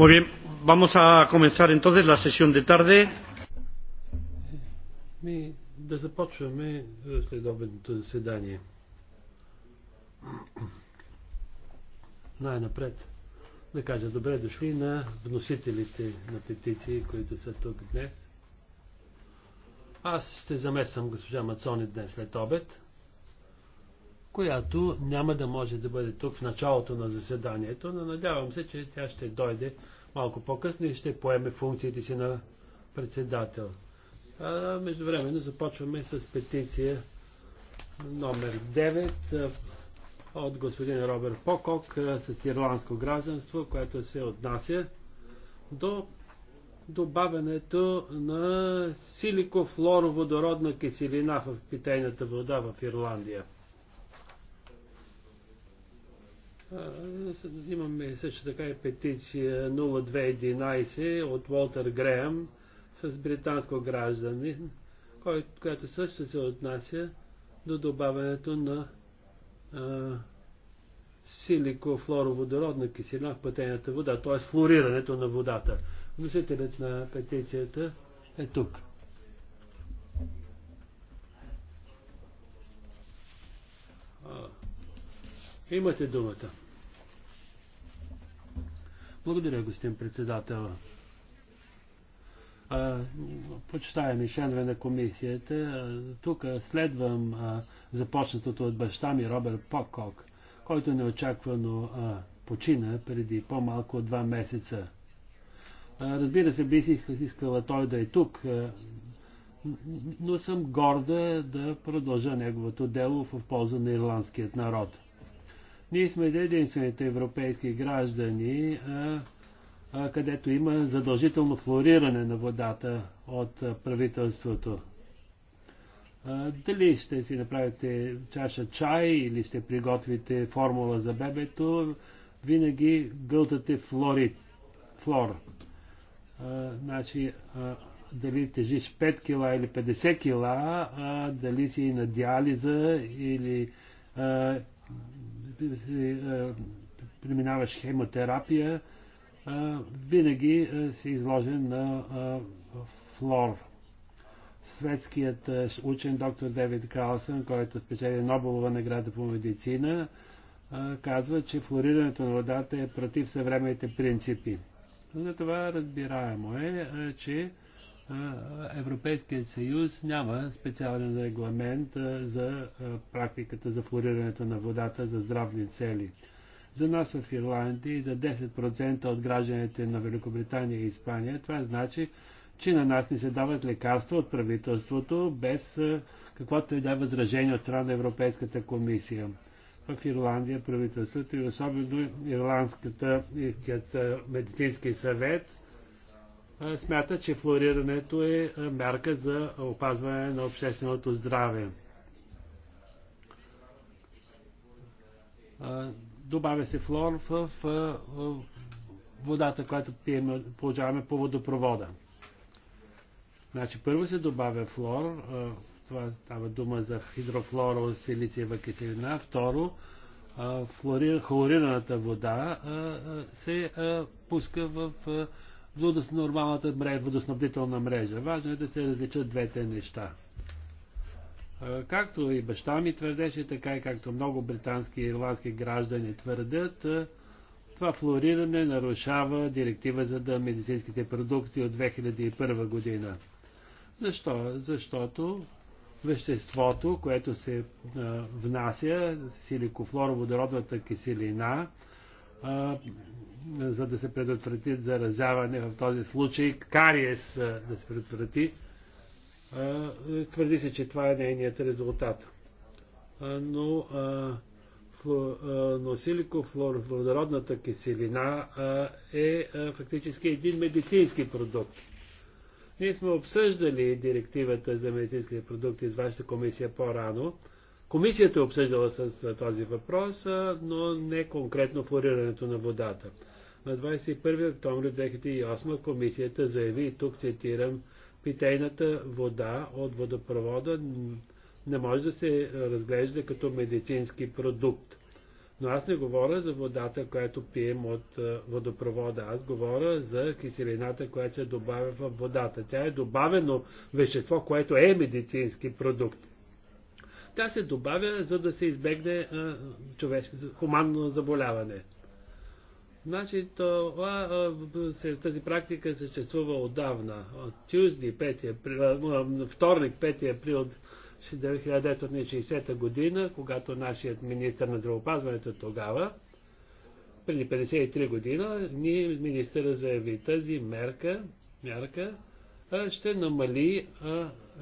Muy bien, vamos a comenzar entonces la sesión de tarde. Ми, да започваме е, следобедното заседание. Най-напред да кажа добре дошли на вносителите на петиции, които са тук днес. Аз ще замествам госпожа Мацони днес след обед, която няма да може да бъде тук в началото на заседанието, но надявам се, че тя ще дойде малко по-късно и ще поеме функциите си на председател. А междувременно започваме с петиция номер 9 от господин Роберт Покок с ирландско гражданство, което се отнася до добавянето на силикофлороводородна киселина в питейната вода в Ирландия. Имаме също така и петиция 0211 от Уолтер Греъм с британско граждани, която също се отнася до добавянето на а, силико-флороводородна киселина в пътената вода, т.е. флорирането на водата. Вносителят на петицията е тук. Имате думата. Благодаря, господин председател. Почитаеми членове на комисията, тук следвам а, започнатото от баща ми Роберт Покок, който неочаквано а, почина преди по-малко от два месеца. А, разбира се, бих искала той да е тук, но съм горда да продължа неговото дело в полза на ирландският народ. Ние сме единствените европейски граждани, а, а, където има задължително флориране на водата от а, правителството. А, дали ще си направите чаша чай или ще приготвите формула за бебето, винаги гълтате флори, флор. А, значи, а, дали тежиш 5 кила или 50 кила, а, дали си на диализа или а, си, е, преминаваш хемотерапия, е, винаги е, си изложен на флор. Светският учен доктор Девид Калсън, който спечели Нобелова награда по медицина, казва, че флорирането на водата е против съвременните принципи. Затова разбираемо е, че Европейският съюз няма специален регламент за практиката за флорирането на водата за здравни цели. За нас в Ирландия и за 10% от гражданите на Великобритания и Испания това значи, че на нас ни се дават лекарства от правителството без каквото и да е възражение от страна на Европейската комисия. В Ирландия правителството и особено Ирландската медицински съвет – смята, че флорирането е мярка за опазване на общественото здраве. Добавя се флор в водата, която пием, получаваме по водопровода. Значи първо се добавя флор, това става дума за хидрофлоросилициева киселина. Второ, хлорираната вода се пуска в водос, нормалната мрежа, водоснабдителна мрежа. Важно е да се различат двете неща. Както и баща ми твърдеше, така и както много британски и ирландски граждани твърдят, това флориране нарушава директива за медицинските продукти от 2001 година. Защо? Защото веществото, което се внася, силикофлороводородната киселина, за да се предотврати заразяване в този случай, кариес да се предотврати. Е, твърди се, че това е нейният резултат. Но носилико-флуородната киселина е фактически един медицински продукт. Ние сме обсъждали директивата за медицинските продукти с вашата комисия по-рано Комисията е обсъждала с този въпрос, но не конкретно флорирането на водата. На 21 октомври 2008 комисията заяви, тук цитирам, питейната вода от водопровода не може да се разглежда като медицински продукт. Но аз не говоря за водата, която пием от водопровода. Аз говоря за киселината, която се добавя в водата. Тя е добавено вещество, което е медицински продукт. Тя се добавя, за да се избегне а, хуманно заболяване. Значи, това, а, се, тази практика съществува отдавна. От тюзди, 5 април, вторник, 5 април 1960 година, когато нашият министр на здравопазването тогава, преди 53 година, ние министъра заяви тази мерка, мерка, ще намали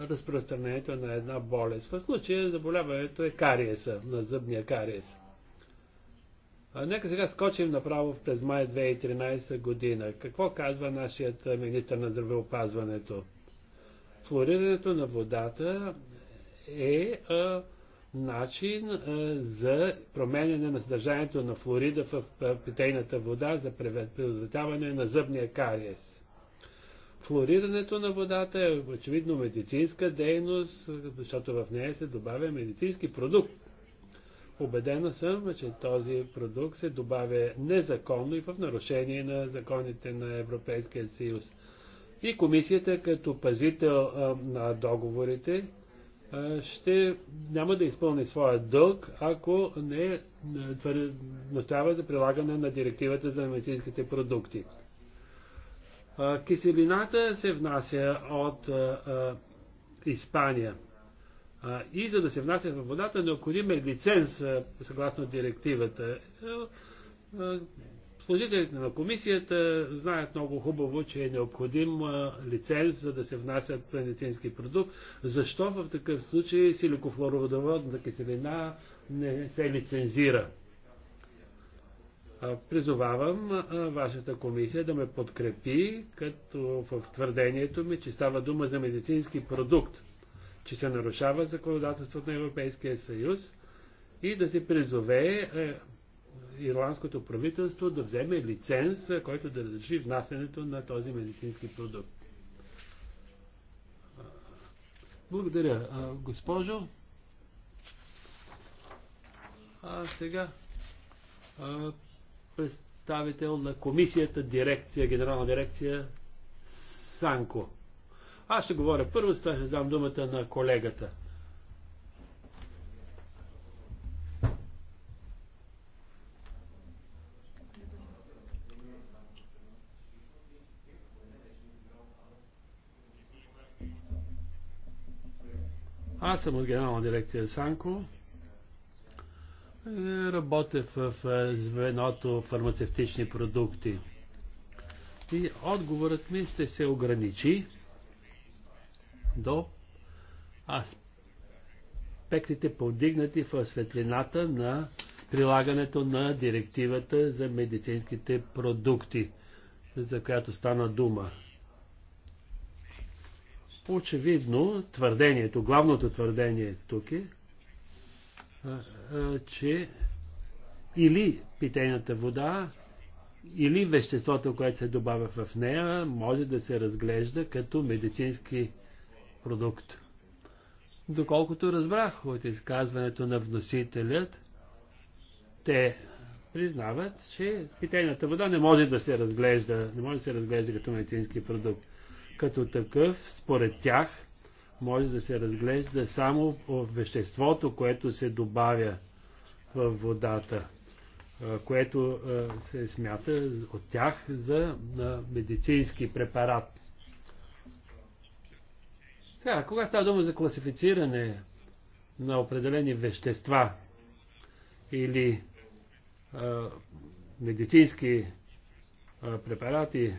разпространението на една болест. В случая заболяването е кариеса, на зъбния кариес. А, нека сега скочим направо през май 2013 година. Какво казва нашият министр на здравеопазването? Флорирането на водата е а, начин а, за променяне на съдържанието на флорида в питейната вода за предотвратяване на зъбния кариес. Флорирането на водата е очевидно медицинска дейност, защото в нея се добавя медицински продукт. Обедена съм, че този продукт се добавя незаконно и в нарушение на законите на Европейския съюз. И комисията като пазител а, на договорите а, ще няма да изпълни своя дълг, ако не настоява за прилагане на директивата за медицинските продукти. Киселината се внася от Испания. И за да се внася във водата, необходим е лиценз, съгласно директивата. Е, служителите на комисията знаят много хубаво, че е необходим лиценз, за да се внасят медицински продукт. Защо в такъв случай силикофлороводоводната киселина не се лицензира? Призовавам вашата комисия да ме подкрепи като в твърдението ми, че става дума за медицински продукт, че се нарушава законодателството на Европейския съюз и да се призове е, ирландското правителство да вземе лиценз, е, който да разреши внасянето на този медицински продукт. Благодаря, госпожо. А сега представител на комисията, дирекция, генерална дирекция Санко. Аз ще говоря първо, с това ще дам думата на колегата. Аз съм от генерална дирекция Санко. Е, работя в е, звеното фармацевтични продукти. И отговорът ми ще се ограничи до аспектите повдигнати в светлината на прилагането на директивата за медицинските продукти, за която стана дума. Очевидно, твърдението, главното твърдение тук е, че или питейната вода, или веществото, което се добавя в нея, може да се разглежда като медицински продукт. Доколкото разбрах от изказването на вносителят, те признават, че питейната вода не може да се разглежда, не може да се разглежда като медицински продукт. Като такъв, според тях, може да се разглежда само веществото, което се добавя в водата, което се смята от тях за медицински препарат. Така, кога става дума за класифициране на определени вещества или а, медицински а, препарати,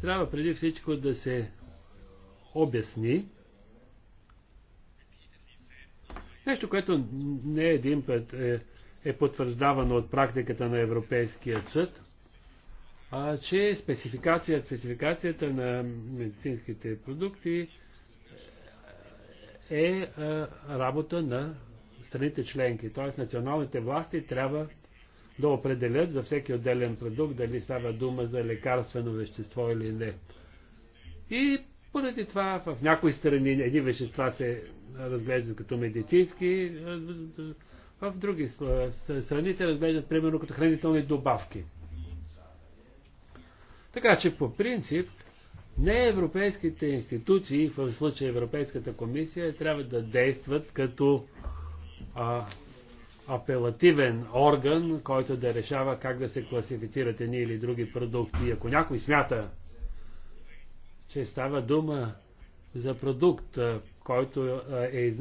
трябва преди всичко да се обясни Нещо, което не един път е, е потвърждавано от практиката на Европейския съд, а, че спецификация, спецификацията на медицинските продукти е а, е, е работа на страните членки. Т.е. националните власти трябва да определят за всеки отделен продукт дали става дума за лекарствено вещество или не. И поради това в някои страни едни вещества се разглеждат като медицински, в други страни се разглеждат примерно като хранителни добавки. Така че по принцип не европейските институции, в случая Европейската комисия, трябва да действат като а, апелативен орган, който да решава как да се класифицират едни или други продукти. И ако някой смята, че става дума за продукт, който е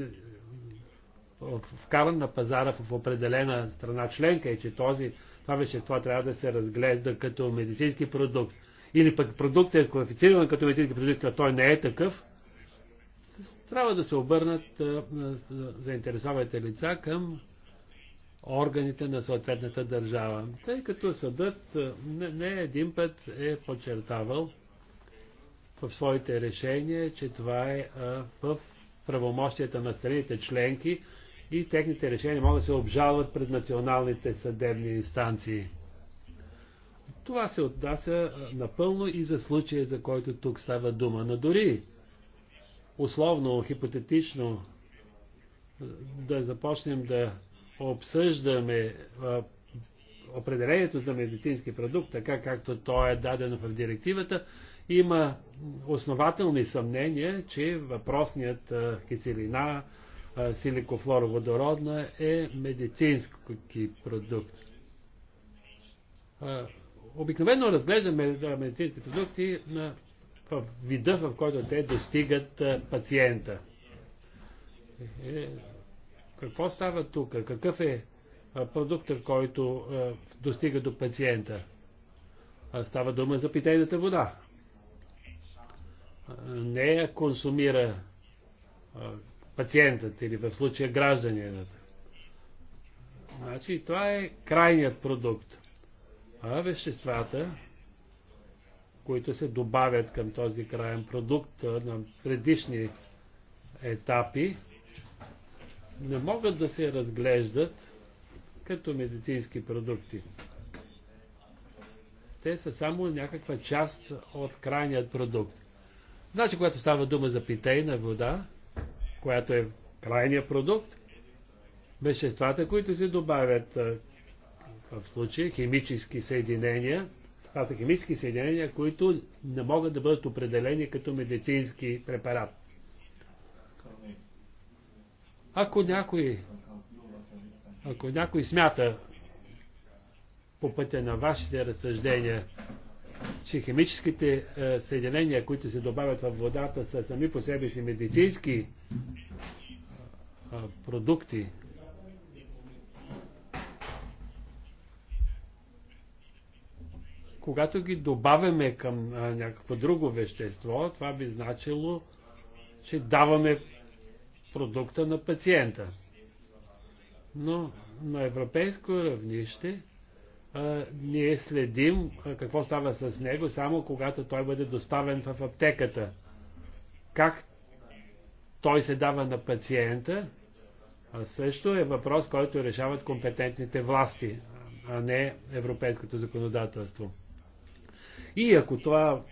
вкаран на пазара в определена страна членка и че този, това вещество трябва да се разглежда като медицински продукт. Или пък продуктът е квалифициран като медицински продукт, а той не е такъв, трябва да се обърнат заинтересованите лица към органите на съответната държава. Тъй като съдът не, не един път е подчертавал, в своите решения, че това е в правомощията на страните членки и техните решения могат да се обжалват пред националните съдебни инстанции. Това се отнася напълно и за случая, за който тук става дума. Но дори условно, хипотетично да започнем да обсъждаме определението за медицински продукт, така както то е дадено в директивата, има основателни съмнения, че въпросният киселина силикофлороводородна е медицински продукт. Обикновено разглеждаме медицински продукти на, в вида, в който те достигат пациента. Е, какво става тук? Какъв е продукта, който достига до пациента? Става дума за питейната вода не я консумира пациентът или в случая гражданинът. Значи това е крайният продукт. А веществата, които се добавят към този крайен продукт на предишни етапи, не могат да се разглеждат като медицински продукти. Те са само някаква част от крайният продукт. Значи, когато става дума за питейна вода, която е крайния продукт, веществата, които се добавят в случая химически съединения, това са химически съединения, които не могат да бъдат определени като медицински препарат. Ако някой, ако някой смята по пътя на вашите разсъждения, че химическите е, съединения, които се добавят в водата, са сами по себе си медицински е, продукти. Когато ги добавяме към е, някакво друго вещество, това би значило, че даваме продукта на пациента. Но на европейско равнище ние следим какво става с него само когато той бъде доставен в аптеката. Как той се дава на пациента, също е въпрос, който решават компетентните власти, а не европейското законодателство. И ако това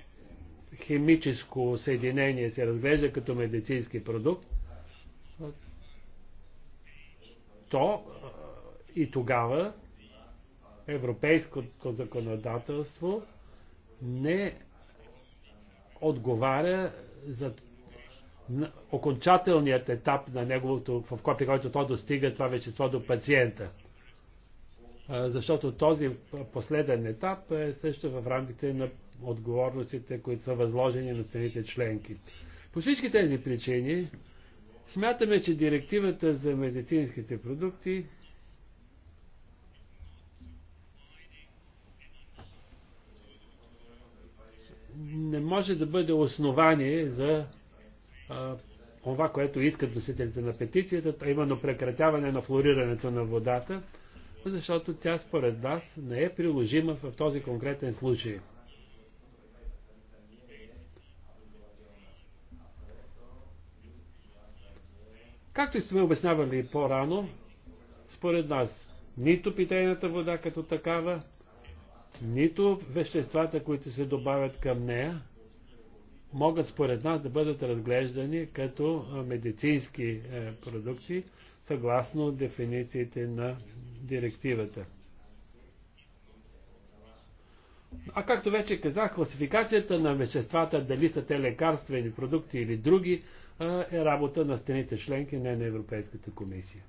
химическо съединение се разглежда като медицински продукт, то и тогава европейското законодателство не отговаря за окончателният етап на неговото, в копи, който то достига това вещество до пациента. Защото този последен етап е също в рамките на отговорностите, които са възложени на страните членки. По всички тези причини смятаме, че директивата за медицинските продукти не може да бъде основание за това, което искат носителите на петицията, а именно прекратяване на флорирането на водата, защото тя според нас не е приложима в този конкретен случай. Както сме обяснявали по-рано, според нас нито питейната вода като такава, нито веществата, които се добавят към нея, могат според нас да бъдат разглеждани като медицински е, продукти, съгласно дефинициите на директивата. А както вече казах, класификацията на веществата, дали са те лекарствени продукти или други, е работа на страните членки, не на Европейската комисия.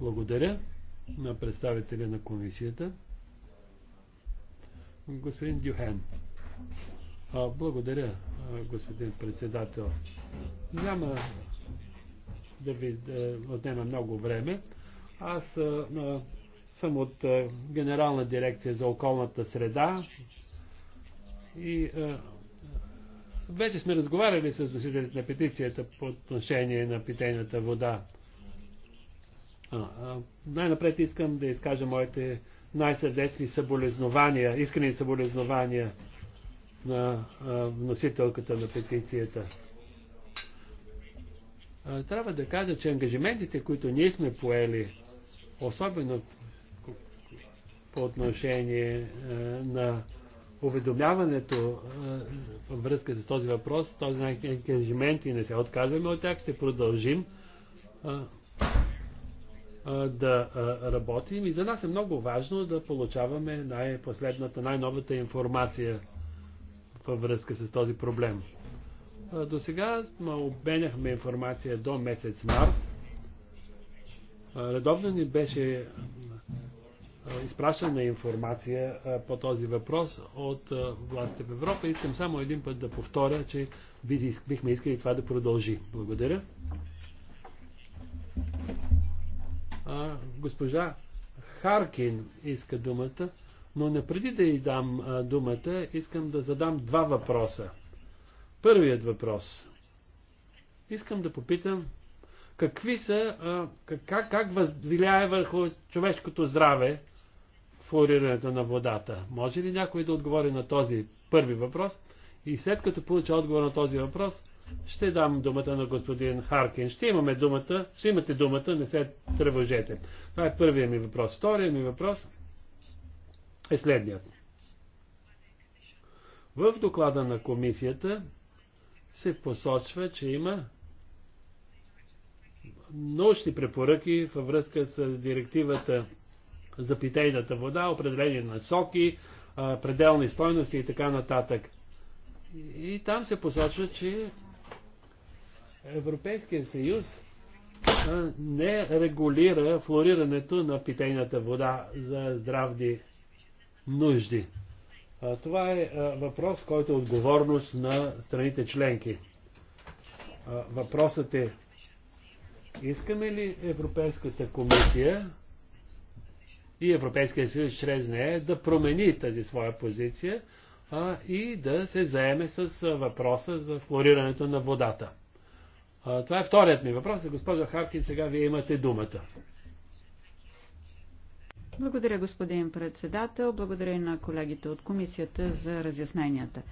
Благодаря на представителя на комисията. Господин Дюхен. А, благодаря, господин председател. Няма да ви да отнема много време. Аз а, съм от а, Генерална дирекция за околната среда и а, вече сме разговаряли с досителите на петицията по отношение на питейната вода най-напред искам да изкажа моите най-сърдечни съболезнования, искрени съболезнования на а, на петицията. А, трябва да кажа, че ангажиментите, които ние сме поели, особено по отношение а, на уведомяването във връзка с този въпрос, този ангажимент и не се отказваме от тях, ще продължим да работим и за нас е много важно да получаваме най-последната, най-новата информация във връзка с този проблем. До сега обменяхме информация до месец март. Редовно ни беше изпращана информация по този въпрос от властите в Европа. Искам само един път да повторя, че бихме искали това да продължи. Благодаря. А, госпожа Харкин иска думата, но не преди да й дам а, думата, искам да задам два въпроса. Първият въпрос. Искам да попитам какви са, а, как, как влияе върху човешкото здраве флорирането на водата. Може ли някой да отговори на този първи въпрос? И след като получа отговор на този въпрос, ще дам думата на господин Харкин. Ще имаме думата, ще имате думата, не се тревожете. Това е първият ми въпрос. Вторият ми въпрос е следният. В доклада на комисията се посочва, че има научни препоръки във връзка с директивата за питейната вода, определени насоки, пределни стойности и така нататък. И там се посочва, че Европейския съюз не регулира флорирането на питейната вода за здравни нужди. Това е въпрос, който е отговорност на страните членки. Въпросът е, искаме ли Европейската комисия и Европейския съюз чрез нея да промени тази своя позиция и да се заеме с въпроса за флорирането на водата. А, това е вторият ми въпрос. Госпожо Харкин, сега вие имате думата. Благодаря, господин председател. Благодаря и на колегите от комисията за разясненията.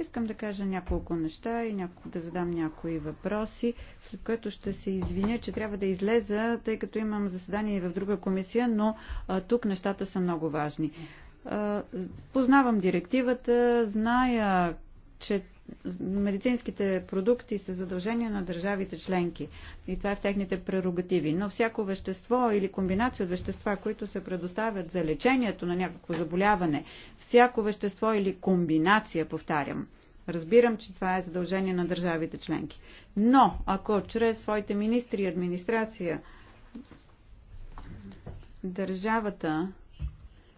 Искам да кажа няколко неща и да задам някои въпроси, след което ще се извиня, че трябва да излеза, тъй като имам заседание в друга комисия, но а, тук нещата са много важни. А, познавам директивата, зная, че медицинските продукти са задължения на държавите членки и това е в техните прерогативи. Но всяко вещество или комбинация от вещества, които се предоставят за лечението на някакво заболяване, всяко вещество или комбинация, повтарям, разбирам, че това е задължение на държавите членки. Но ако чрез своите министри и администрация държавата,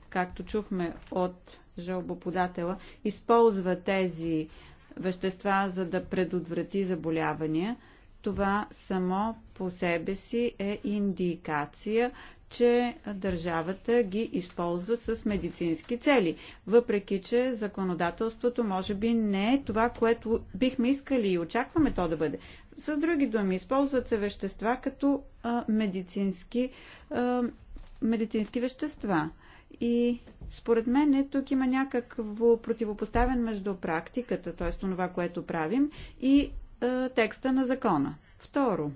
както чухме от жалбоподателя, използва тези вещества, за да предотврати заболявания, това само по себе си е индикация, че държавата ги използва с медицински цели. Въпреки, че законодателството може би не е това, което бихме искали и очакваме то да бъде. С други думи, използват се вещества като а, медицински, а, медицински вещества. И според мен е, тук има някакво противопоставен между практиката, т.е. това, което правим, и е, текста на закона. Второ,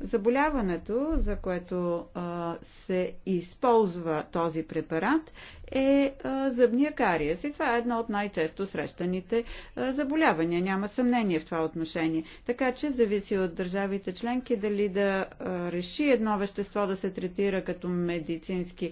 заболяването, за което е, се използва този препарат, е зъбния кариес. И това е едно от най-често срещаните заболявания. Няма съмнение в това отношение. Така че зависи от държавите членки дали да реши едно вещество да се третира като медицински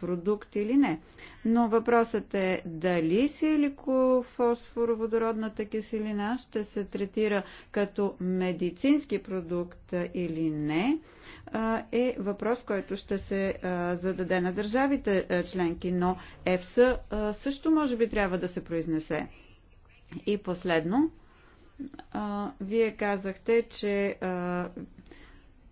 продукт или не. Но въпросът е дали силикофосфороводородната киселина ще се третира като медицински продукт или не, е въпрос, който ще се зададе на държавите е, членки, но ЕФСА е, също може би трябва да се произнесе. И последно, е, вие казахте, че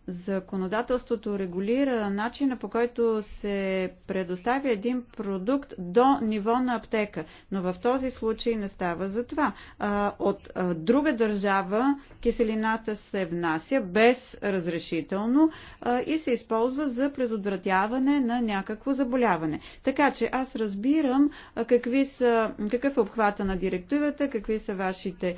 законодателството регулира начина по който се предоставя един продукт до ниво на аптека. Но в този случай не става за това. От друга държава киселината се внася без разрешително и се използва за предотвратяване на някакво заболяване. Така че аз разбирам какви са, какъв е обхвата на директивата, какви са вашите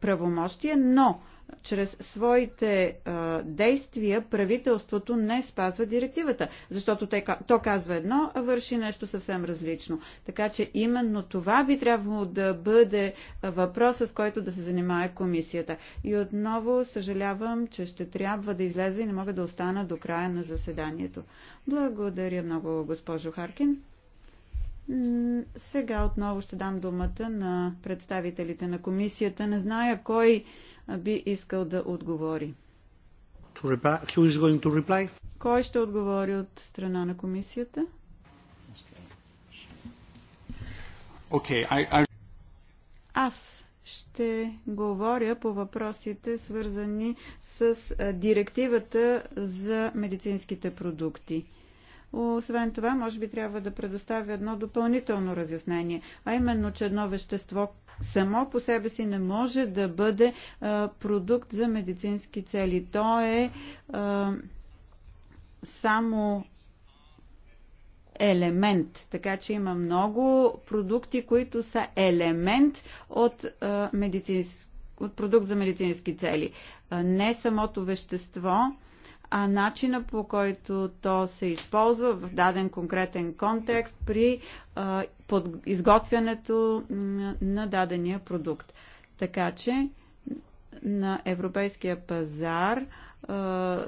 правомощия, но чрез своите а, действия правителството не спазва директивата, защото те, то казва едно, а върши нещо съвсем различно. Така че именно това би трябвало да бъде въпроса, с който да се занимае комисията. И отново съжалявам, че ще трябва да излезе и не мога да остана до края на заседанието. Благодаря много, госпожо Харкин. Сега отново ще дам думата на представителите на комисията. Не зная кой би искал да отговори. Кой ще отговори от страна на комисията? Okay, I, I... Аз ще говоря по въпросите, свързани с директивата за медицинските продукти. Освен това, може би трябва да предоставя едно допълнително разяснение, а именно, че едно вещество само по себе си не може да бъде продукт за медицински цели. То е само елемент. Така че има много продукти, които са елемент от, медицински, от продукт за медицински цели. а Не самото вещество а начина по който то се използва в даден конкретен контекст при а, под изготвянето на дадения продукт. Така че на европейския пазар а,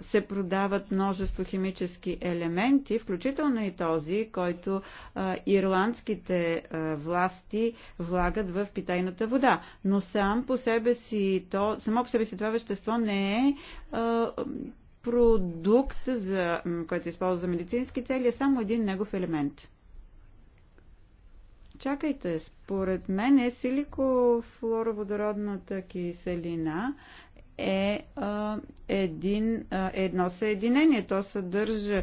се продават множество химически елементи, включително и този, който а, ирландските а, власти влагат в питайната вода. Но сам по себе си то, само по себе си това вещество не е а, продукт, за, който се използва за медицински цели, е само един негов елемент. Чакайте, според мен е силикофлороводородната киселина е един, едно съединение. То съдържа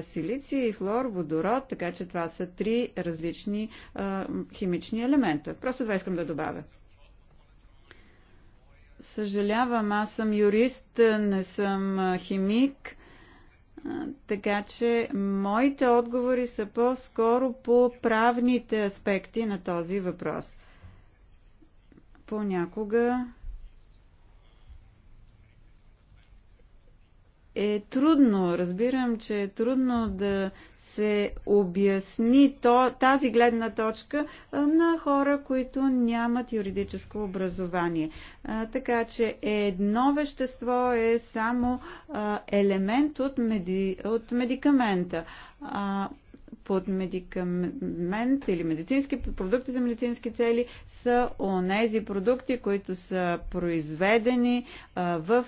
силиция и флор, водород, така че това са три различни химични елемента. Просто това искам да добавя. Съжалявам, аз съм юрист, не съм химик. Така че моите отговори са по-скоро по правните аспекти на този въпрос. Понякога е трудно, разбирам, че е трудно да се обясни то, тази гледна точка на хора, които нямат юридическо образование. А, така че едно вещество е само а, елемент от, меди, от медикамента. А, под медикамент или медицински продукти за медицински цели са онези продукти, които са произведени в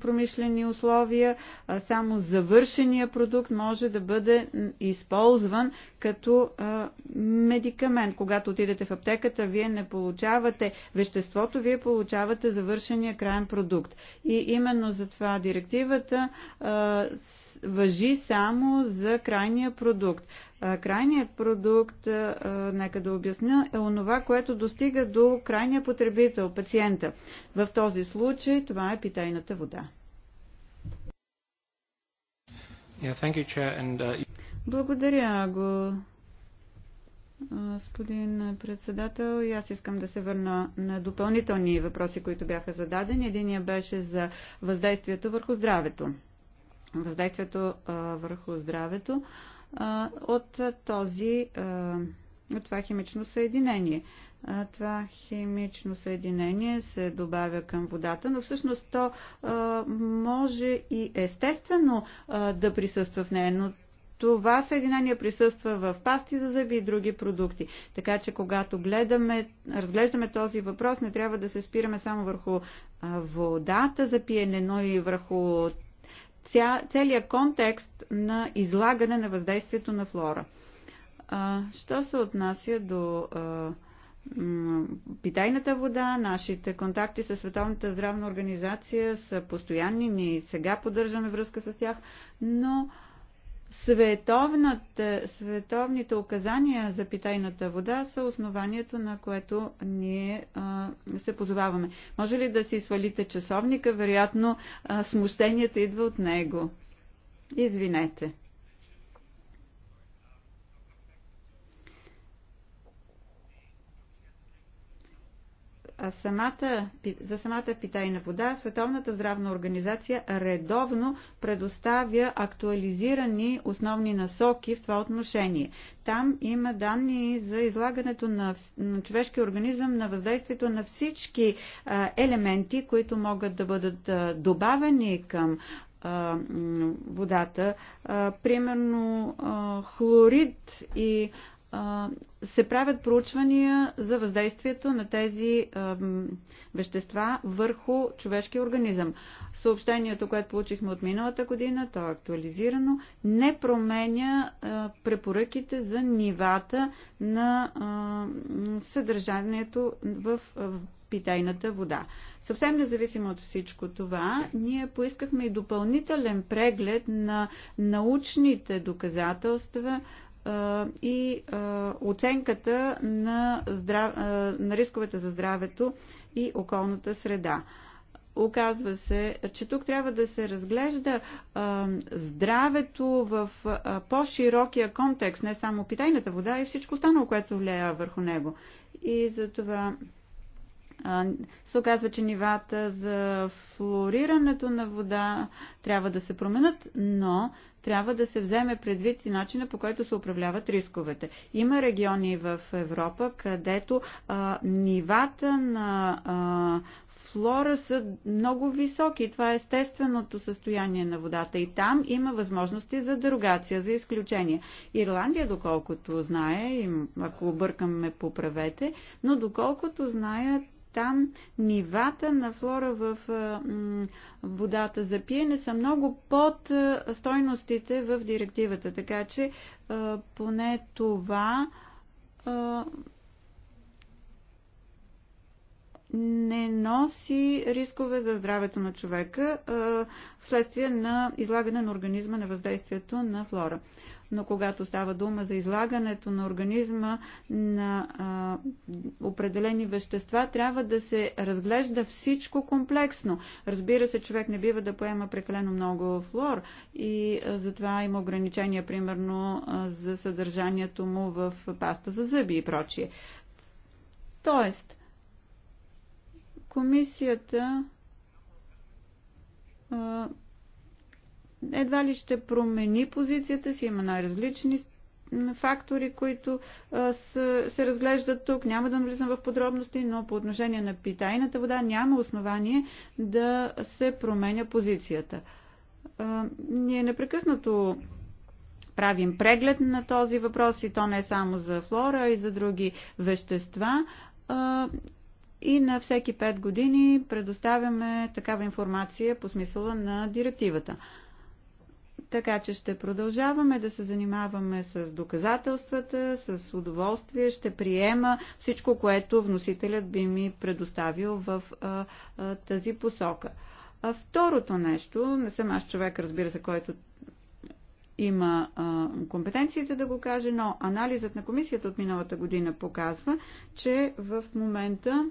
промишлени условия. Само завършения продукт може да бъде използван като медикамент. Когато отидете в аптеката, вие не получавате веществото, вие получавате завършения крайен продукт. И именно за това директивата въжи само за крайния продукт. Крайният продукт, нека да обясня, е онова, което достига до крайния потребител, пациента. В този случай това е питайната вода. Yeah, you, And, uh... Благодаря го, господин председател. И аз искам да се върна на допълнителни въпроси, които бяха зададени. Единия беше за въздействието върху здравето. Въздействието а, върху здравето. А, от, този, от това химично съединение. Това химично съединение се добавя към водата, но всъщност то може и естествено да присъства в нея, но това съединение присъства в пасти за зъби и други продукти. Така че когато гледаме, разглеждаме този въпрос, не трябва да се спираме само върху водата за пиене, но и върху ця, целият контекст на излагане на въздействието на флора. А, що се отнася до а, питайната вода, нашите контакти с Световната здравна организация са постоянни, ние сега поддържаме връзка с тях, но световните указания за питайната вода са основанието, на което ние а, се позоваваме. Може ли да си свалите часовника? Вероятно, а, смущението идва от него. Извинете. самата, за самата питайна вода Световната здравна организация редовно предоставя актуализирани основни насоки в това отношение. Там има данни за излагането на, на човешкия организъм на въздействието на всички а, елементи, които могат да бъдат а, добавени към водата. примерно хлорид и се правят проучвания за въздействието на тези вещества върху човешкия организъм. Съобщението, което получихме от миналата година, то е актуализирано, не променя препоръките за нивата на съдържанието в питейната вода. Съвсем независимо от всичко това, ние поискахме и допълнителен преглед на научните доказателства и оценката на, здрав... на рисковете за здравето и околната среда. Оказва се, че тук трябва да се разглежда а, здравето в по-широкия контекст, не само питайната вода и всичко останало, което влияе върху него. И за това се оказва, че нивата за флорирането на вода трябва да се променят, но трябва да се вземе предвид и начина по който се управляват рисковете. Има региони в Европа, където а, нивата на а, флора са много високи. Това е естественото състояние на водата. И там има възможности за дерогация, за изключение. Ирландия, доколкото знае, ако объркам ме поправете, но доколкото знаят там нивата на флора в водата за пиене са много под стойностите в директивата. Така че поне това не носи рискове за здравето на човека вследствие на излагане на организма на въздействието на флора но когато става дума за излагането на организма на а, определени вещества, трябва да се разглежда всичко комплексно. Разбира се, човек не бива да поема прекалено много флор и а, затова има ограничения, примерно, а, за съдържанието му в паста за зъби и прочие. Тоест, комисията едва ли ще промени позицията си, има най-различни фактори, които а, с, се разглеждат тук. Няма да навлизам в подробности, но по отношение на питайната вода няма основание да се променя позицията. А, ние непрекъснато правим преглед на този въпрос и то не е само за флора, а и за други вещества. А, и на всеки 5 години предоставяме такава информация по смисъла на директивата. Така че ще продължаваме да се занимаваме с доказателствата, с удоволствие. Ще приема всичко, което вносителят би ми предоставил в а, а, тази посока. А второто нещо, не съм аз човек, разбира се, който има а, компетенциите да го каже, но анализът на комисията от миналата година показва, че в момента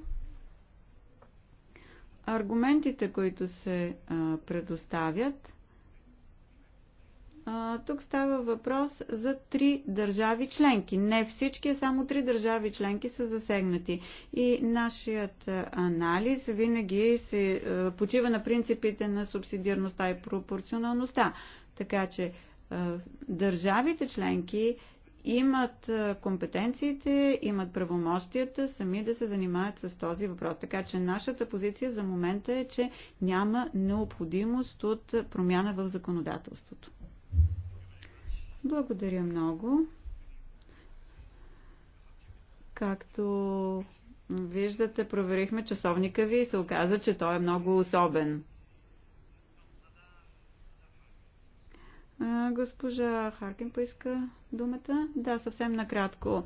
аргументите, които се а, предоставят, тук става въпрос за три държави членки. Не всички, само три държави членки са засегнати. И нашият анализ винаги се почива на принципите на субсидиарността и пропорционалността. Така че държавите членки имат компетенциите, имат правомощията сами да се занимават с този въпрос. Така че нашата позиция за момента е, че няма необходимост от промяна в законодателството. Благодаря много. Както виждате, проверихме часовника ви и се оказа, че той е много особен. Госпожа Харкин поиска думата. Да, съвсем накратко.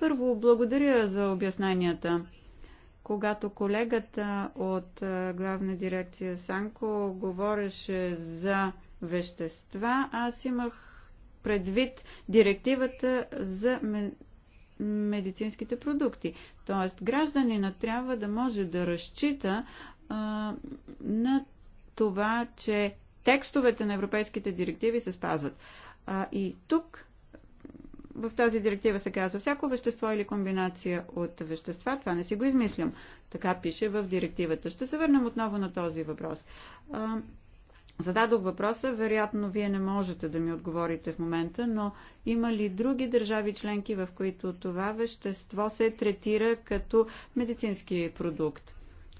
Първо, благодаря за обясненията. Когато колегата от главна дирекция Санко говореше за вещества, аз имах предвид директивата за медицинските продукти. Тоест, гражданина трябва да може да разчита а, на това, че текстовете на европейските директиви се спазват. А, и тук в тази директива се казва всяко вещество или комбинация от вещества. Това не си го измислям. Така пише в директивата. Ще се върнем отново на този въпрос. А, Зададох въпроса, вероятно вие не можете да ми отговорите в момента, но има ли други държави членки, в които това вещество се третира като медицински продукт?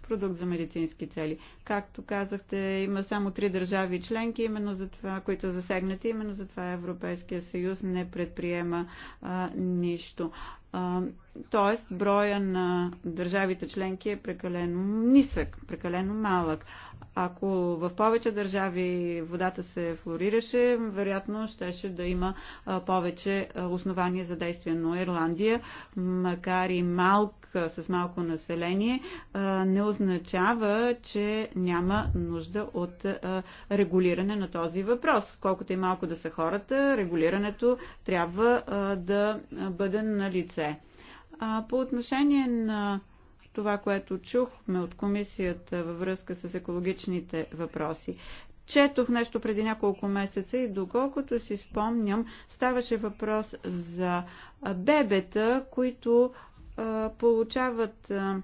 продукт за медицински цели. Както казахте, има само три държави членки, именно за това, които са засегнати, именно за това Европейския съюз не предприема а, нищо. А, тоест, броя на държавите членки е прекалено нисък, прекалено малък. Ако в повече държави водата се флорираше, вероятно щеше да има повече основания за действие. Но Ирландия, макар и малка, с малко население, не означава, че няма нужда от регулиране на този въпрос. Колкото и малко да са хората, регулирането трябва да бъде на лице. По отношение на това, което чухме от комисията във връзка с екологичните въпроси. Четох нещо преди няколко месеца и доколкото си спомням, ставаше въпрос за бебета, които а, получават а,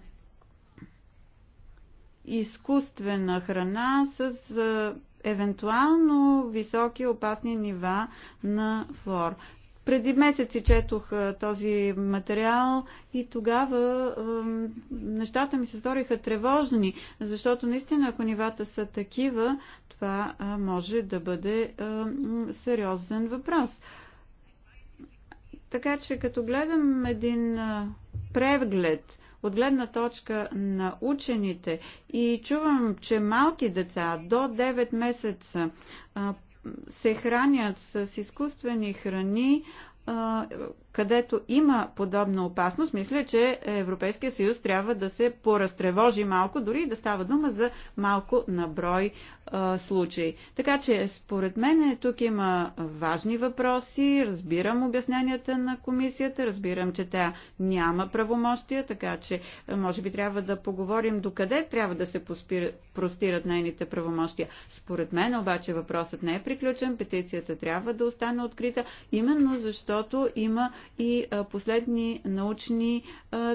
изкуствена храна с а, евентуално високи опасни нива на флор. Преди месеци четох този материал и тогава нещата ми се сториха тревожни, защото наистина ако нивата са такива, това може да бъде сериозен въпрос. Така че като гледам един преглед от гледна точка на учените и чувам, че малки деца до 9 месеца се хранят с изкуствени храни, където има подобна опасност, мисля, че Европейския съюз трябва да се поразтревожи малко, дори и да става дума за малко наброй а, случай. Така че, според мен, тук има важни въпроси. Разбирам обясненията на комисията, разбирам, че тя няма правомощия, така че, може би, трябва да поговорим до къде трябва да се простират нейните правомощия. Според мен, обаче, въпросът не е приключен. Петицията трябва да остане открита, именно защото има и последни научни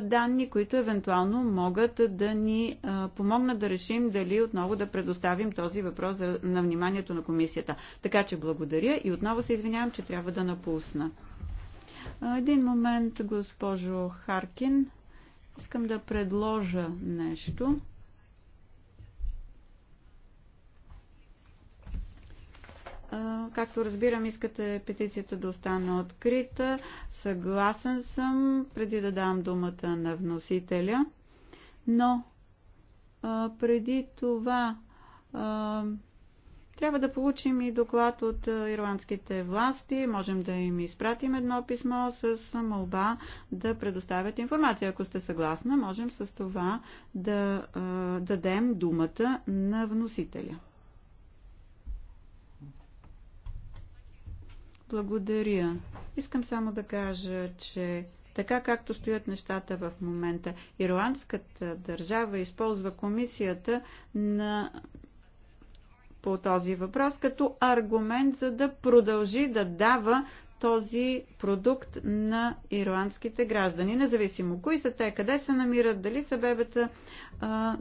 данни, които евентуално могат да ни помогнат да решим дали отново да предоставим този въпрос за, на вниманието на комисията. Така че благодаря и отново се извинявам, че трябва да напусна. Един момент, госпожо Харкин. Искам да предложа нещо. Както разбирам, искате петицията да остане открита. Съгласен съм, преди да дам думата на вносителя. Но преди това трябва да получим и доклад от ирландските власти. Можем да им изпратим едно писмо с молба да предоставят информация. Ако сте съгласна, можем с това да дадем думата на вносителя. Благодаря. Искам само да кажа, че така както стоят нещата в момента, ирландската държава използва комисията на по този въпрос като аргумент, за да продължи да дава този продукт на ирландските граждани, независимо кои са те, къде се намират, дали са бебета. А,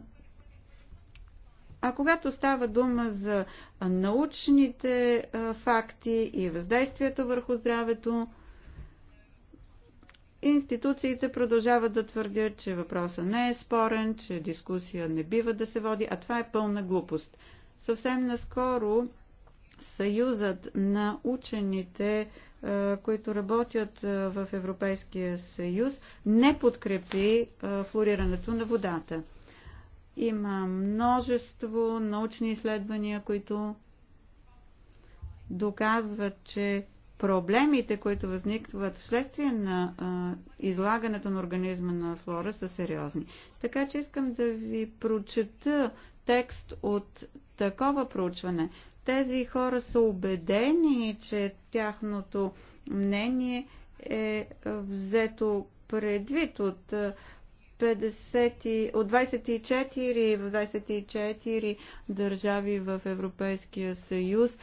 а когато става дума за научните а, факти и въздействието върху здравето, институциите продължават да твърдят, че въпроса не е спорен, че дискусия не бива да се води, а това е пълна глупост. Съвсем наскоро Съюзът на учените, е, които работят е, в Европейския съюз, не подкрепи е, флорирането на водата. Има множество научни изследвания, които доказват, че проблемите, които възникват вследствие на а, излагането на организма на флора, са сериозни. Така че искам да ви прочета текст от такова проучване. Тези хора са убедени, че тяхното мнение е взето предвид от 50, от 24 в 24 държави в Европейския съюз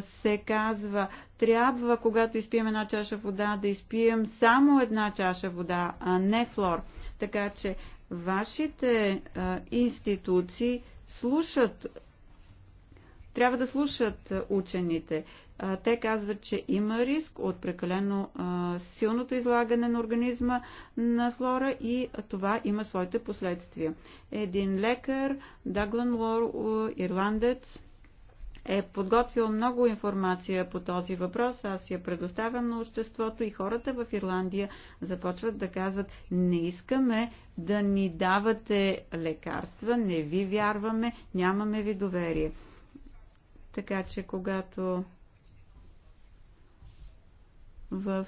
се казва, трябва, когато изпием една чаша вода, да изпием само една чаша вода, а не флор. Така че вашите институции слушат трябва да слушат учените. Те казват, че има риск от прекалено силното излагане на организма на флора и това има своите последствия. Един лекар, Даглан Лор, ирландец, е подготвил много информация по този въпрос. Аз я предоставям на обществото и хората в Ирландия започват да казват не искаме да ни давате лекарства, не ви вярваме, нямаме ви доверие. Така че когато в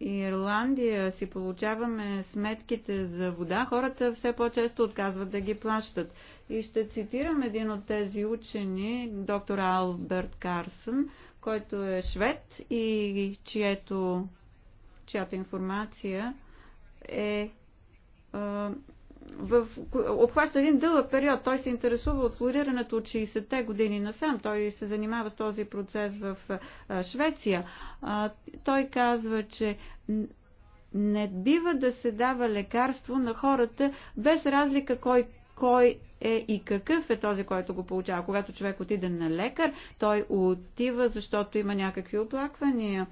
Ирландия си получаваме сметките за вода, хората все по-често отказват да ги плащат. И ще цитирам един от тези учени, доктор Алберт Карсън, който е швед и чието, чиято информация е в, обхваща един дълъг период. Той се интересува от флорирането от 60-те години насам. Той се занимава с този процес в Швеция. Той казва, че не бива да се дава лекарство на хората без разлика кой, кой е и какъв е този, който го получава. Когато човек отиде на лекар, той отива, защото има някакви оплаквания.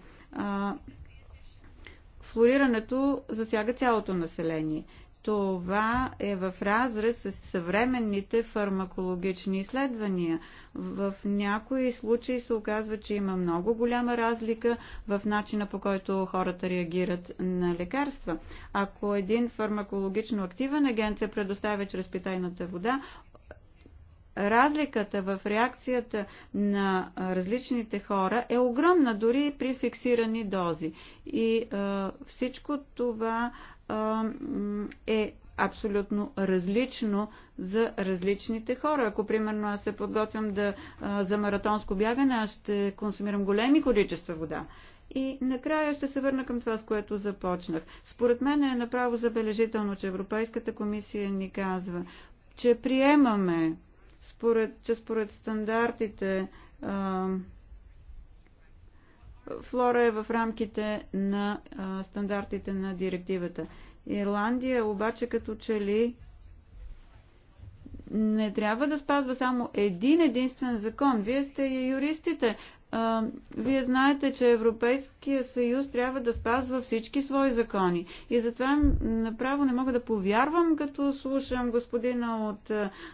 Флорирането засяга цялото население това е в разрез с съвременните фармакологични изследвания. В някои случаи се оказва, че има много голяма разлика в начина по който хората реагират на лекарства. Ако един фармакологично активен агент се предоставя чрез питайната вода, разликата в реакцията на различните хора е огромна, дори при фиксирани дози. И а, всичко това е абсолютно различно за различните хора. Ако, примерно, аз се подготвям да, за маратонско бягане, аз ще консумирам големи количества вода. И накрая ще се върна към това, с което започнах. Според мен е направо забележително, че Европейската комисия ни казва, че приемаме, според, че според стандартите флора е в рамките на а, стандартите на директивата. Ирландия обаче като че ли не трябва да спазва само един единствен закон. Вие сте юристите. А, вие знаете, че Европейския съюз трябва да спазва всички свои закони. И затова направо не мога да повярвам, като слушам господина от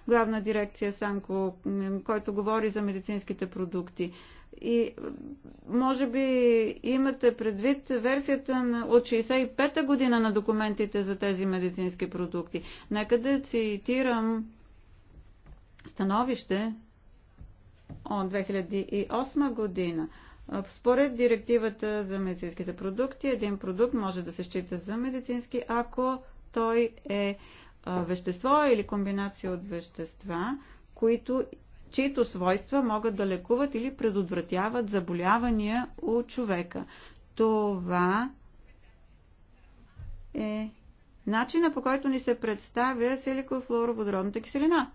главна дирекция Санко, който говори за медицинските продукти. И може би имате предвид версията на, от 65-та година на документите за тези медицински продукти. Нека да цитирам становище от 2008 година. Според директивата за медицинските продукти, един продукт може да се счита за медицински, ако той е вещество или комбинация от вещества, които чието свойства могат да лекуват или предотвратяват заболявания у човека. Това е начина по който ни се представя силикофлуороводородната киселина.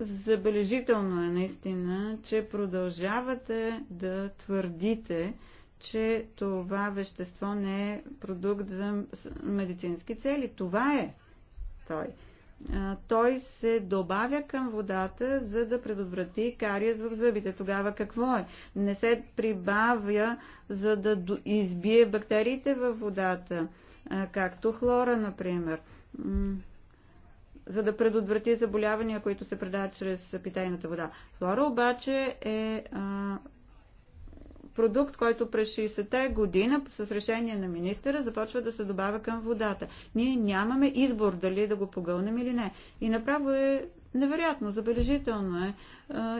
Забележително е наистина, че продължавате да твърдите, че това вещество не е продукт за медицински цели. Това е той той се добавя към водата, за да предотврати кариес в зъбите. Тогава какво е? Не се прибавя, за да избие бактериите във водата, както хлора, например. За да предотврати заболявания, които се предават чрез питейната вода. Хлора обаче е продукт, който през 60-те година с решение на министъра започва да се добавя към водата. Ние нямаме избор дали да го погълнем или не. И направо е невероятно, забележително е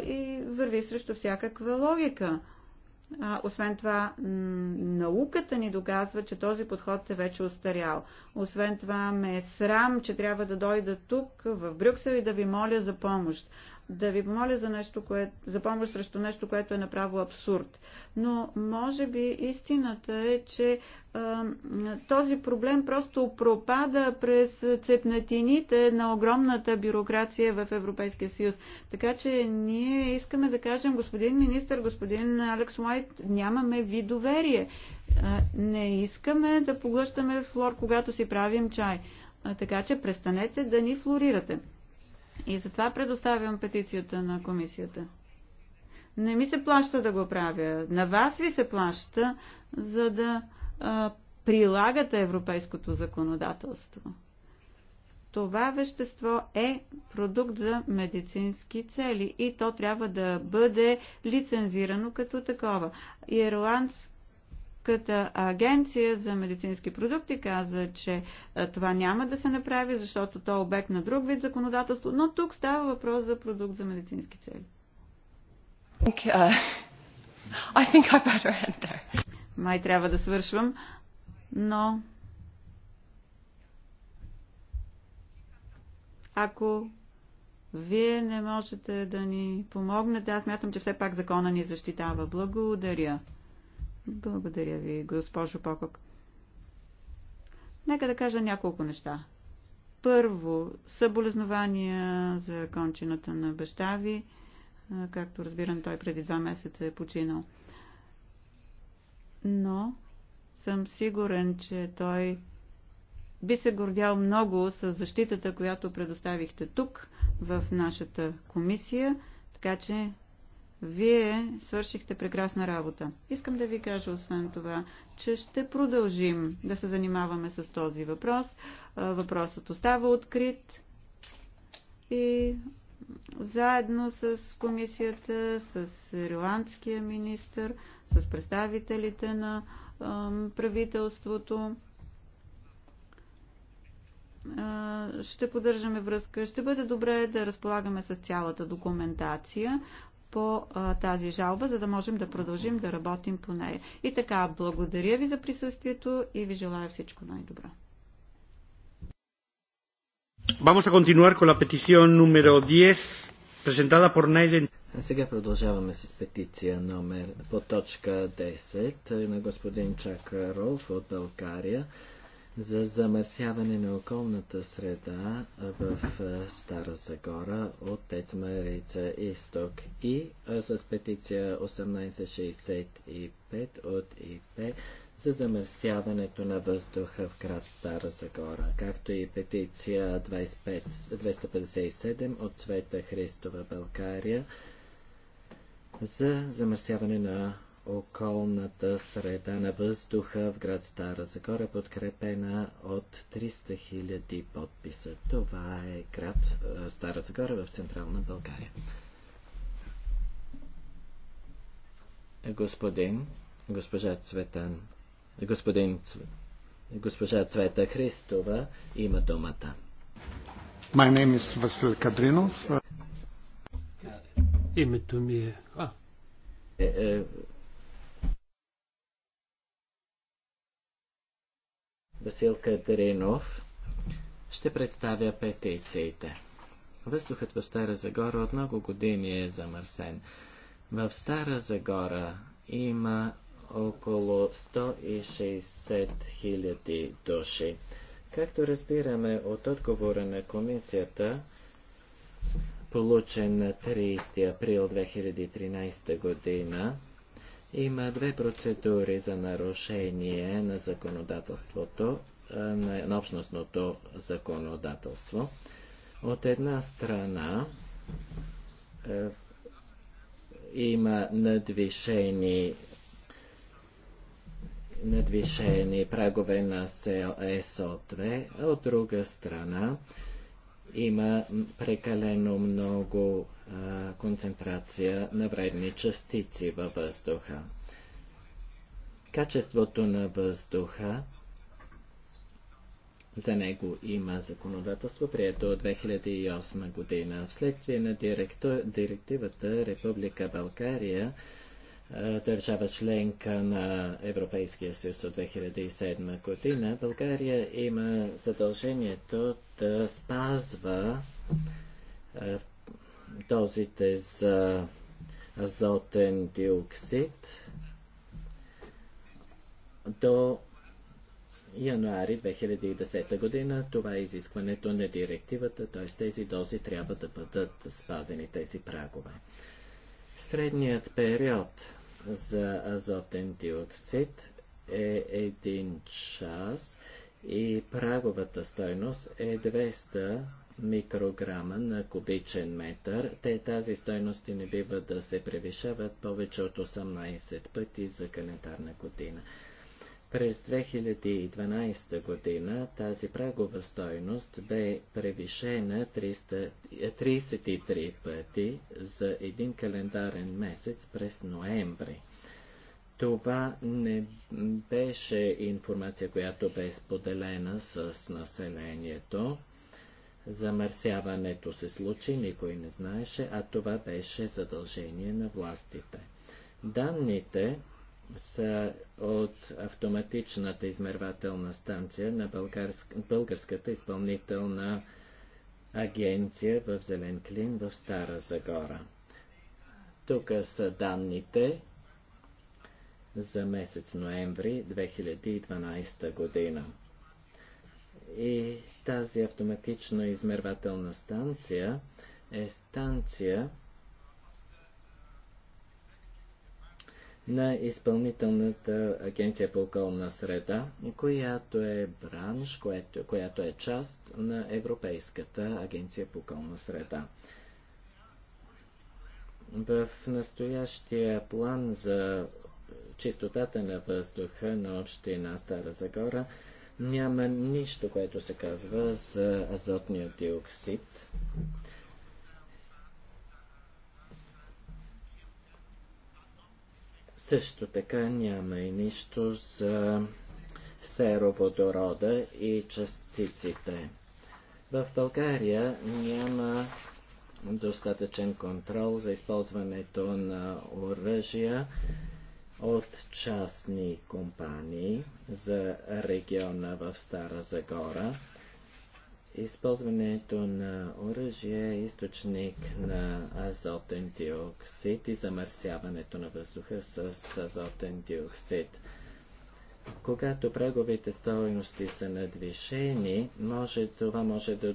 и върви срещу всякаква логика. А, освен това, науката ни доказва, че този подход е вече устарял. Освен това, ме е срам, че трябва да дойда тук, в Брюксел и да ви моля за помощ да ви помоля за, нещо, кое, за помощ срещу нещо, което е направо абсурд. Но може би истината е, че а, този проблем просто пропада през цепнатините на огромната бюрокрация в Европейския съюз. Така че ние искаме да кажем, господин министр, господин Алекс Уайт, нямаме ви доверие. А, не искаме да поглъщаме флор, когато си правим чай. А, така че престанете да ни флорирате. И затова предоставям петицията на комисията. Не ми се плаща да го правя. На вас ви се плаща, за да а, прилагате европейското законодателство. Това вещество е продукт за медицински цели и то трябва да бъде лицензирано като такова. Ирландски Българската агенция за медицински продукти каза, че това няма да се направи, защото то е обект на друг вид законодателство, но тук става въпрос за продукт за медицински цели. Uh, I think I better end there. Май трябва да свършвам, но ако вие не можете да ни помогнете, аз мятам, че все пак закона ни защитава. Благодаря. Благодаря ви, госпожо Покок! Нека да кажа няколко неща. Първо, съболезнования за кончината на баща ви. Както разбирам, той преди два месеца е починал. Но съм сигурен, че той би се гордял много с защитата, която предоставихте тук, в нашата комисия, така че вие свършихте прекрасна работа. Искам да ви кажа, освен това, че ще продължим да се занимаваме с този въпрос. Въпросът остава открит и заедно с комисията, с ирландския министр, с представителите на правителството. Ще поддържаме връзка. Ще бъде добре да разполагаме с цялата документация, по а, тази жалба, за да можем да продължим да работим по нея. И така, благодаря ви за присъствието и ви желая всичко най-добро. Vamos a continuar con la petición número 10, presentada por Naiden. Сега продължаваме с петиция номер по точка 10 на господин Чак Ролф от България за замърсяване на околната среда в Стара Загора от Тец Марица Исток и с петиция 1865 от ИП за замърсяването на въздуха в град Стара Загора, както и петиция 25, 257 от Цвета Христова България за замърсяване на околната среда на въздуха в град Стара Загора, подкрепена от 300 000 подписа. Това е град Стара Загора в Централна България. Господин, госпожа Цветан, господин, госпожа Цвета Христова има думата. My name is Васил Кадринов. Името ми е... А. е, е Васил Кадринов ще представя петициите. Въздухът в Стара Загора от много години е замърсен. В Стара Загора има около 160 000 души. Както разбираме от отговора на комисията, получен на 30 април 2013 година, има две процедури за нарушение на законодателството, на общностното законодателство. От една страна е, има надвишени надвишени прагове на СО2, а от друга страна има прекалено много концентрация на вредни частици във въздуха. Качеството на въздуха за него има законодателство, прието от 2008 година. Вследствие на директор, директивата Република България, държава членка на Европейския съюз от 2007 година, България има задължението да спазва дозите за азотен диоксид до януари 2010 година. Това е изискването на директивата, т.е. тези дози трябва да бъдат спазени тези прагове. Средният период за азотен диоксид е 1 час и праговата стойност е 200 микрограма на кубичен метър. Те тази стойности не бива да се превишават повече от 18 пъти за календарна година. През 2012 година тази прагова стойност бе превишена 300, 33 е, пъти за един календарен месец през ноември. Това не беше информация, която бе споделена с населението замърсяването се случи, никой не знаеше, а това беше задължение на властите. Данните са от автоматичната измервателна станция на Българск... Българската изпълнителна агенция в Зелен Клин в Стара Загора. Тук са данните за месец ноември 2012 година. И тази автоматично измервателна станция е станция на Изпълнителната агенция по околна среда, която е бранш, която, която е част на Европейската агенция по околна среда. В настоящия план за чистотата на въздуха на община Стара Загора няма нищо, което се казва за азотния диоксид. Също така няма и нищо за сероводорода и частиците. В България няма достатъчен контрол за използването на оръжия от частни компании за региона в Стара Загора. Използването на оръжие е източник на азотен диоксид и замърсяването на въздуха с азотен диоксид. Когато праговите стоености са надвишени, може, това може да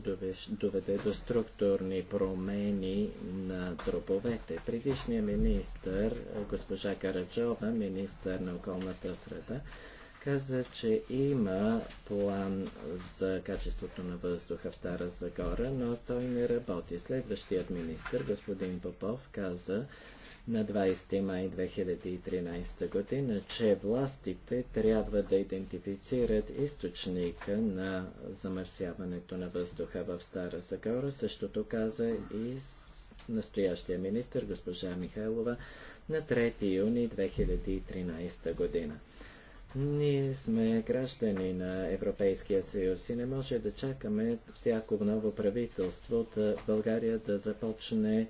доведе до структурни промени на дробовете. Предишният министр, госпожа Караджова, министър на околната среда, каза, че има план за качеството на въздуха в Стара Загора, но той не работи. Следващият министр, господин Попов, каза, на 20 май 2013 година, че властите трябва да идентифицират източника на замърсяването на въздуха в Стара Загора. Същото каза и настоящия министр госпожа Михайлова на 3 юни 2013 година. Ние сме граждани на Европейския съюз и не може да чакаме всяко ново правителство от България да започне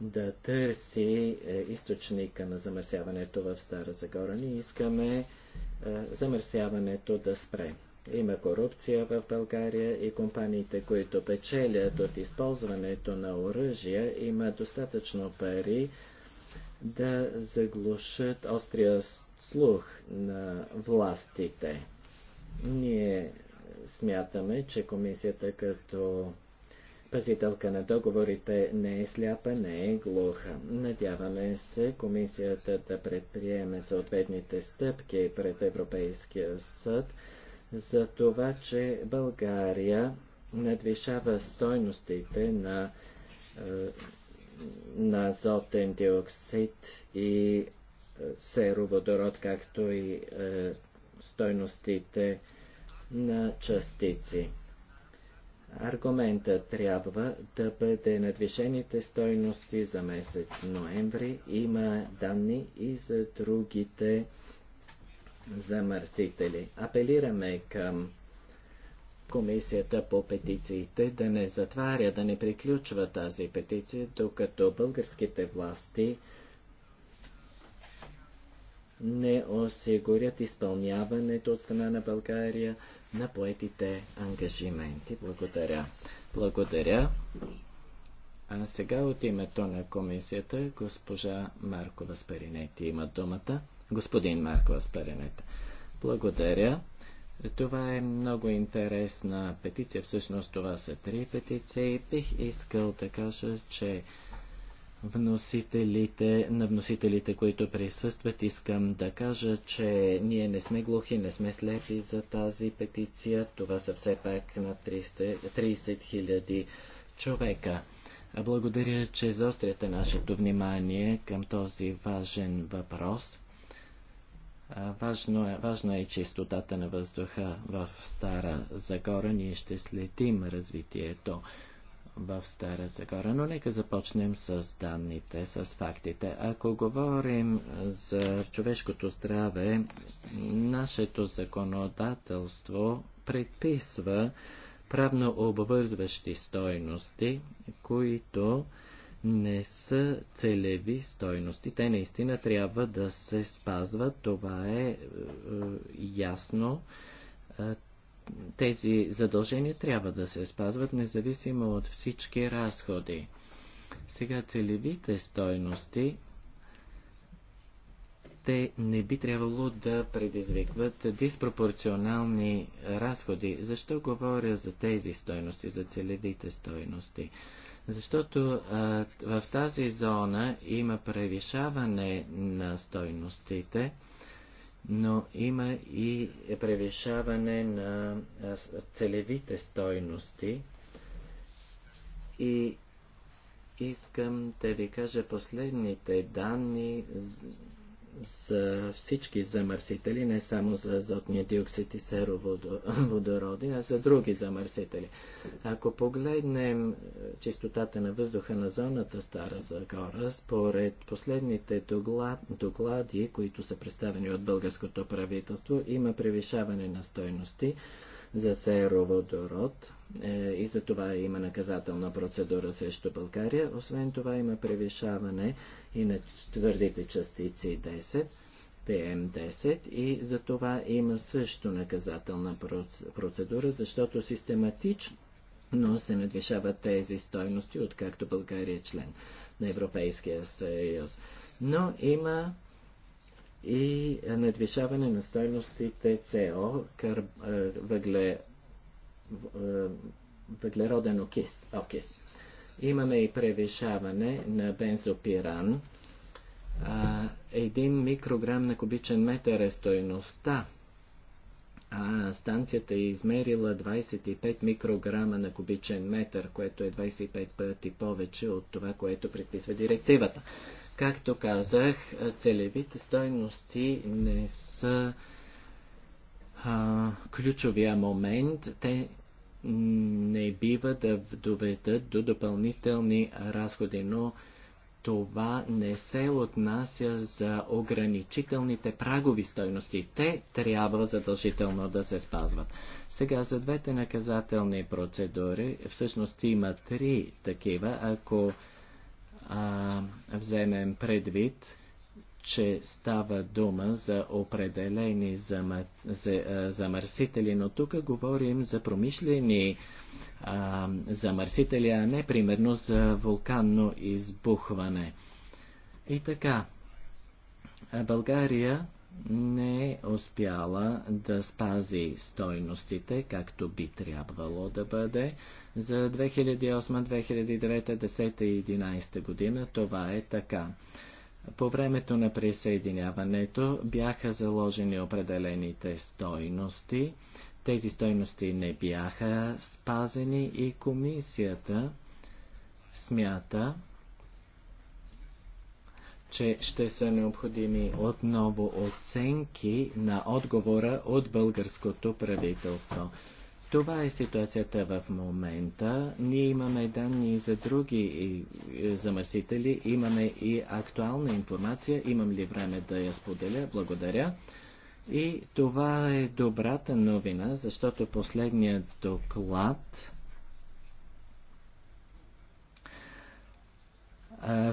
да търси е, източника на замърсяването в Стара Загора. Ние искаме е, замърсяването да спре. Има корупция в България и компаниите, които печелят от използването на оръжия, има достатъчно пари да заглушат острия слух на властите. Ние смятаме, че комисията като пазителка на договорите не е сляпа, не е глуха. Надяваме се комисията да предприеме съответните стъпки пред Европейския съд за това, че България надвишава стойностите на, е, на азотен диоксид и сероводород, както и е, стойностите на частици. Аргумента трябва да бъде надвишените стойности за месец ноември. Има данни и за другите замърсители. Апелираме към Комисията по петициите да не затваря, да не приключва тази петиция, докато българските власти не осигурят изпълняването от страна на България на поетите ангажименти. Благодаря. Благодаря. А сега от името на комисията госпожа Маркова Спаринети има думата. Господин Маркова Спаринети. Благодаря. Това е много интересна петиция. Всъщност това са три петиции. Бих искал да кажа, че вносителите, на вносителите, които присъстват, искам да кажа, че ние не сме глухи, не сме слепи за тази петиция. Това са все пак на 30 000 човека. Благодаря, че заостряте нашето внимание към този важен въпрос. Важно е, важно е чистотата на въздуха в Стара Загора. Ние ще следим развитието в Стара Загора. Но нека започнем с данните, с фактите. Ако говорим за човешкото здраве, нашето законодателство предписва правно обвързващи стойности, които не са целеви стойности. Те наистина трябва да се спазват. Това е, е ясно. Е, тези задължения трябва да се спазват независимо от всички разходи. Сега целевите стойности те не би трябвало да предизвикват диспропорционални разходи. Защо говоря за тези стойности, за целевите стойности? Защото а, в тази зона има превишаване на стойностите, но има и превишаване на целевите стойности. И искам да ви кажа последните данни за всички замърсители, не само за азотния диоксид и сероводороди, а за други замърсители. Ако погледнем е, чистотата на въздуха на зоната Стара Загора, според последните доклади, които са представени от българското правителство, има превишаване на стойности за сероводород е, и за това има наказателна процедура срещу България. Освен това има превишаване и на твърдите частици 10, ПМ-10 и за това има също наказателна процедура, защото систематично но се надвишават тези стойности, откакто България е член на Европейския съюз. Но има и надвишаване на стойностите CO, кър, е, въгле, е, въглероден окис, окис. Имаме и превишаване на бензопиран. един микрограм на кубичен метър е стойността. А станцията е измерила 25 микрограма на кубичен метър, което е 25 пъти повече от това, което предписва директивата. Както казах, целевите стойности не са а, ключовия момент. Те не бива да доведат до допълнителни разходи, но това не се отнася за ограничителните прагови стойности. Те трябва задължително да се спазват. Сега за двете наказателни процедури, всъщност има три такива, ако а, вземем предвид, че става дума за определени за, а, замърсители, но тук говорим за промишлени а, замърсители, а не примерно за вулканно избухване. И така, България не е успяла да спази стойностите, както би трябвало да бъде. За 2008, 2009, 10 и 2011 година това е така. По времето на присъединяването бяха заложени определените стойности. Тези стойности не бяха спазени и комисията смята, че ще са необходими отново оценки на отговора от българското правителство. Това е ситуацията в момента. Ние имаме данни за други замърсители, имаме и актуална информация. Имам ли време да я споделя? Благодаря. И това е добрата новина, защото последният доклад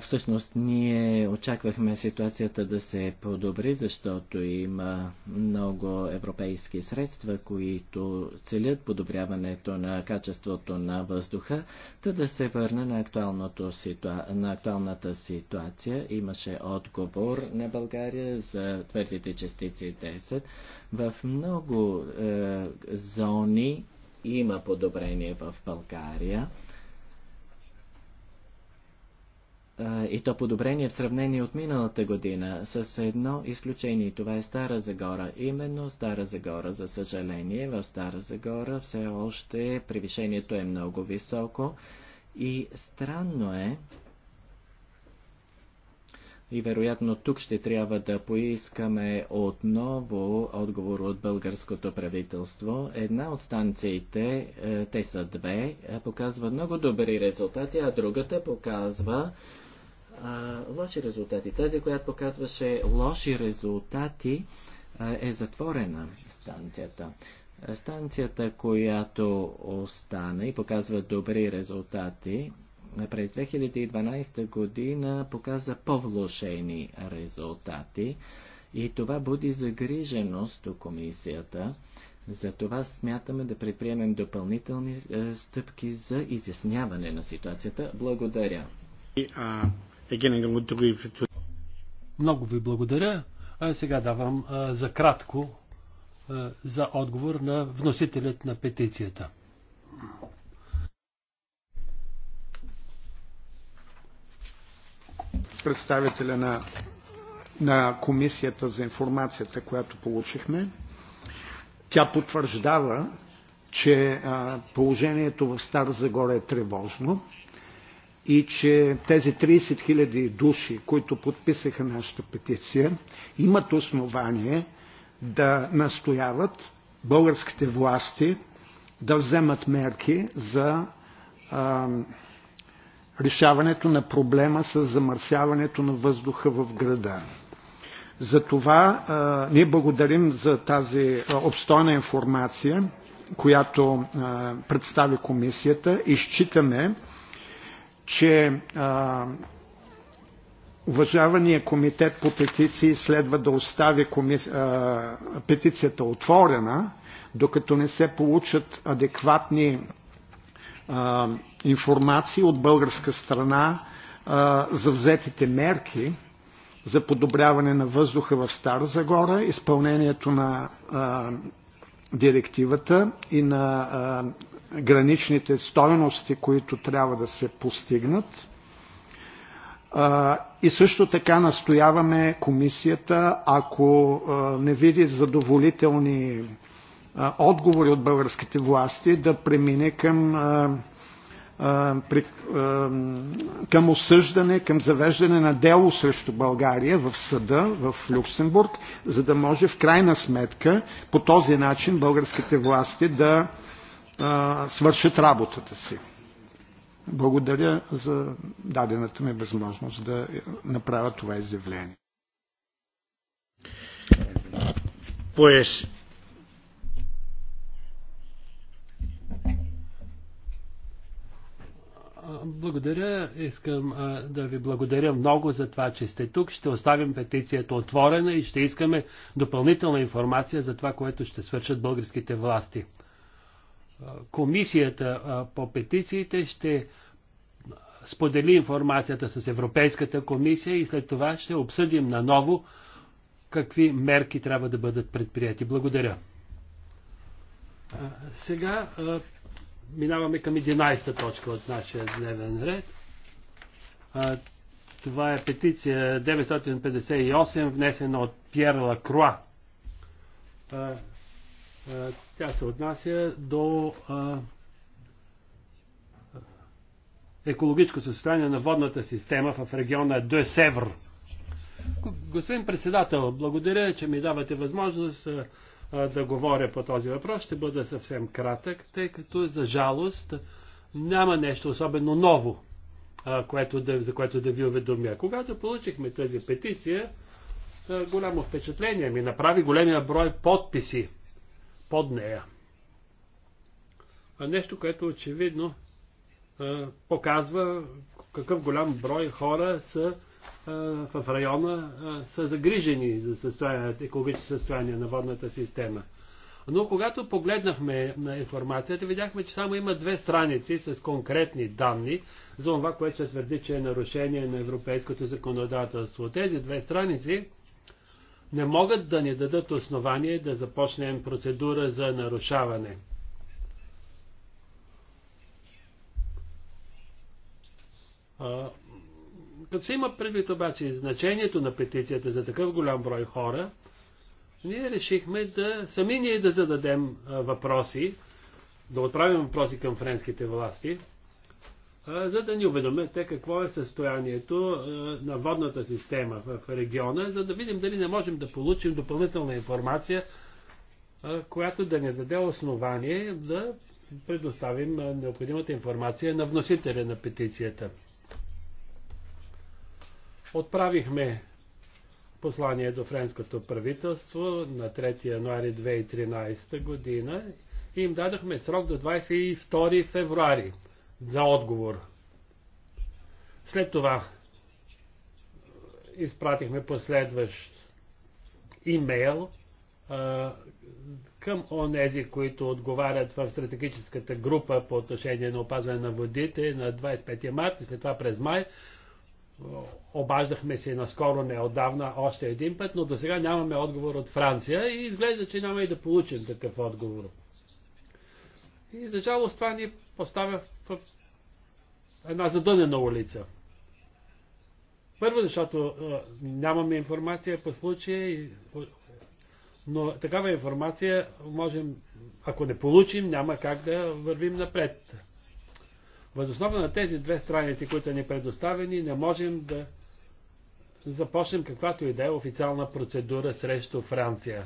Всъщност ние очаквахме ситуацията да се подобри, защото има много европейски средства, които целят подобряването на качеството на въздуха, та да се върне на, ситуа... на актуалната ситуация. Имаше отговор на България за твърдите частици 10. В много е, зони има подобрение в България. и то подобрение в сравнение от миналата година, с едно изключение. Това е Стара Загора. Именно Стара Загора, за съжаление, в Стара Загора все още превишението е много високо и странно е, и вероятно тук ще трябва да поискаме отново отговор от българското правителство. Една от станциите, е, те са две, е, показва много добри резултати, а другата показва а, лоши резултати. Тази, която показваше лоши резултати, а, е затворена станцията. Станцията, която остана и показва добри резултати, през 2012 година показа по-влошени резултати и това буди загриженост у комисията. Затова смятаме да предприемем допълнителни е, стъпки за изясняване на ситуацията. Благодаря. Много ви благодаря. А сега давам а, за кратко а, за отговор на вносителят на петицията. Представителя на, на Комисията за информацията, която получихме, тя потвърждава, че а, положението в Стар Загора е тревожно и че тези 30 000 души, които подписаха нашата петиция, имат основание да настояват българските власти да вземат мерки за а, решаването на проблема с замърсяването на въздуха в града. Затова а, ние благодарим за тази обстойна информация, която а, представи комисията и считаме, че а, уважавания комитет по петиции следва да остави коми... а, петицията отворена, докато не се получат адекватни а, информации от българска страна а, за взетите мерки за подобряване на въздуха в Стара Загора, изпълнението на а, директивата и на а, граничните стойности, които трябва да се постигнат. И също така настояваме комисията, ако не види задоволителни отговори от българските власти, да премине към, към осъждане, към завеждане на дело срещу България в съда в Люксембург, за да може в крайна сметка по този начин българските власти да свършат работата си. Благодаря за дадената ми възможност да направя това изявление. Pues Благодаря. Искам а, да ви благодаря много за това, че сте тук. Ще оставим петицията отворена и ще искаме допълнителна информация за това, което ще свършат българските власти комисията по петициите ще сподели информацията с Европейската комисия и след това ще обсъдим наново какви мерки трябва да бъдат предприяти. Благодаря. Сега минаваме към 11-та точка от нашия дневен ред. Това е петиция 958, внесена от Пьер Лакруа тя се отнася до екологическо състояние на водната система в региона Де Севр. Господин председател, благодаря, че ми давате възможност да говоря по този въпрос. Ще бъда съвсем кратък, тъй като за жалост няма нещо особено ново, което да, за което да ви уведомя. Когато получихме тази петиция, голямо впечатление ми направи големия брой подписи – под нея. А нещо, което очевидно показва какъв голям брой хора са в района са загрижени за състояние, екологично състояние на водната система. Но когато погледнахме на информацията, видяхме, че само има две страници с конкретни данни за това, което се твърди, че е нарушение на европейското законодателство. Тези две страници не могат да ни дадат основание да започнем процедура за нарушаване. като се има предвид обаче значението на петицията за такъв голям брой хора, ние решихме да сами ние да зададем въпроси, да отправим въпроси към френските власти – за да ни уведомят те какво е състоянието на водната система в региона, за да видим дали не можем да получим допълнителна информация, която да ни даде основание да предоставим необходимата информация на вносителя на петицията. Отправихме послание до френското правителство на 3 януари 2013 година и им дадохме срок до 22 февруари за отговор. След това изпратихме последващ имейл към онези, които отговарят в стратегическата група по отношение на опазване на водите на 25 марта и след това през май. Обаждахме се наскоро, отдавна, още един път, но до сега нямаме отговор от Франция и изглежда, че няма и да получим такъв отговор. И за жалост това ни поставя в една задънена улица. Първо, защото а, нямаме информация по случая, но такава информация можем, ако не получим, няма как да вървим напред. Възоснова на тези две страници, които са ни предоставени, не можем да започнем каквато и да е официална процедура срещу Франция.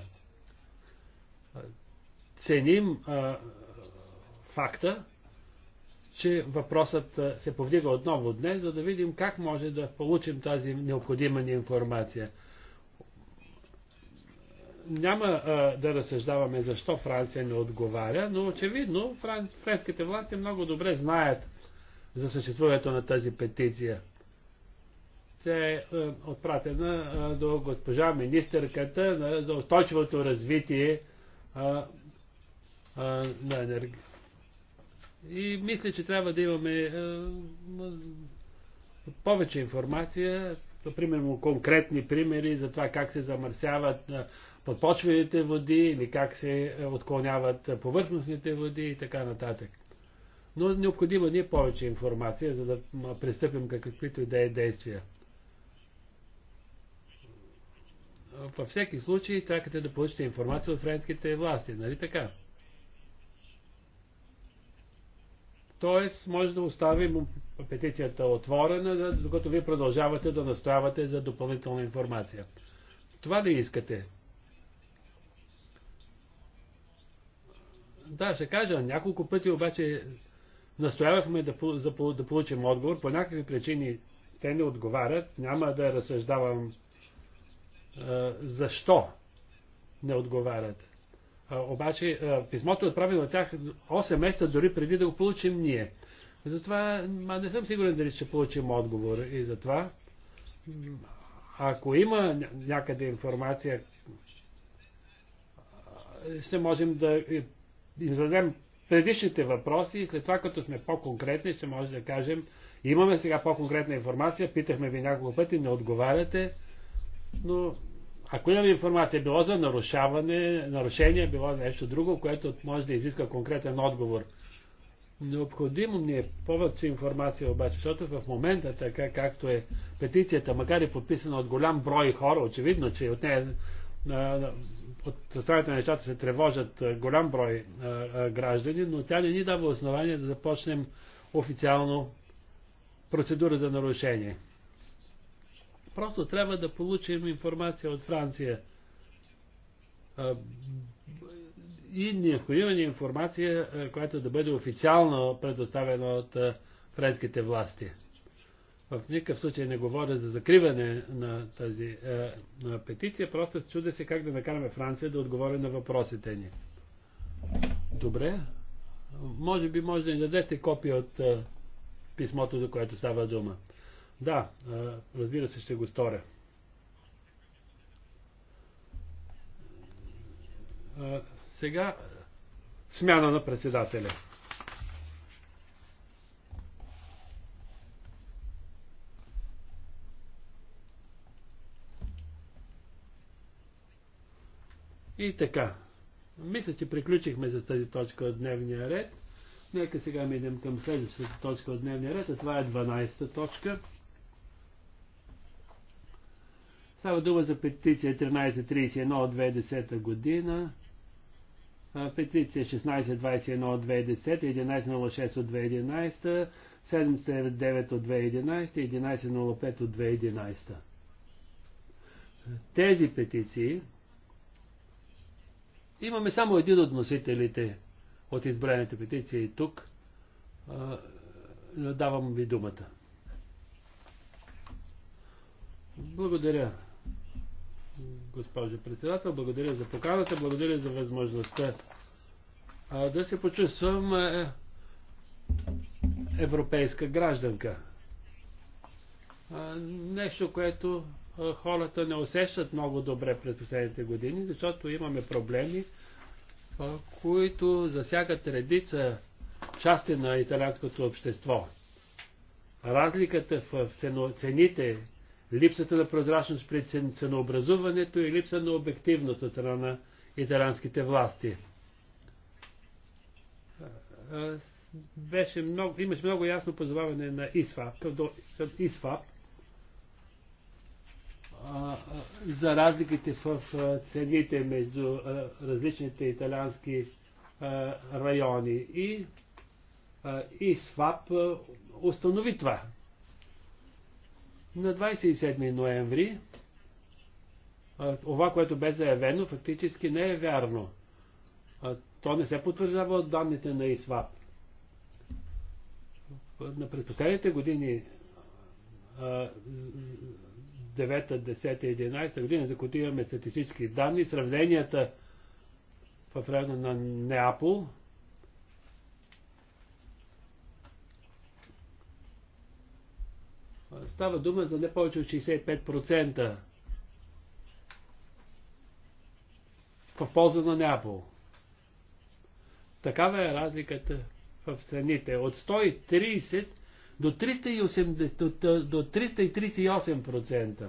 Ценим а, факта, че въпросът се повдига отново днес, за да видим как може да получим тази необходима ни информация. Няма а, да разсъждаваме защо Франция не отговаря, но очевидно фран... френските власти много добре знаят за съществуването на тази петиция. Тя е а, отпратена а, до госпожа министърката на, за устойчивото развитие а, а, на енергия и мисля, че трябва да имаме е, повече информация, например, конкретни примери за това как се замърсяват е, подпочвените води или как се е, отклоняват повърхностните води и така нататък. Но необходима ни е повече информация, за да пристъпим към каквито и да е действия. Във всеки случай, чакате да получите информация от френските власти, нали така? Тоест, може да оставим петицията отворена, докато вие продължавате да настоявате за допълнителна информация. Това ли искате? Да, ще кажа, няколко пъти обаче настоявахме да, за, да получим отговор. По някакви причини те не отговарят. Няма да разсъждавам защо не отговарят. Обаче писмото е отправено от тях 8 месеца дори преди да го получим ние. Затова ма не съм сигурен дали ще получим отговор. И затова, ако има някъде информация, ще можем да е, им зададем предишните въпроси и след това, като сме по-конкретни, ще може да кажем, имаме сега по-конкретна информация, питахме ви няколко пъти, не отговаряте, но ако имаме информация било за нарушаване, нарушение, било нещо друго, което може да изиска конкретен отговор. Необходимо ни е повече информация обаче, защото в момента, така както е петицията, макар и подписана от голям брой хора, очевидно, че от нея от състоянието на нещата се тревожат голям брой граждани, но тя не ни дава основание да започнем официално процедура за нарушение. Просто трябва да получим информация от Франция. И необходима има информация, която да бъде официално предоставена от френските власти. В никакъв случай не говоря за закриване на тази на петиция, просто чудя се как да накараме Франция да отговори на въпросите ни. Добре. Може би може да ни дадете копия от писмото, за което става дума. Да, разбира се, ще го сторя. Сега смяна на председателя. И така. Мисля, че приключихме с тази точка от дневния ред. Нека сега минем към следващата точка от дневния ред, а това е 12-та точка. Става дума за петиция 1331 от 2010 година, петиция 1621 от 2010, 1106 от 2011, 799 от 2011, 1105 от 2011. Тези петиции имаме само един от носителите от избраните петиции и тук. Давам ви думата. Благодаря госпожо председател. Благодаря за поканата, благодаря за възможността а, да се почувствам е, европейска гражданка. А, нещо, което а, хората не усещат много добре през последните години, защото имаме проблеми, а, които засягат редица части на италианското общество. Разликата в цените липсата на прозрачност при ценообразуването и липса на обективност от страна на италянските власти. Беше много, имаше много ясно позоваване на ИСФАП, за разликите в цените между различните италиански райони. И ИСФАП установи това. На 27 ноември това, което бе заявено, фактически не е вярно. То не се потвърждава от данните на ИСВАП. На предпоследните години 9, 10, 11 година, за които имаме статистически данни, сравненията в района на Неапол, Става дума за не повече от 65% в полза на Неапол. Такава е разликата в цените. От 130 до, 380, до 338%.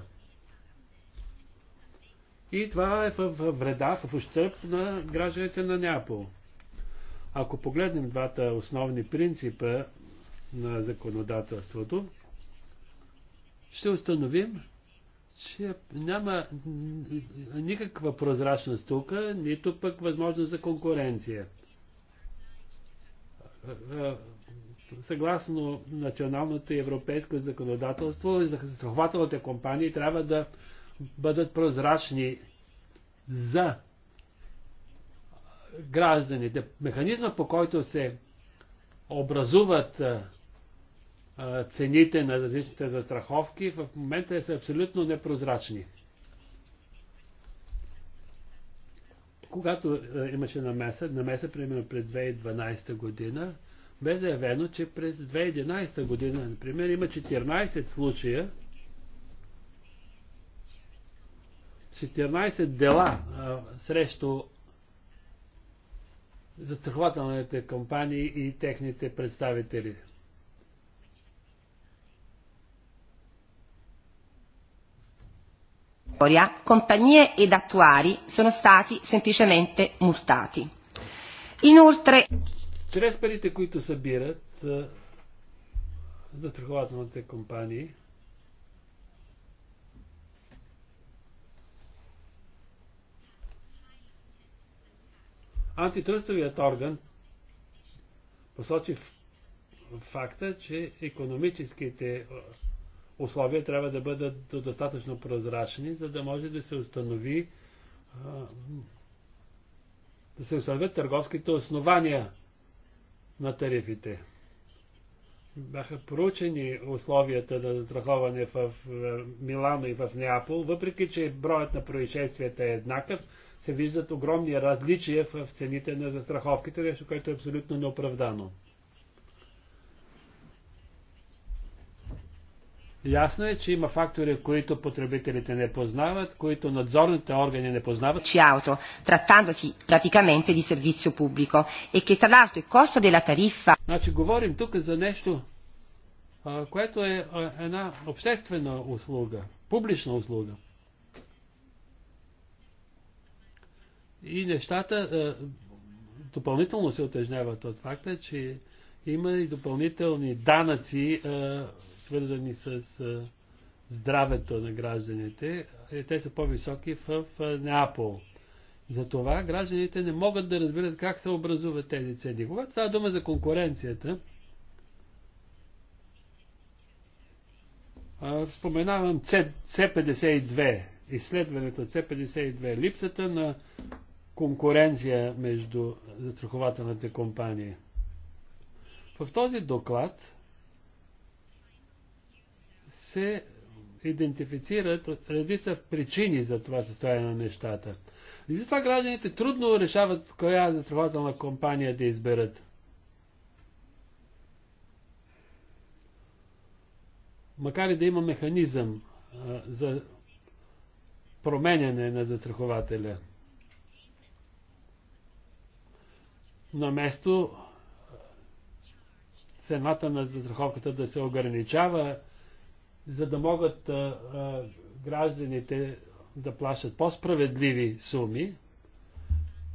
И това е в вреда, в ущърп на гражданите на Неапол. Ако погледнем двата основни принципа на законодателството, ще установим, че няма никаква прозрачност тук, нито пък възможност за конкуренция. Е, е, съгласно националното и европейско законодателство, застрахователните компании трябва да бъдат прозрачни за гражданите. Механизма по който се образуват е, цените на различните застраховки в момента са абсолютно непрозрачни. Когато имаше намеса, намеса примерно през 2012 година, бе заявено, че през 2011 година, например, има 14 случая, 14 дела а, срещу застрахователните компании и техните представители. storia, compagnie ed attuari sono stati semplicemente multati. Inoltre... Чрез парите, които събират застрахователните компании, Антитръстовият орган посочи факта, че економическите условия трябва да бъдат достатъчно прозрачни, за да може да се установи да се установят търговските основания на тарифите. Бяха проучени условията на застраховане в Милано и в Неапол, въпреки че броят на происшествията е еднакъв, се виждат огромни различия в цените на застраховките, нещо, което е абсолютно неоправдано. Ясно е, че има фактори, които потребителите не познават, които надзорните органи не познават. Auto, trattandosi praticamente di servizio pubblico e che tra l'altro il costo della tariffa. Значи говорим тук за нещо, което е една обществена услуга, публична услуга. И нещата допълнително се отежняват от факта, че има и допълнителни данъци свързани с здравето на гражданите, е, те са по-високи в Неапол. Затова гражданите не могат да разберат как се образуват тези цени. Когато става дума за конкуренцията, споменавам C52, изследването C52, липсата на конкуренция между застрахователните компании. В този доклад се идентифицират редица причини за това състояние на нещата. И затова гражданите трудно решават коя застрахователна компания да изберат. Макар и да има механизъм а, за променяне на застрахователя. На место цената на застраховката да се ограничава за да могат гражданите да плащат по-справедливи суми,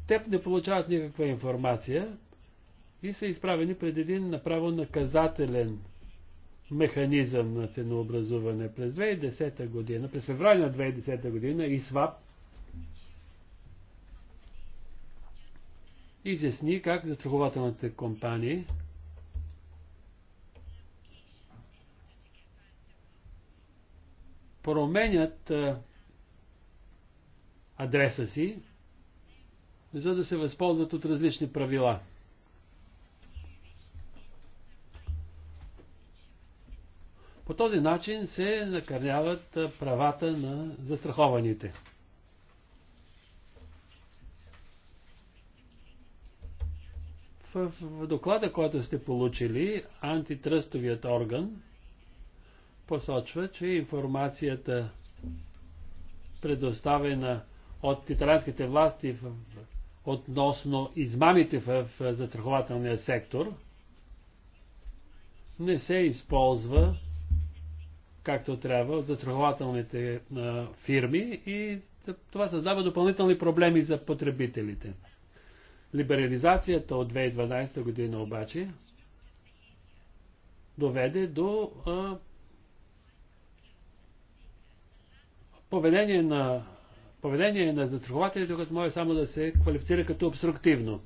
те не получават никаква информация и са изправени пред един направо наказателен механизъм на ценообразуване. През 2010 година, през феврали на 2010 година ИСВАП изясни как застрахователните компании променят адреса си, за да се възползват от различни правила. По този начин се накърняват правата на застрахованите. В доклада, който сте получили, антитръстовият орган посочва, че информацията предоставена от титаранските власти в, относно измамите в, в застрахователния сектор не се използва както трябва от застрахователните а, фирми и това създава допълнителни проблеми за потребителите. Либерализацията от 2012 година обаче доведе до а, поведение на, поведение на застрахователите, което може само да се квалифицира като обструктивно.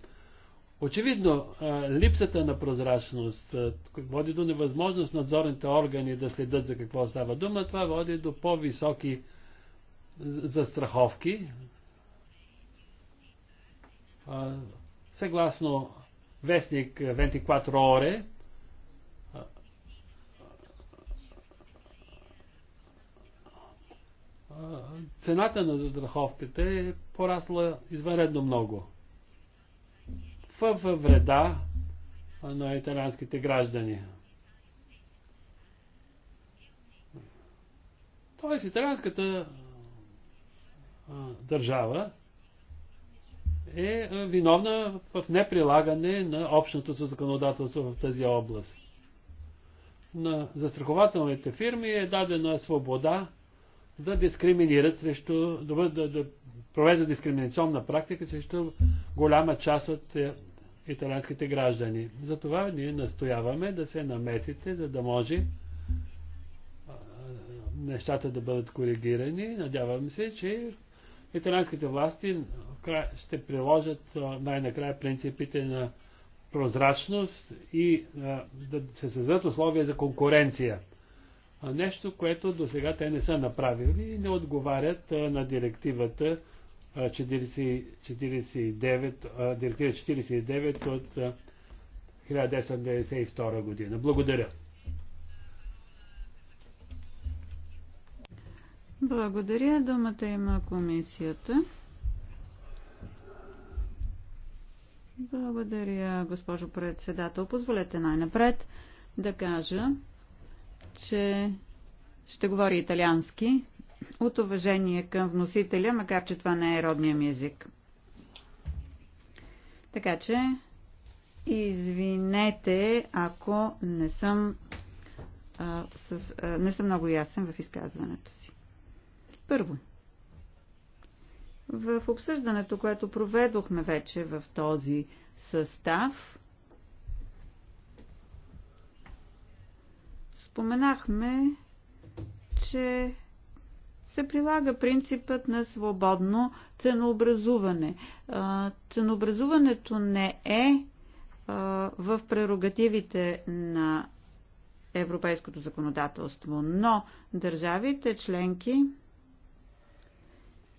Очевидно, липсата на прозрачност води до невъзможност надзорните органи да следят за какво става дума. Това води до по-високи застраховки. Съгласно вестник 24 Оре, цената на застраховката е порасла извънредно много. В вреда на италианските граждани. Тоест, италианската държава е виновна в неприлагане на общото законодателство в тази област. На застрахователните фирми е дадена свобода да дискриминират срещу, да, да, да провеждат дискриминационна практика срещу голяма част от е, италянските граждани. Затова ние настояваме да се намесите, за да може нещата да бъдат коригирани. Надявам се, че италианските власти ще приложат най-накрая принципите на прозрачност и да се създадат условия за конкуренция. Нещо, което до сега те не са направили и не отговарят на директивата 40, 49, директива 49 от 1992 година. Благодаря. Благодаря. Думата има комисията. Благодаря, госпожо председател. Позволете най-напред да кажа, че ще говори италиански от уважение към вносителя, макар че това не е родния ми език. Така че, извинете, ако не съм, а, с, а, не съм много ясен в изказването си. Първо, в обсъждането, което проведохме вече в този състав, Споменахме, че се прилага принципът на свободно ценообразуване. Ценообразуването не е в прерогативите на европейското законодателство, но държавите членки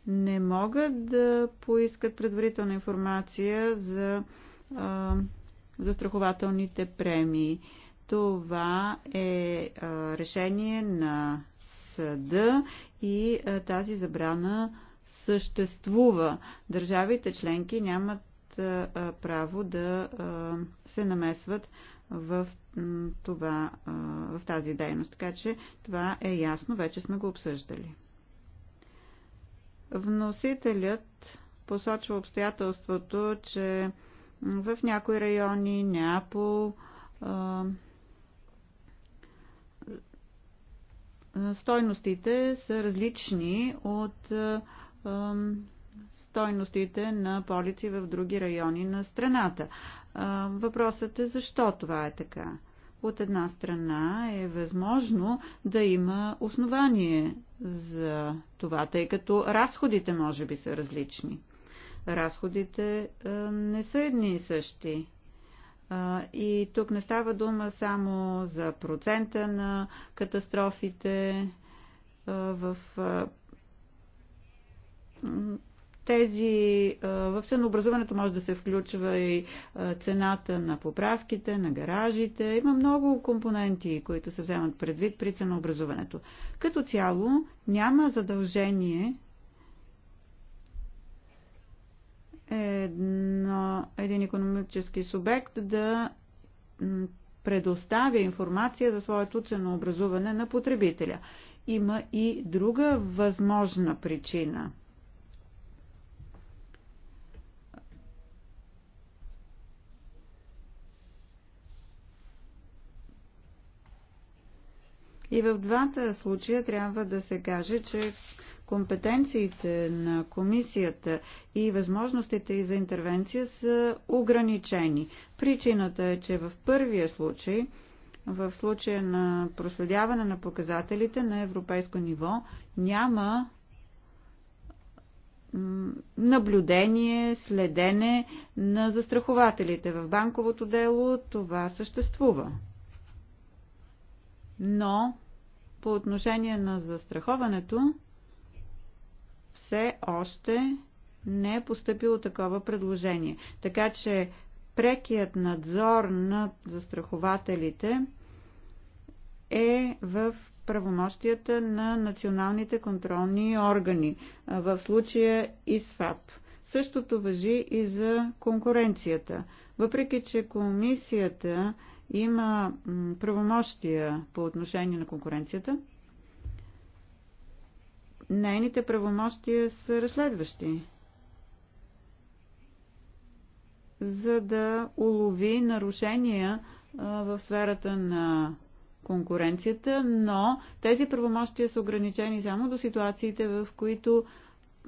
не могат да поискат предварителна информация за застрахователните премии. Това е решение на съда и тази забрана съществува. Държавите членки нямат право да се намесват в, това, в тази дейност. Така че това е ясно, вече сме го обсъждали. Вносителят посочва обстоятелството, че в някои райони Неапол стойностите са различни от стойностите на полици в други райони на страната. Въпросът е защо това е така. От една страна е възможно да има основание за това, тъй като разходите може би са различни. Разходите не са едни и същи. И тук не става дума само за процента на катастрофите в тези, в ценообразуването може да се включва и цената на поправките, на гаражите. Има много компоненти, които се вземат предвид при ценообразуването. Като цяло няма задължение едно, един економически субект да предоставя информация за своето ценообразуване на потребителя. Има и друга възможна причина. И в двата случая трябва да се каже, че компетенциите на комисията и възможностите и за интервенция са ограничени. Причината е, че в първия случай, в случая на проследяване на показателите на европейско ниво, няма наблюдение, следене на застрахователите. В банковото дело това съществува. Но по отношение на застраховането, все още не е поступило такова предложение. Така че прекият надзор над застрахователите е в правомощията на националните контролни органи, в случая ИСФАП. Същото въжи и за конкуренцията. Въпреки, че комисията има правомощия по отношение на конкуренцията, Нейните правомощия са разследващи. За да улови нарушения в сферата на конкуренцията, но тези правомощия са ограничени само до ситуациите, в които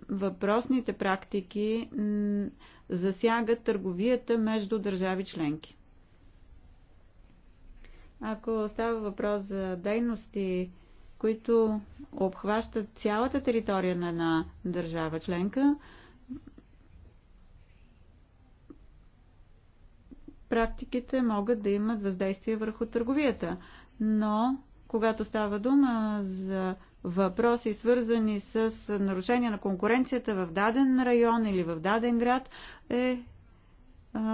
въпросните практики засягат търговията между държави членки. Ако става въпрос за дейности, които обхващат цялата територия на една държава членка, практиките могат да имат въздействие върху търговията. Но, когато става дума за въпроси, свързани с нарушение на конкуренцията в даден район или в даден град, е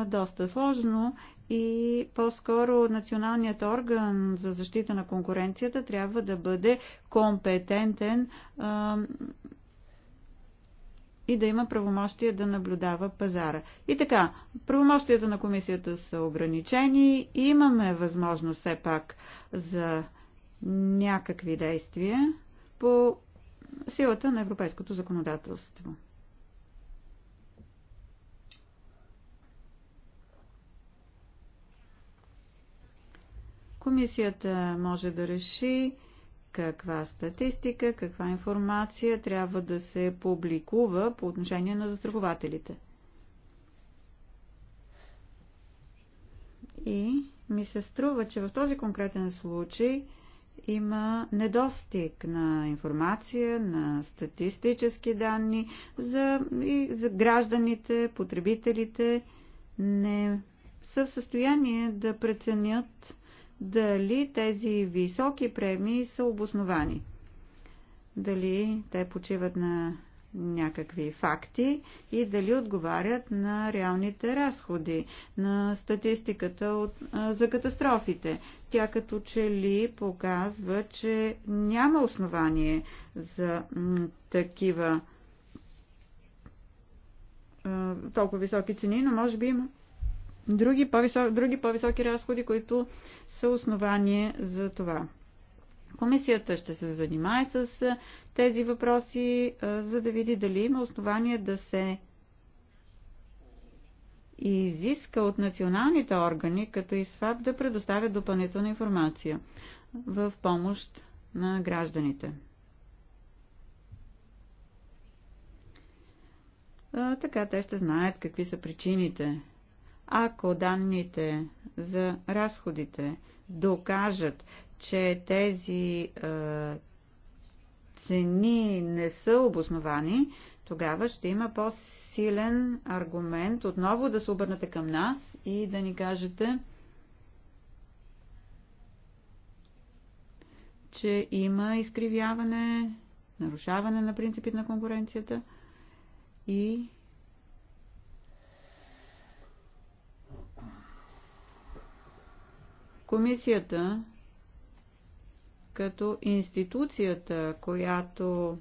доста сложно и по-скоро националният орган за защита на конкуренцията трябва да бъде компетентен а, и да има правомощия да наблюдава пазара. И така, правомощията на комисията са ограничени и имаме възможност все пак за някакви действия по силата на европейското законодателство. Комисията може да реши каква статистика, каква информация трябва да се публикува по отношение на застрахователите. И ми се струва, че в този конкретен случай има недостиг на информация, на статистически данни за, и за гражданите, потребителите не са в състояние да преценят дали тези високи премии са обосновани. Дали те почиват на някакви факти и дали отговарят на реалните разходи, на статистиката от, а, за катастрофите. Тя като че ли показва, че няма основание за такива а, толкова високи цени, но може би има други, по високи други по-високи разходи, които са основание за това. Комисията ще се занимае с тези въпроси, за да види дали има основание да се изиска от националните органи, като и СФАП, да предоставят допълнителна информация в помощ на гражданите. така те ще знаят какви са причините ако данните за разходите докажат, че тези е, цени не са обосновани, тогава ще има по-силен аргумент отново да се обърнете към нас и да ни кажете, че има изкривяване, нарушаване на принципите на конкуренцията и Комисията като институцията, която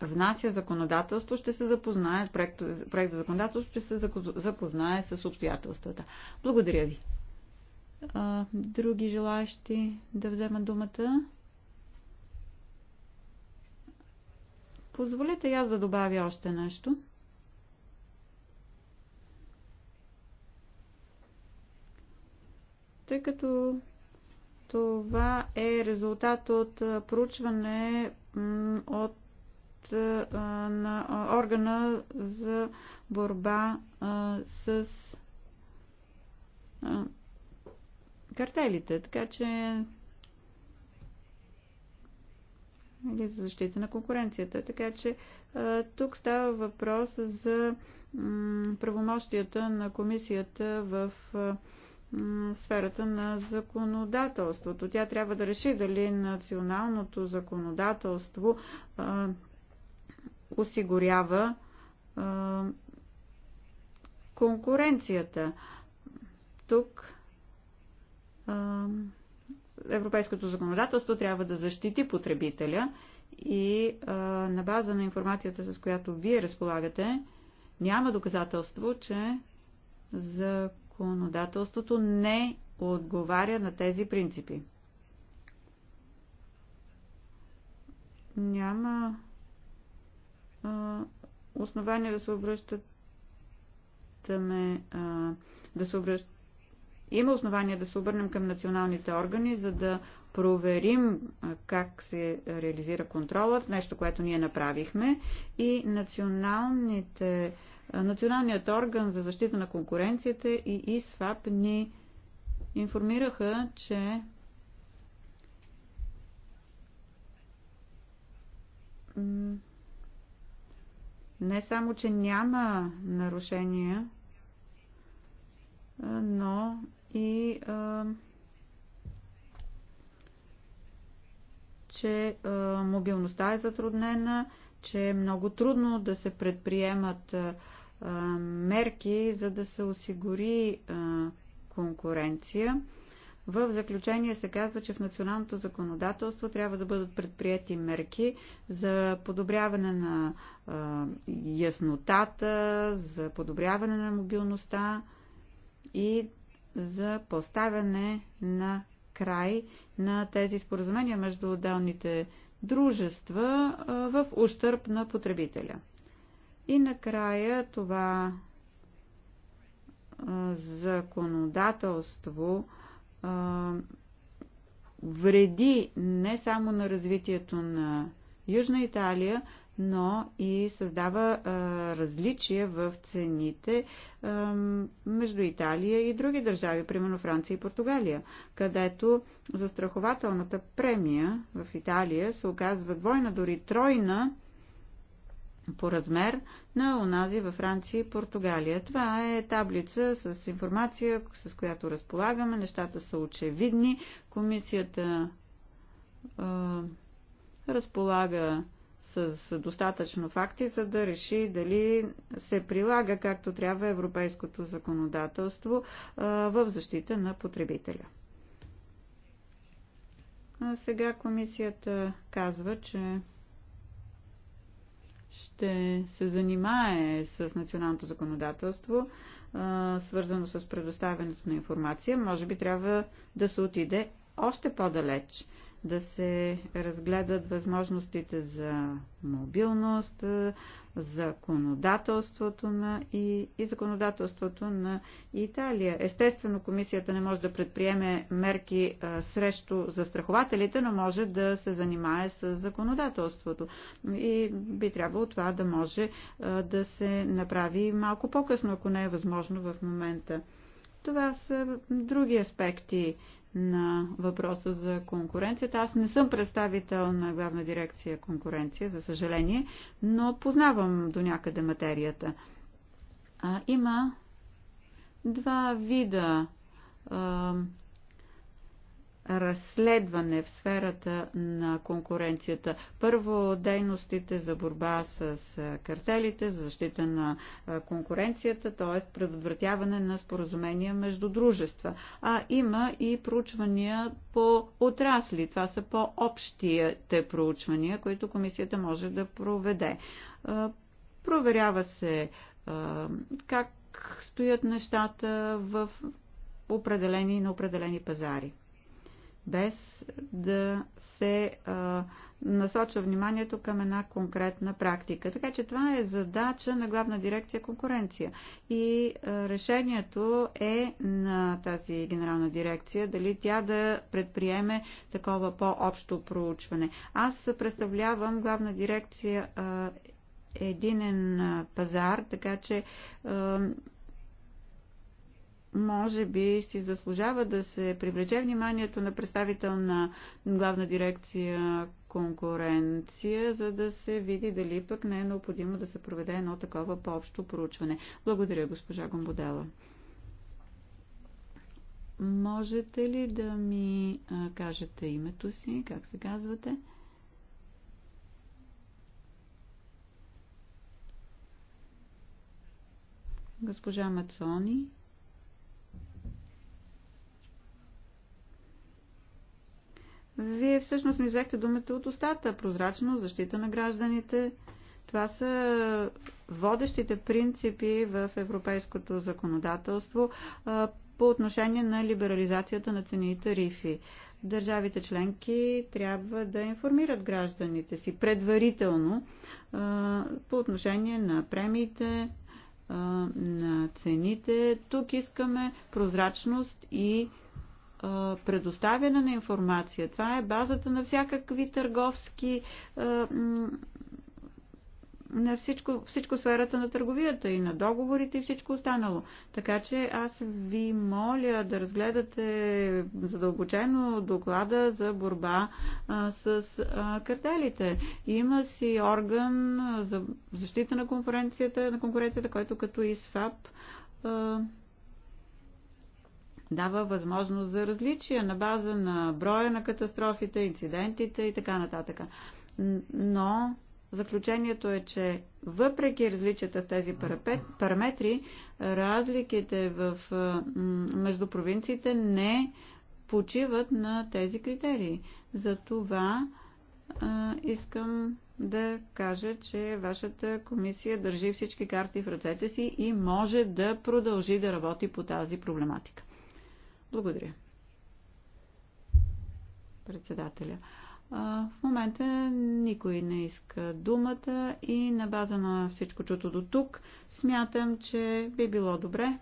внася законодателство, ще се запознае, проект, проект за законодателство ще се запознае с обстоятелствата. Благодаря ви. А, други желаящи да вземат думата? Позволете аз да добавя още нещо. тъй като това е резултат от проучване от, на органа за борба с картелите. Така че или нали, за защита на конкуренцията. Така че тук става въпрос за правомощията на комисията в сферата на законодателството. Тя трябва да реши дали националното законодателство а, осигурява а, конкуренцията. Тук а, европейското законодателство трябва да защити потребителя и а, на база на информацията, с която вие разполагате, няма доказателство, че за законодателството не отговаря на тези принципи. Няма а, основания да се обръщат да, ме, а, да се обръщ... Има основания да се обърнем към националните органи, за да проверим как се реализира контролът, нещо, което ние направихме, и националните Националният орган за защита на конкуренцията и ИСФАП ни информираха, че не само, че няма нарушения, но и че мобилността е затруднена, че е много трудно да се предприемат а, мерки, за да се осигури конкуренция. В заключение се казва, че в националното законодателство трябва да бъдат предприяти мерки за подобряване на яснотата, за подобряване на мобилността и за поставяне на край на тези споразумения между отделните дружества в ущърп на потребителя. И накрая това законодателство вреди не само на развитието на Южна Италия, но и създава а, различия в цените а, между Италия и други държави, примерно Франция и Португалия, където застрахователната премия в Италия се оказва двойна, дори тройна по размер на онази във Франция и Португалия. Това е таблица с информация, с която разполагаме. Нещата са очевидни. Комисията е, разполага с достатъчно факти, за да реши дали се прилага както трябва европейското законодателство в защита на потребителя. А сега комисията казва, че ще се занимае с националното законодателство, свързано с предоставянето на информация. Може би трябва да се отиде още по-далеч да се разгледат възможностите за мобилност, е, законодателството на и, и законодателството на Италия. Естествено, комисията не може да предприеме мерки а, е, срещу застрахователите, но може да се занимае с законодателството. И би трябвало това да може а, е, да се направи малко по-късно, ако не е възможно в момента. Това са други аспекти на въпроса за конкуренцията. Аз не съм представител на главна дирекция конкуренция, за съжаление, но познавам до някъде материята. А, има два вида а, разследване в сферата на конкуренцията. Първо дейностите за борба с картелите, за защита на конкуренцията, т.е. предотвратяване на споразумения между дружества. А има и проучвания по отрасли. Това са по-общите проучвания, които комисията може да проведе. Проверява се как стоят нещата в определени и на определени пазари без да се а, насочва вниманието към една конкретна практика. Така че това е задача на главна дирекция конкуренция. И а, решението е на тази генерална дирекция дали тя да предприеме такова по-общо проучване. Аз представлявам главна дирекция а, единен пазар, така че може би си заслужава да се привлече вниманието на представител на главна дирекция конкуренция, за да се види дали пък не е необходимо да се проведе едно такова по-общо проучване. Благодаря, госпожа Гомбодела. Можете ли да ми а, кажете името си, как се казвате? Госпожа Мацони. Вие всъщност ми взехте думата от устата. Прозрачно, защита на гражданите. Това са водещите принципи в европейското законодателство по отношение на либерализацията на цени и тарифи. Държавите членки трябва да информират гражданите си предварително по отношение на премиите, на цените. Тук искаме прозрачност и предоставяне на информация. Това е базата на всякакви търговски на всичко, всичко сферата на търговията и на договорите и всичко останало. Така че аз ви моля да разгледате задълбочено доклада за борба с картелите. Има си орган за защита на конкуренцията, на конкуренцията който като ИСФАП а, дава възможност за различия на база на броя на катастрофите, инцидентите и така нататък. Но заключението е, че въпреки различията в тези параметри, разликите в, между провинциите не почиват на тези критерии. Затова а, искам да кажа, че вашата комисия държи всички карти в ръцете си и може да продължи да работи по тази проблематика. Благодаря. Председателя. В момента никой не иска думата и на база на всичко чуто до тук смятам, че би било добре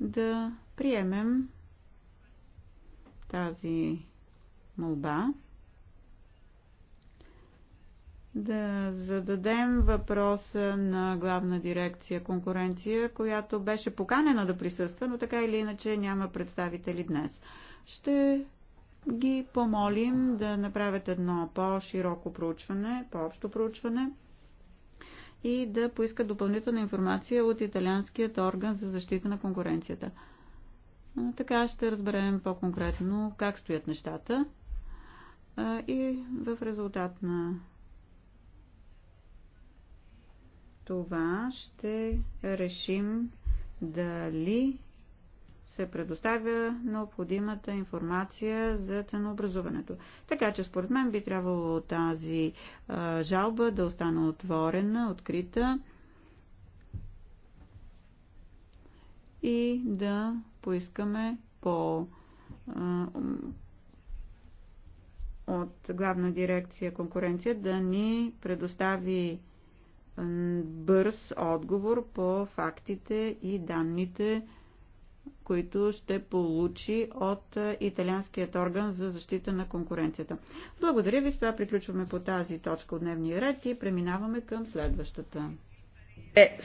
да приемем тази молба да зададем въпроса на главна дирекция конкуренция, която беше поканена да присъства, но така или иначе няма представители днес. Ще ги помолим да направят едно по-широко проучване, по-общо проучване и да поискат допълнителна информация от италианският орган за защита на конкуренцията. Така ще разберем по-конкретно как стоят нещата и в резултат на това ще решим дали се предоставя необходимата информация за ценообразуването. Така че според мен би трябвало тази а, жалба да остане отворена, открита и да поискаме по а, от главна дирекция конкуренция да ни предостави бърз отговор по фактите и данните, които ще получи от Италианският орган за защита на конкуренцията. Благодаря ви, с това приключваме по тази точка от дневния ред и преминаваме към следващата. Е,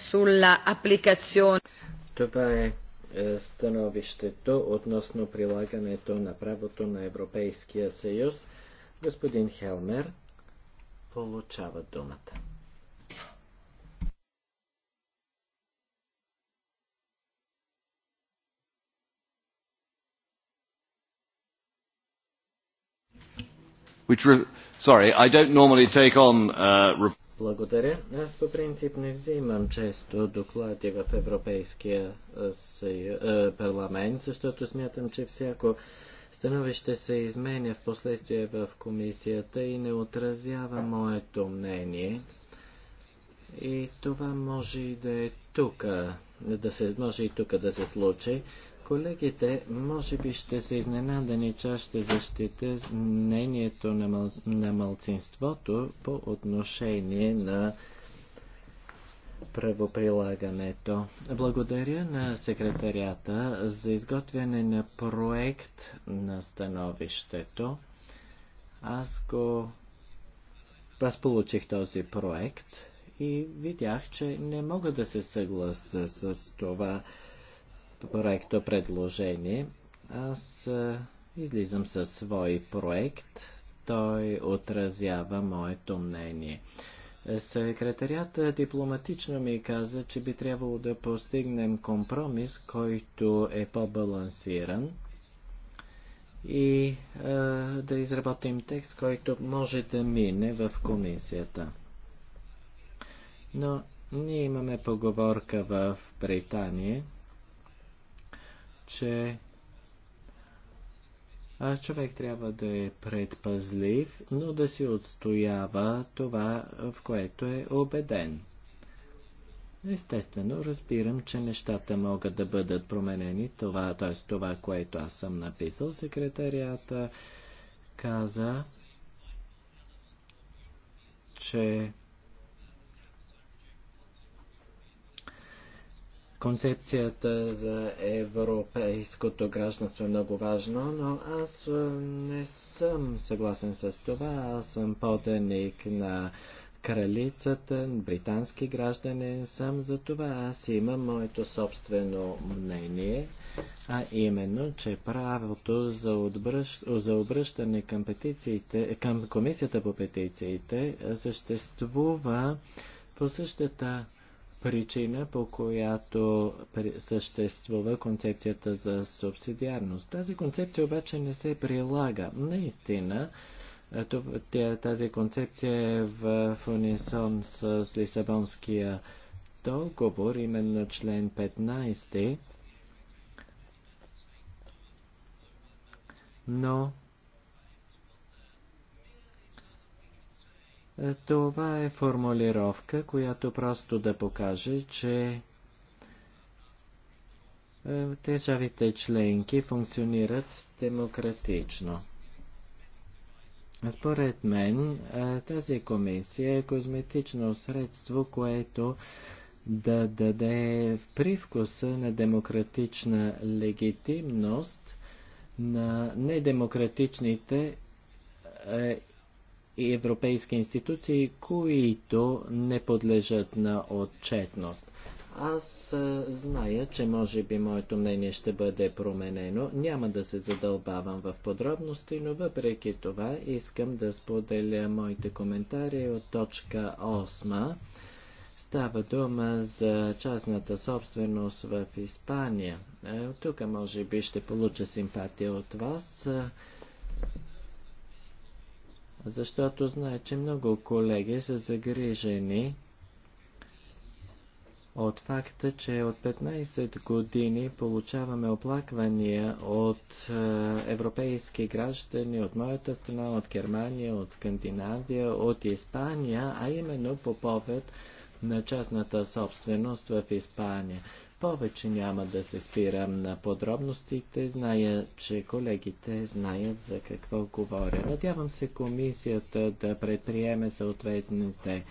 това е, е становището относно прилагането на правото на Европейския съюз. Господин Хелмер получава думата. which re- sorry, I don't normally take on uh, благодаря. Аз по принцип не взимам често доклади в Европейския парламент, защото смятам, че всяко становище се изменя в последствие в комисията и не отразява моето мнение. И това може и да е тук, да се, може и тук да се случи. Колегите може би ще са изненадани, че ще защита мнението на, мал, на малцинството по отношение на правоприлагането. Благодаря на секретарията за изготвяне на проект на становището. Аз го... Аз получих този проект и видях, че не мога да се съгласа с това, проекто предложение. Аз излизам със свой проект. Той отразява моето мнение. Секретарията дипломатично ми каза, че би трябвало да постигнем компромис, който е по-балансиран и е, да изработим текст, който може да мине в комисията. Но ние имаме поговорка в Британия – че човек трябва да е предпазлив, но да си отстоява това, в което е убеден. Естествено, разбирам, че нещата могат да бъдат променени, това, т.е. това, което аз съм написал. Секретарията каза, че Концепцията за европейското гражданство е много важно, но аз не съм съгласен с това. Аз съм поданик на кралицата, британски гражданин съм, за това аз имам моето собствено мнение, а именно, че правото за, отбръщ, за обръщане към, петициите, към комисията по петициите съществува по същата причина, по която съществува концепцията за субсидиарност. Тази концепция обаче не се прилага. Наистина, тази концепция е в унисон с Лисабонския договор, именно член 15, но Това е формулировка, която просто да покаже, че е, държавите членки функционират демократично. Според мен е, тази комисия е козметично средство, което да даде привкуса на демократична легитимност на недемократичните е, европейски институции, които не подлежат на отчетност. Аз зная, че може би моето мнение ще бъде променено. Няма да се задълбавам в подробности, но въпреки това искам да споделя моите коментари от точка 8. Става дума за частната собственост в Испания. Е, тук може би ще получа симпатия от вас защото знае, че много колеги са загрижени от факта, че от 15 години получаваме оплаквания от е, европейски граждани, от моята страна, от Германия, от Скандинавия, от Испания, а именно по повод на частната собственост в Испания. Повече няма да се спирам на подробностите. Зная, че колегите знаят за какво говоря. Надявам се комисията да предприеме съответните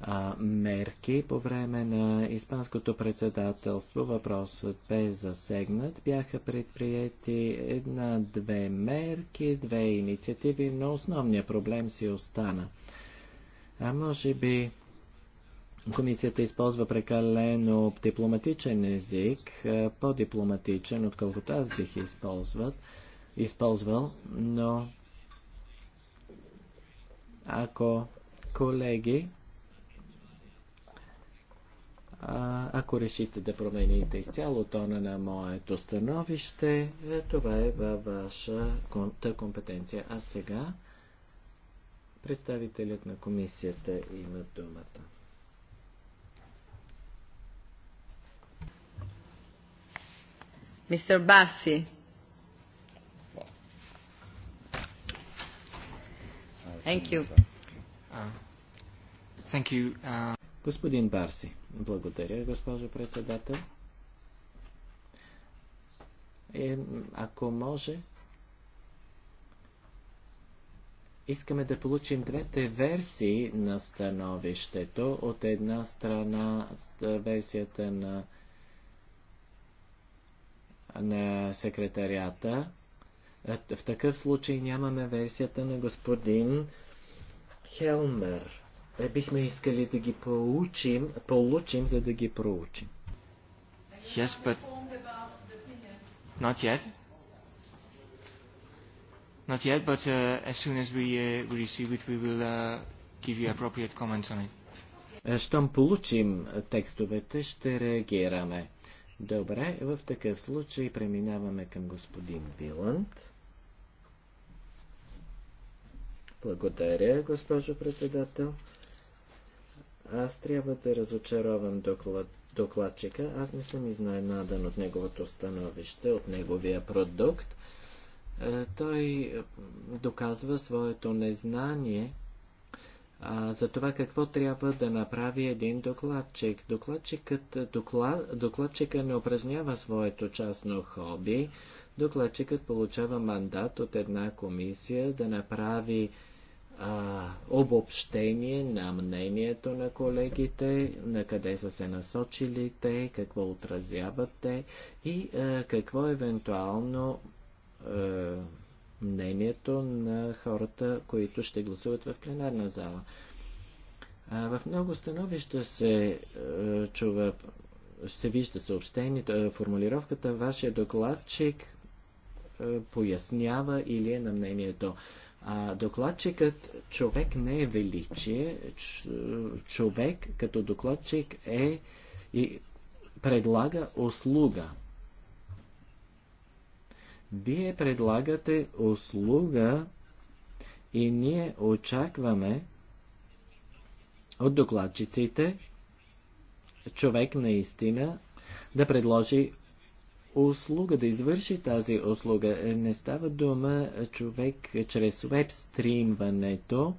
а, мерки по време на Испанското председателство. Въпросът бе засегнат. Бяха предприяти една-две мерки, две инициативи, но основният проблем си остана. А може би Комисията използва прекалено дипломатичен език, е, по-дипломатичен, отколкото аз бих използват, използвал, но ако колеги, а, ако решите да промените изцяло тона на моето становище, е, това е във ваша компетенция. А сега представителят на комисията има думата. Uh, uh, Господин Барси, благодаря, госпожо председател. Е, ако може, искаме да получим двете версии на становището. От една страна версията на на секретарията. В такъв случай нямаме версията на господин Хелмер. Е, бихме искали да ги получим, получим, за да ги проучим. Yes, but... Not yet. Not yet, but uh, as soon as we, uh, we receive it, we will uh, give you appropriate comments on it. Е, щом получим текстовете, ще реагираме. Добре, в такъв случай преминаваме към господин Виланд. Благодаря, госпожо председател. Аз трябва да разочаровам доклад, докладчика. Аз не съм изненадан от неговото становище, от неговия продукт. Е, той доказва своето незнание а, за това какво трябва да направи един докладчик. Докладчикът, доклад, докладчика не упражнява своето частно хоби. Докладчикът получава мандат от една комисия да направи а, обобщение на мнението на колегите, на къде са се насочили те, какво отразяват те и а, какво евентуално а, е, мнението на хората, които ще гласуват в пленарна зала. А, в много становища се а, е, чува, се вижда съобщението, е, формулировката вашия докладчик а, е, пояснява или е на мнението. А, докладчикът човек не е величие, човек като докладчик е и предлага услуга. Вие предлагате услуга и ние очакваме от докладчиците човек наистина да предложи услуга, да извърши тази услуга. Е, не става дума човек чрез веб стримването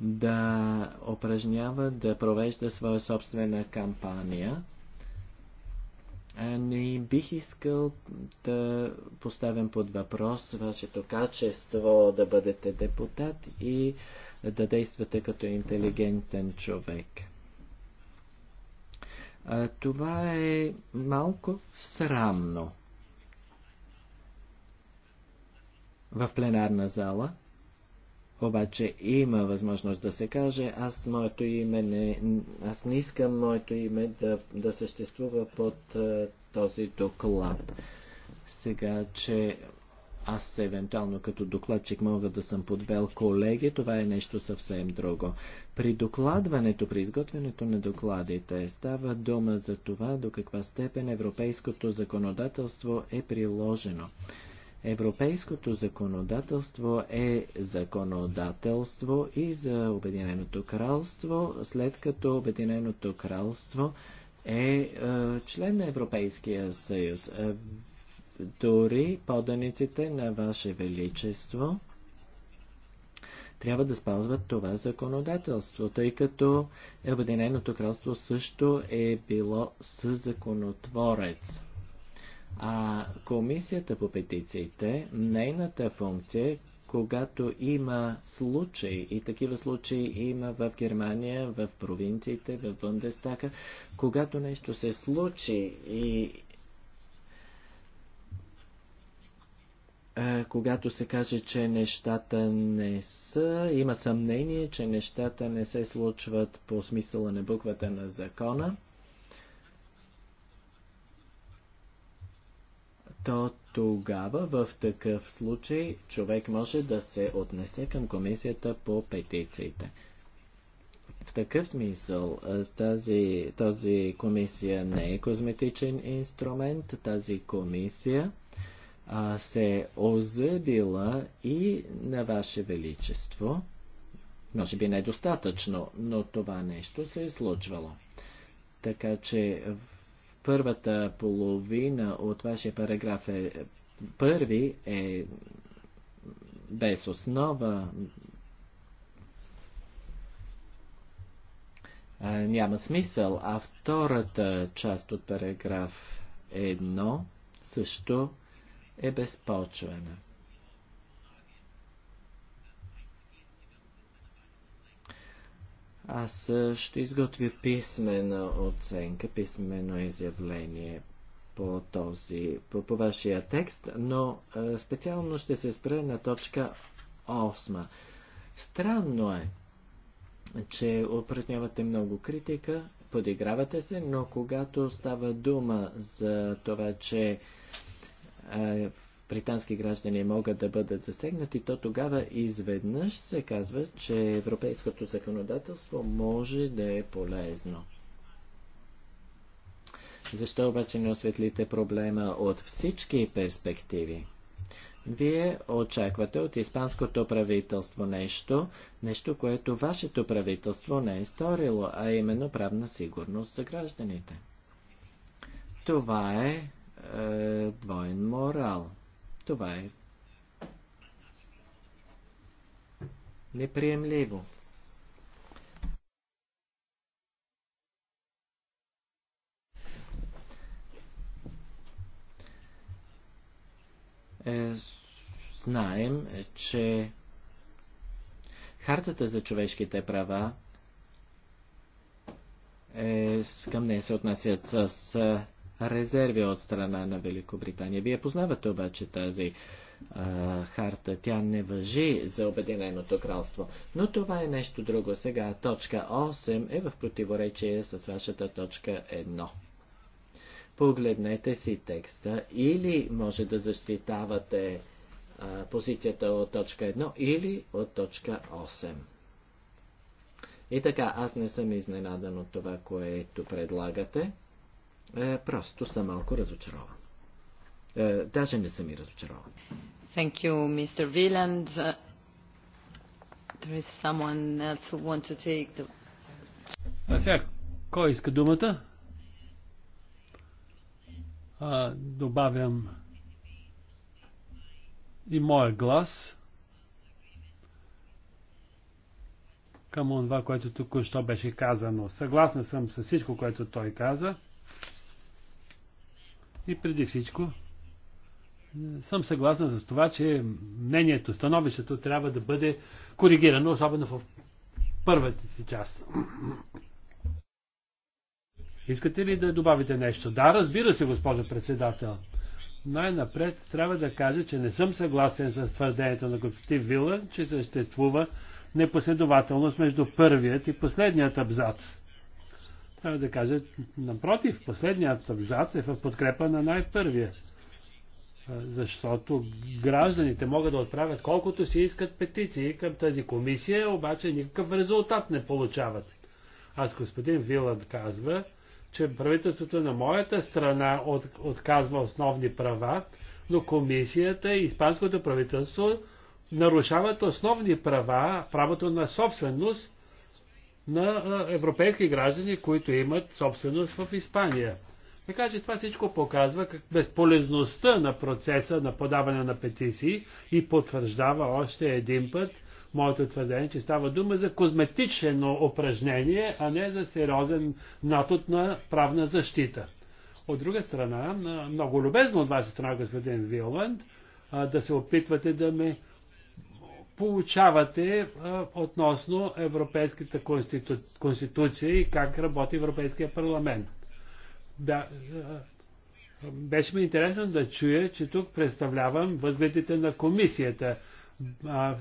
да упражнява, да провежда своя собствена кампания – не бих искал да поставям под въпрос вашето качество да бъдете депутат и да действате като интелигентен човек. Това е малко срамно. В пленарна зала – обаче има възможност да се каже, аз моето име не, аз не искам моето име да, да съществува под а, този доклад. Сега, че аз евентуално като докладчик мога да съм подвел колеги, това е нещо съвсем друго. При докладването, при изготвянето на докладите става дума за това до каква степен европейското законодателство е приложено. Европейското законодателство е законодателство и за Обединеното кралство, след като Обединеното кралство е, е член на Европейския съюз. Е, дори поданиците на Ваше Величество трябва да спазват това законодателство, тъй като Обединеното кралство също е било съзаконотворец. А комисията по петициите, нейната функция, когато има случаи, и такива случаи има в Германия, в провинциите, в Бундестака, когато нещо се случи и когато се каже, че нещата не са, има съмнение, че нещата не се случват по смисъла на буквата на закона, то тогава в такъв случай човек може да се отнесе към комисията по петициите. В такъв смисъл тази, тази комисия не е козметичен инструмент, тази комисия а, се е озъбила и на Ваше Величество. Може би недостатъчно, но това нещо се е случвало. Така че Първата половина от вашия параграф е първи е без основа. А, няма смисъл. А втората част от параграф едно също е безпочвена. Аз ще изготвя писмена оценка, писмено изявление по този, по, по вашия текст, но е, специално ще се спра на точка 8. Странно е, че упражнявате много критика, подигравате се, но когато става дума за това, че е, британски граждани могат да бъдат засегнати, то тогава изведнъж се казва, че европейското законодателство може да е полезно. Защо обаче не осветлите проблема от всички перспективи? Вие очаквате от испанското правителство нещо, нещо, което вашето правителство не е сторило, а именно правна сигурност за гражданите. Това е, е двоен морал. Това е неприемливо. Е, знаем, че Хартата за човешките права е, към нея се отнасят с резерви от страна на Великобритания. Вие познавате обаче тази а, харта. Тя не въжи за Обединеното кралство. Но това е нещо друго. Сега точка 8 е в противоречие с вашата точка 1 погледнете си текста или може да защитавате а, позицията от точка 1 или от точка 8. И така, аз не съм изненадан от това, което предлагате е, просто съм малко разочарован. Е, даже не съм и разочарован. Thank you, Mr. Wieland. Uh, there is someone else who wants to take the... А сега, кой иска думата? А, добавям и моя глас към това, което тук що беше казано. Съгласен съм с всичко, което той каза. И преди всичко, съм съгласен с това, че мнението, становището трябва да бъде коригирано, особено в първата си част. Искате ли да добавите нещо? Да, разбира се, госпожо председател. Най-напред трябва да кажа, че не съм съгласен с твърдението на господин Вила, че съществува непоследователност между първият и последният абзац. Е, да кажа, напротив, последният абзац е в подкрепа на най-първия. Е, защото гражданите могат да отправят колкото си искат петиции към тази комисия, обаче никакъв резултат не получават. Аз господин Виланд казва, че правителството на моята страна от, отказва основни права, но комисията и испанското правителство нарушават основни права, правото на собственост на европейски граждани, които имат собственост в Испания. Така че това всичко показва как безполезността на процеса на подаване на петиции и потвърждава още един път моето твърдение, че става дума за козметично упражнение, а не за сериозен натот на правна защита. От друга страна, много любезно от ваша страна, господин Виланд, да се опитвате да ме получавате а, относно Европейската конститу... конституция и как работи Европейския парламент. Да, а, беше ми интересно да чуя, че тук представлявам възгледите на комисията. А,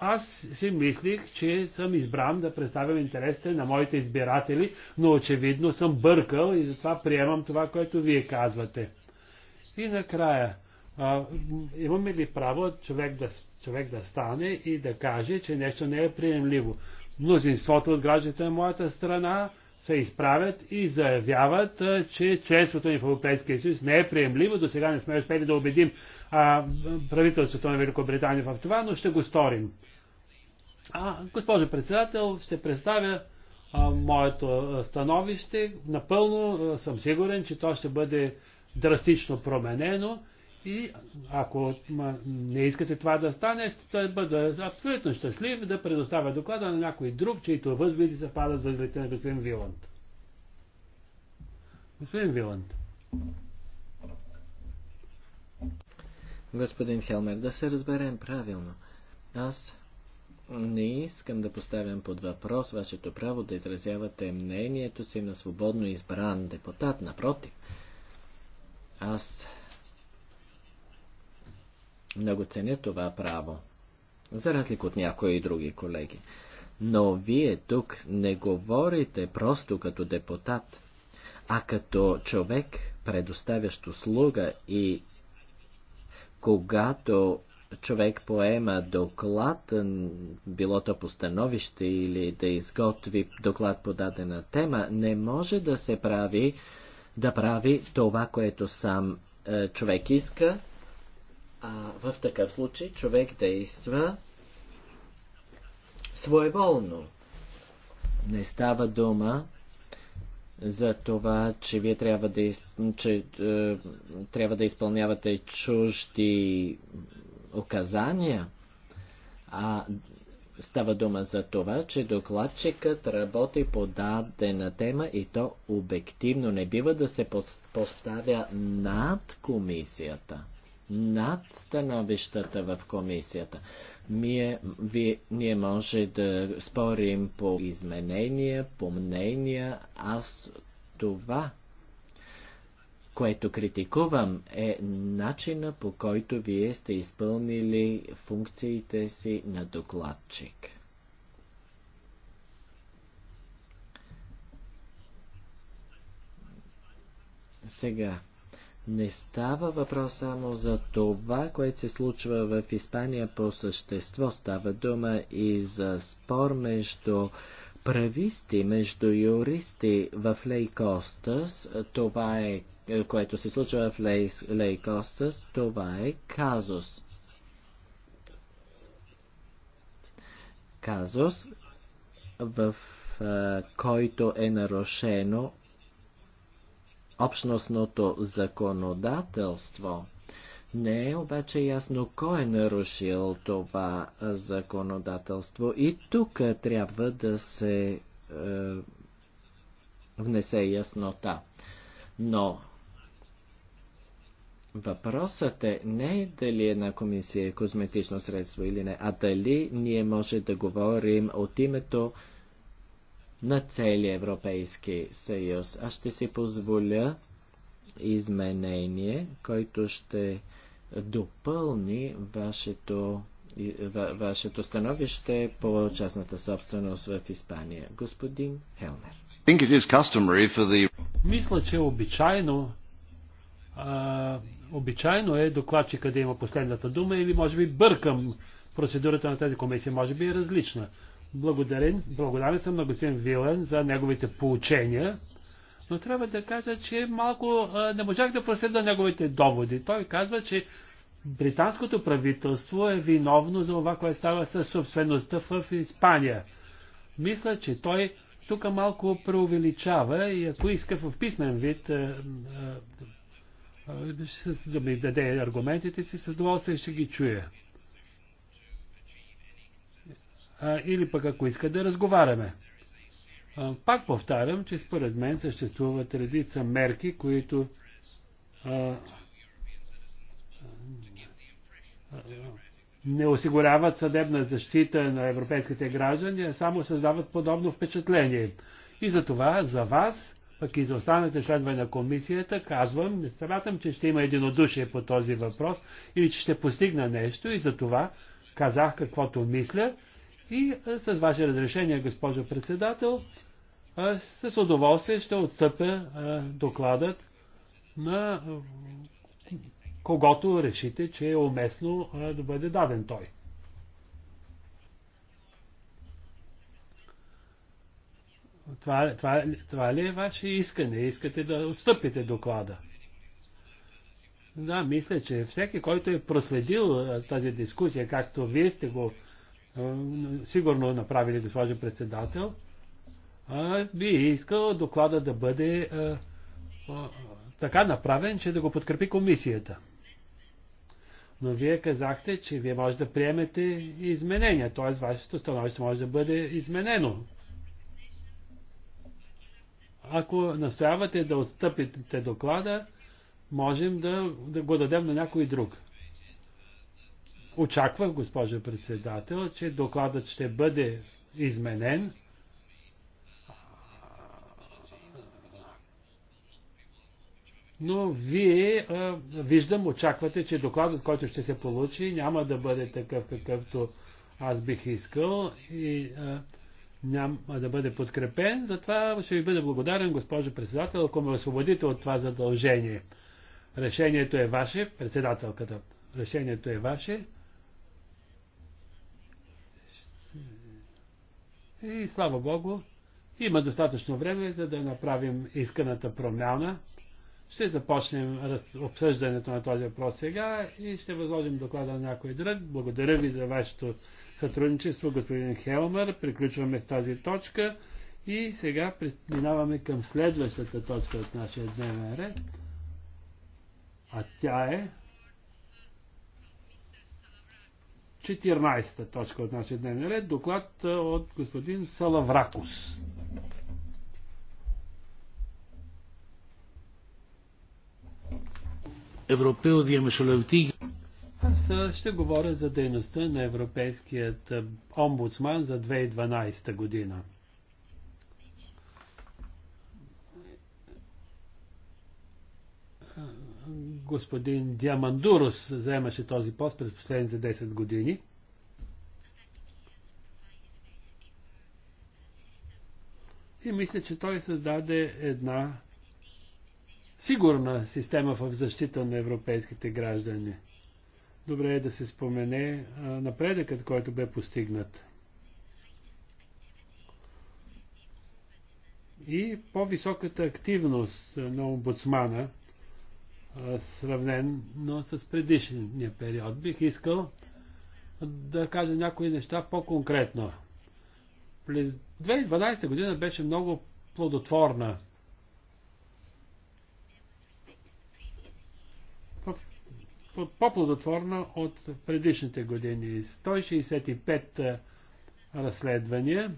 аз си мислих, че съм избран да представям интересите на моите избиратели, но очевидно съм бъркал и затова приемам това, което вие казвате. И накрая, а, имаме ли право човек да човек да стане и да каже, че нещо не е приемливо. Мнозинството от гражданите на моята страна се изправят и заявяват, че членството ни в Европейския съюз не е приемливо. До сега не сме успели да убедим а, правителството на Великобритания в това, но ще го сторим. А, госпожо председател, ще представя а, моето становище. Напълно а, съм сигурен, че то ще бъде драстично променено и ако не искате това да стане, ще бъда абсолютно щастлив да предоставя доклада на някой друг, чието възгледи съвпадат с възгледите на господин Виланд. Господин Виланд. Господин Хелмер, да се разберем правилно. Аз не искам да поставям под въпрос вашето право да изразявате мнението си на свободно избран депутат. Напротив, аз много ценя това право, за разлика от някои други колеги. Но вие тук не говорите просто като депутат, а като човек, предоставящ услуга и когато човек поема доклад, било то по становище или да изготви доклад по дадена тема, не може да се прави, да прави това, което сам е, човек иска, а в такъв случай човек действа своеволно. Не става дума за това, че вие трябва да, из... че, е, трябва да изпълнявате чужди указания, а става дума за това, че докладчикът работи по дадена тема и то обективно не бива да се поставя над комисията над становищата в комисията. Ние, ви, ние може да спорим по изменения, по мнения. Аз това, което критикувам, е начина по който вие сте изпълнили функциите си на докладчик. Сега не става въпрос само за това, което се случва в Испания по същество. Става дума и за спор между прависти, между юристи в Лей Костас. Това е, което се случва в Лей, Лей Костас, това е казус. Казус, в който е нарушено общностното законодателство. Не е обаче ясно кой е нарушил това законодателство и тук трябва да се е, внесе яснота. Но Въпросът е не дали една комисия е козметично средство или не, а дали ние може да говорим от името на целия Европейски съюз. Аз ще си позволя изменение, който ще допълни вашето, вашето становище по частната собственост в Испания. Господин Хелмер. The... Мисля, че обичайно а, обичайно е докладчика да има последната дума или може би бъркам процедурата на тази комисия, може би е различна. Благодарен, благодарен съм на господин Вилен за неговите получения, но трябва да кажа, че малко а, не можах да проследя неговите доводи. Той казва, че британското правителство е виновно за това, което става със собствеността в Испания. Мисля, че той тук малко преувеличава и ако иска в писмен вид а, а, да ми даде аргументите си, с удоволствие ще ги чуя или пък ако иска да разговаряме. Пак повтарям, че според мен съществуват редица мерки, които а, не осигуряват съдебна защита на европейските граждани, а само създават подобно впечатление. И за това, за вас, пък и за останалите членове на комисията, казвам, не смятам, че ще има единодушие по този въпрос или че ще постигна нещо и за това казах каквото мисля и с ваше разрешение, госпожо председател, с удоволствие ще отстъпя докладът на когато решите, че е уместно да бъде даден той. Това, това, това ли е ваше искане? Искате да отстъпите доклада? Да, мисля, че всеки, който е проследил тази дискусия, както вие сте го е, сигурно направили, госпожо председател, би искал доклада да бъде е, е, така направен, че да го подкрепи комисията. Но вие казахте, че вие може да приемете изменения, т.е. вашето становище може да бъде изменено. Ако настоявате да отстъпите доклада, можем да, да го дадем на някой друг. Очаквах, госпожа председател, че докладът ще бъде изменен. Но вие, а, виждам, очаквате, че докладът, който ще се получи, няма да бъде такъв, какъвто аз бих искал и а, няма да бъде подкрепен. Затова ще ви бъда благодарен, госпожо председател, ако ме освободите от това задължение. Решението е ваше, председателката. Решението е ваше. И слава Богу, има достатъчно време, за да направим исканата промяна. Ще започнем обсъждането на този въпрос сега и ще възложим доклада на някой друг. Благодаря ви за вашето сътрудничество, господин Хелмър. Приключваме с тази точка и сега минаваме към следващата точка от нашия дневен ред. А тя е 14-та точка от нашия дневния ред, доклад от господин Салавракус. Аз ще говоря за дейността на Европейският омбудсман за 2012 година. господин Диамандурус заемаше този пост през последните 10 години. И мисля, че той създаде една сигурна система в защита на европейските граждани. Добре е да се спомене напредъкът, който бе постигнат. И по-високата активност на омбудсмана – сравнено с предишния период. Бих искал да кажа някои неща по-конкретно. През 2012 година беше много плодотворна. По-плодотворна от предишните години. 165 разследвания.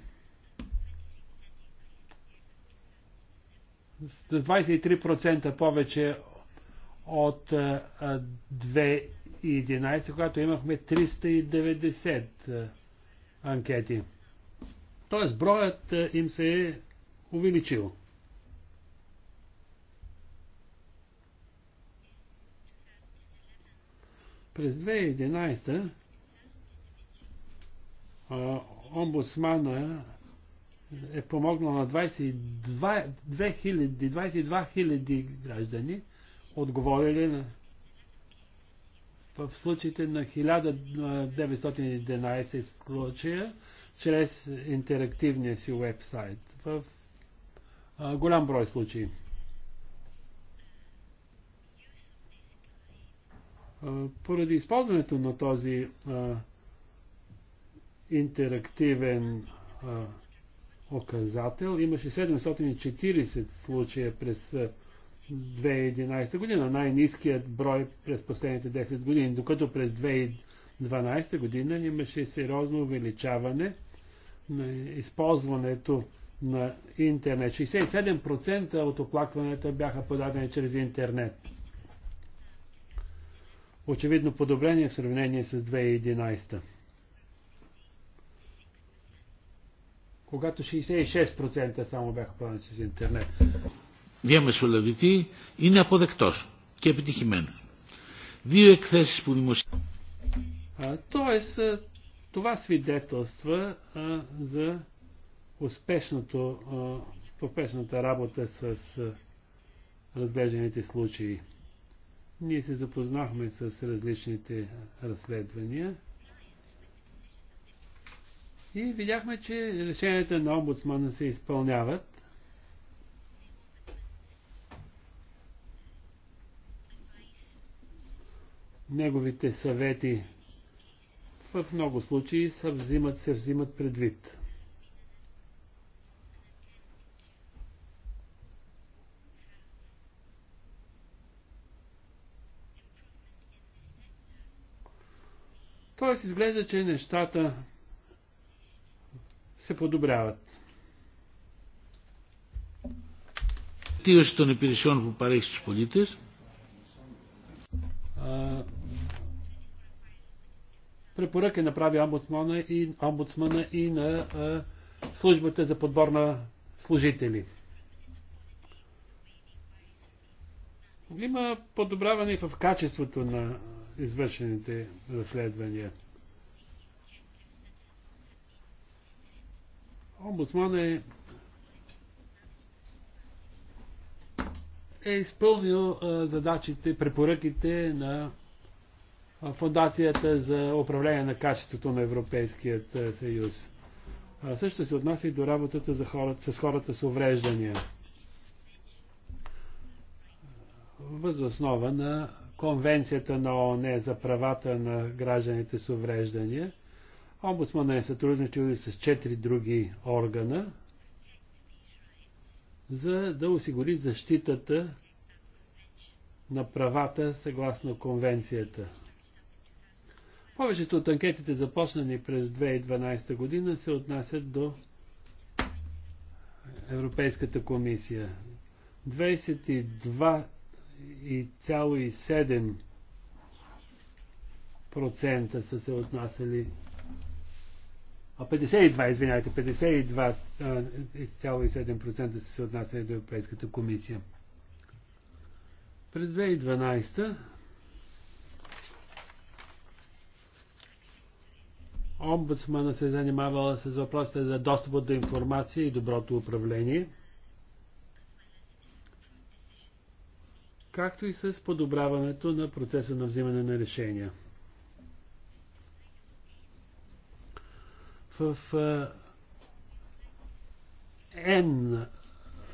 С 23% повече от 2011, когато имахме 390 анкети. Тоест броят им се е увеличил. През 2011 омбудсмана е помогнал на 22 000, 22 000 граждани отговорили на, в случаите на 1911 случая чрез интерактивния си вебсайт в а, голям брой случаи. А, поради използването на този а, интерактивен а, оказател. Имаше 740 случая през 2011 година, най-низкият брой през последните 10 години, докато през 2012 година имаше сериозно увеличаване на използването на интернет. 67% от оплакванията бяха подадени чрез интернет. Очевидно подобрение в сравнение с 2011. Когато 66% само бяха подадени чрез интернет διαμεσολαβητή είναι αποδεκτός και επιτυχημένος. Δύο εκθέσεις που δημοσιεύουν. Тоест, това свидетелства за успешното, успешната работа с разглежданите случаи. Ние се запознахме с различните разследвания и видяхме, че решенията на омбудсмана се изпълняват неговите съвети в много случаи се взимат, се взимат предвид. Тоест изглежда, че нещата се подобряват. Тиващото не перешел по парих с препоръки е направи омбудсмана и, омбудсмана и на а, службата за подбор на служители. Има подобряване в качеството на извършените разследвания. Омбудсман е, е изпълнил а, задачите, препоръките на Фундацията за управление на качеството на Европейският съюз. Също се отнася и до работата за хората, с хората с увреждания. Възоснова на Конвенцията на ООН за правата на гражданите с увреждания. Омбудсмана е сътрудничил и с четири други органа, за да осигури защитата на правата съгласно конвенцията. Повечето от анкетите, започнани през 2012 година, се отнасят до Европейската комисия. 22,7% са се отнасяли. А 52, извинявайте, 52,7% са се отнасяли до Европейската комисия. През 2012 Омбудсмана се е занимавала с въпросите за достъпа до информация и доброто управление, както и с подобряването на процеса на взимане на решения. В N,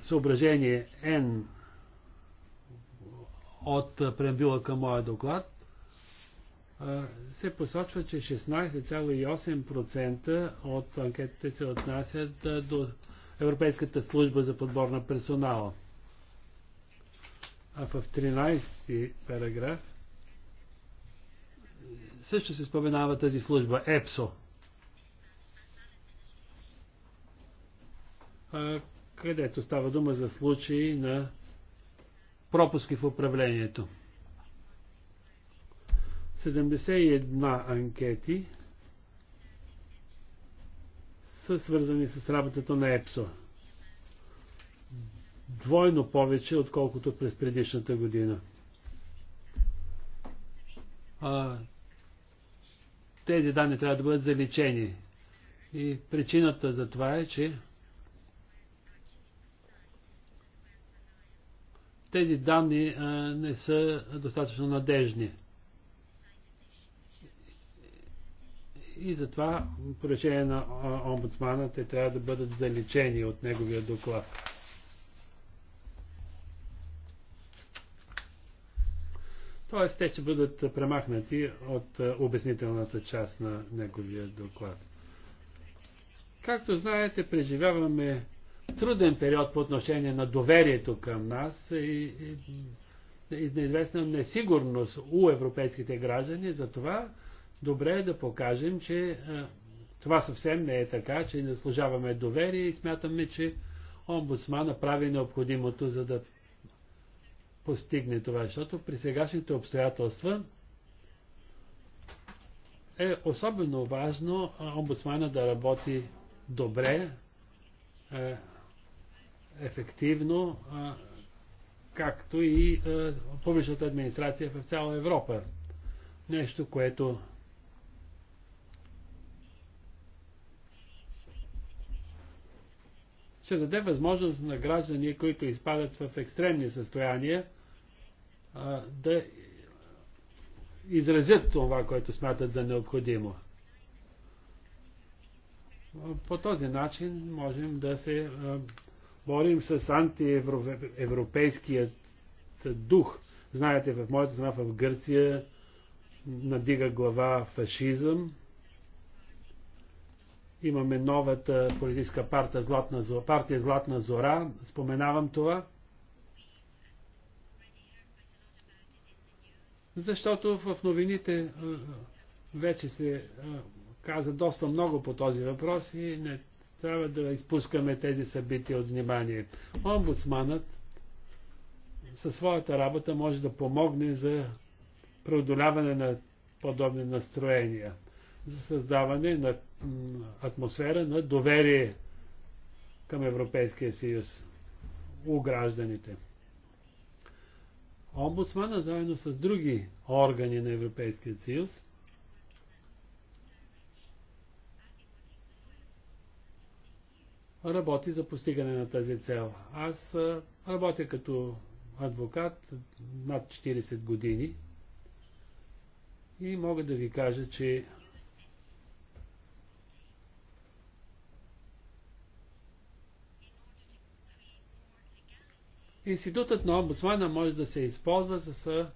съображение N от преамбила към моя доклад, се посочва, че 16,8% от анкетите се отнасят до Европейската служба за подбор на персонала. А в 13 параграф също се споменава тази служба ЕПСО. където става дума за случаи на пропуски в управлението. 71 анкети са свързани с работата на ЕПСО. Двойно повече, отколкото през предишната година. А, тези данни трябва да бъдат заличени. И причината за това е, че тези данни а, не са достатъчно надежни. и затова по решение на омбудсмана те трябва да бъдат заличени от неговия доклад. Тоест, те ще бъдат премахнати от обяснителната част на неговия доклад. Както знаете, преживяваме труден период по отношение на доверието към нас и, и, и неизвестна несигурност у европейските граждани, затова добре е да покажем, че това съвсем не е така, че не служаваме доверие и смятаме, че омбудсмана прави необходимото, за да постигне това, защото при сегашните обстоятелства е особено важно омбудсмана да работи добре, е, ефективно, е, както и е, публичната администрация в цяла Европа. Нещо, което ще даде възможност на граждани, които изпадат в екстремни състояния, да изразят това, което смятат за необходимо. По този начин можем да се борим с антиевропейският дух. Знаете, в моята страна в Гърция надига глава фашизъм, Имаме новата политическа партия Златна, Зора, партия Златна Зора, споменавам това. Защото в новините вече се каза доста много по този въпрос и не трябва да изпускаме тези събития от внимание. Омбудсманът със своята работа може да помогне за преодоляване на подобни настроения за създаване на атмосфера на доверие към Европейския съюз у гражданите. Омбудсмана заедно с други органи на Европейския съюз работи за постигане на тази цел. Аз работя като адвокат над 40 години и мога да ви кажа, че Институтът на омбудсмана може да се използва за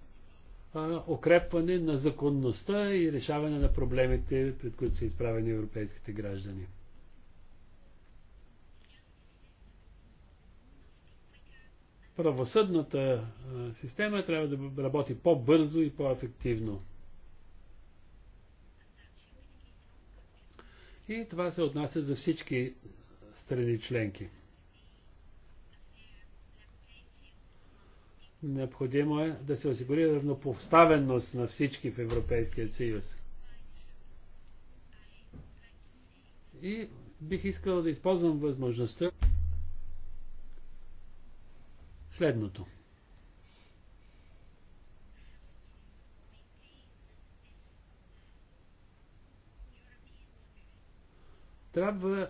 укрепване на законността и решаване на проблемите, пред които са изправени европейските граждани. Правосъдната система трябва да работи по-бързо и по-ефективно. И това се отнася за всички страни членки. Необходимо е да се осигури равнопоставеност на всички в Европейския съюз. И бих искал да използвам възможността следното. Трябва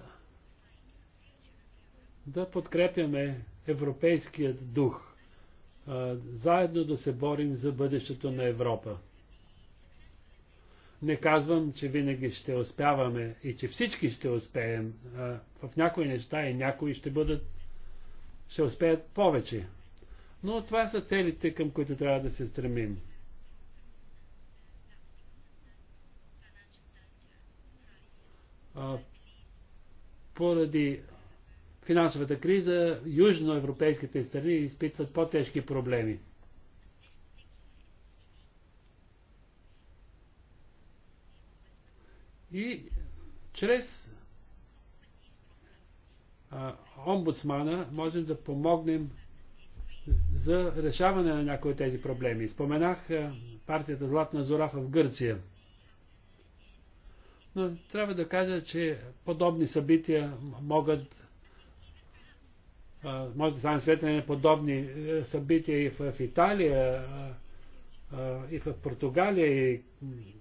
да подкрепяме европейският дух заедно да се борим за бъдещето на Европа. Не казвам, че винаги ще успяваме и че всички ще успеем. В някои неща и някои ще бъдат, ще успеят повече. Но това са целите, към които трябва да се стремим. поради финансовата криза южноевропейските страни изпитват по-тежки проблеми. И чрез а, омбудсмана можем да помогнем за решаване на някои от тези проблеми. Споменах а, партията Златна Зорафа в Гърция. Но трябва да кажа, че подобни събития могат може да станем свидетели на подобни е, събития и в Италия, и в Португалия, и,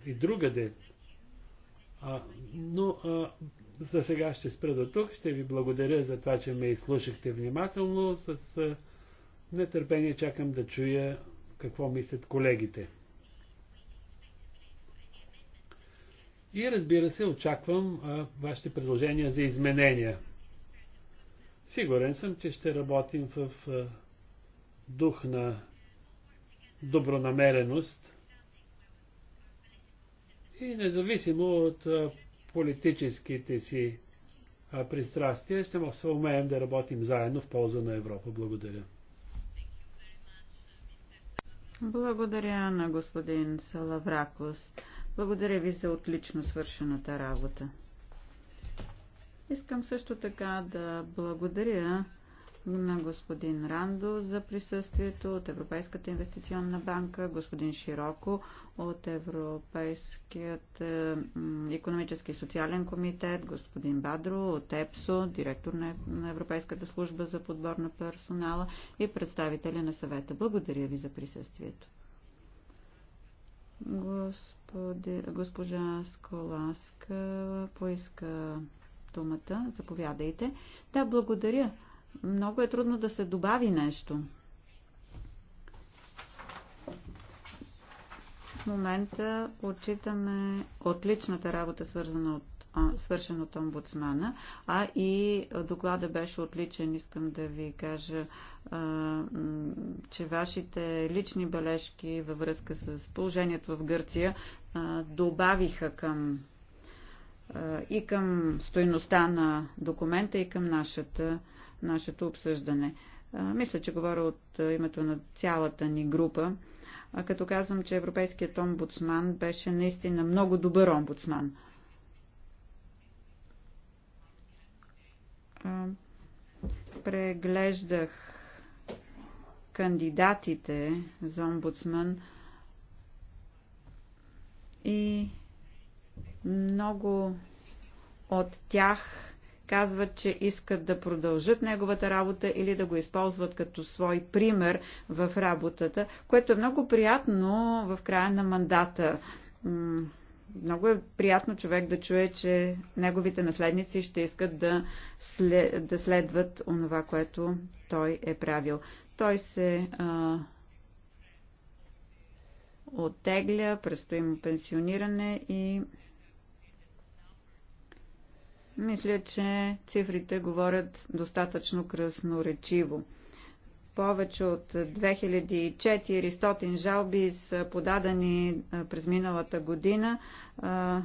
и другаде. Но за сега ще спра до тук. Ще ви благодаря за това, че ме изслушахте внимателно. С нетърпение чакам да чуя какво мислят колегите. И разбира се, очаквам а, вашите предложения за изменения. Сигурен съм, че ще работим в дух на добронамереност и независимо от политическите си пристрастия, ще се умеем да работим заедно в полза на Европа. Благодаря. Благодаря на господин Салавракос. Благодаря ви за отлично свършената работа. Искам също така да благодаря на господин Рандо за присъствието от Европейската инвестиционна банка, господин Широко от Европейският е, економически и социален комитет, господин Бадро от ЕПСО, директор на Европейската служба за подбор на персонала и представители на съвета. Благодаря ви за присъствието. Господи, госпожа Сколаска поиска думата. Заповядайте. Да, благодаря. Много е трудно да се добави нещо. В момента отчитаме отличната работа, свързана от свършен от омбудсмана, а и доклада беше отличен. Искам да ви кажа, че вашите лични бележки във връзка с положението в Гърция добавиха към и към стойността на документа и към нашата, нашето обсъждане. Мисля, че говоря от името на цялата ни група, като казвам, че Европейският омбудсман беше наистина много добър омбудсман. Преглеждах кандидатите за омбудсман и много от тях казват, че искат да продължат неговата работа или да го използват като свой пример в работата, което е много приятно в края на мандата. Много е приятно човек да чуе, че неговите наследници ще искат да, след, да следват онова, което той е правил. Той се а, оттегля, предстои му пенсиониране и мисля, че цифрите говорят достатъчно красноречиво. Повече от 2400 жалби са подадени през миналата година. 22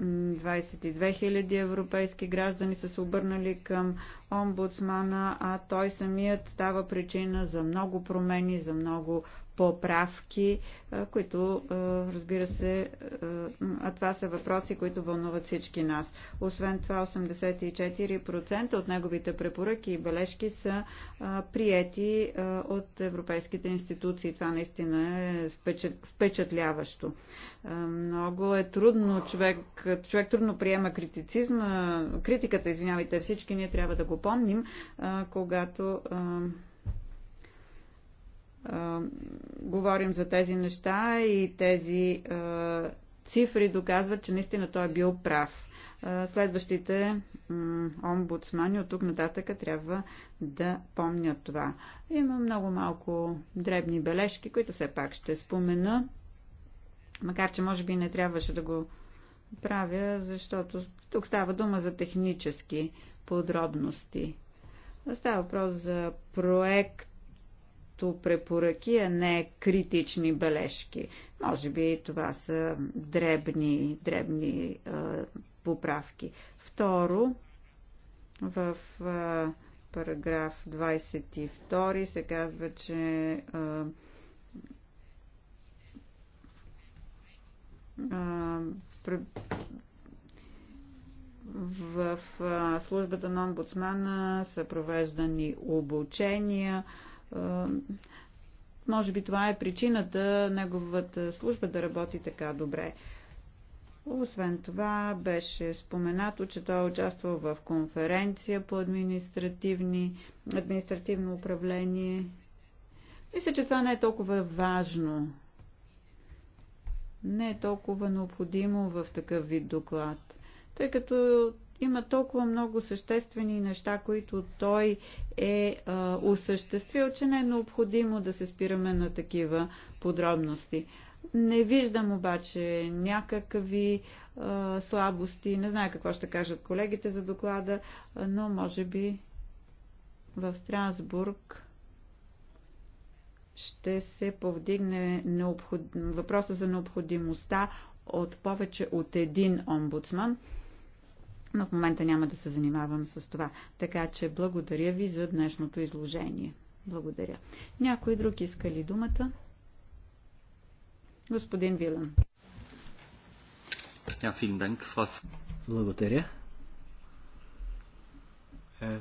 000 европейски граждани са се обърнали към омбудсмана, а той самият става причина за много промени, за много поправки, които, разбира се, а това са въпроси, които вълнуват всички нас. Освен това, 84% от неговите препоръки и бележки са приети от европейските институции. Това наистина е впечатляващо. Много е трудно, човек, човек трудно приема критицизма, критиката, извинявайте, всички ние трябва да го помним, когато говорим за тези неща и тези а, цифри доказват, че наистина той е бил прав. А, следващите омбудсмани от тук нататъка трябва да помнят това. Има много малко дребни бележки, които все пак ще спомена, макар че може би не трябваше да го правя, защото тук става дума за технически подробности. Става въпрос за проект като препоръки, а не критични бележки. Може би това са дребни, дребни е, поправки. Второ, в е, параграф 22 се казва, че е, е, в службата на омбудсмана са провеждани обучения може би това е причината неговата служба да работи така добре. Освен това беше споменато, че той е участвал в конференция по административни, административно управление. Мисля, че това не е толкова важно. Не е толкова необходимо в такъв вид доклад. Тъй като има толкова много съществени неща, които той е а, осъществил, че не е необходимо да се спираме на такива подробности. Не виждам обаче някакви а, слабости. Не знае какво ще кажат колегите за доклада, но може би в Страсбург ще се повдигне необход... въпроса за необходимостта от повече от един омбудсман но в момента няма да се занимавам с това. Така че благодаря ви за днешното изложение. Благодаря. Някой друг иска ли думата? Господин Вилан. Благодаря. Е,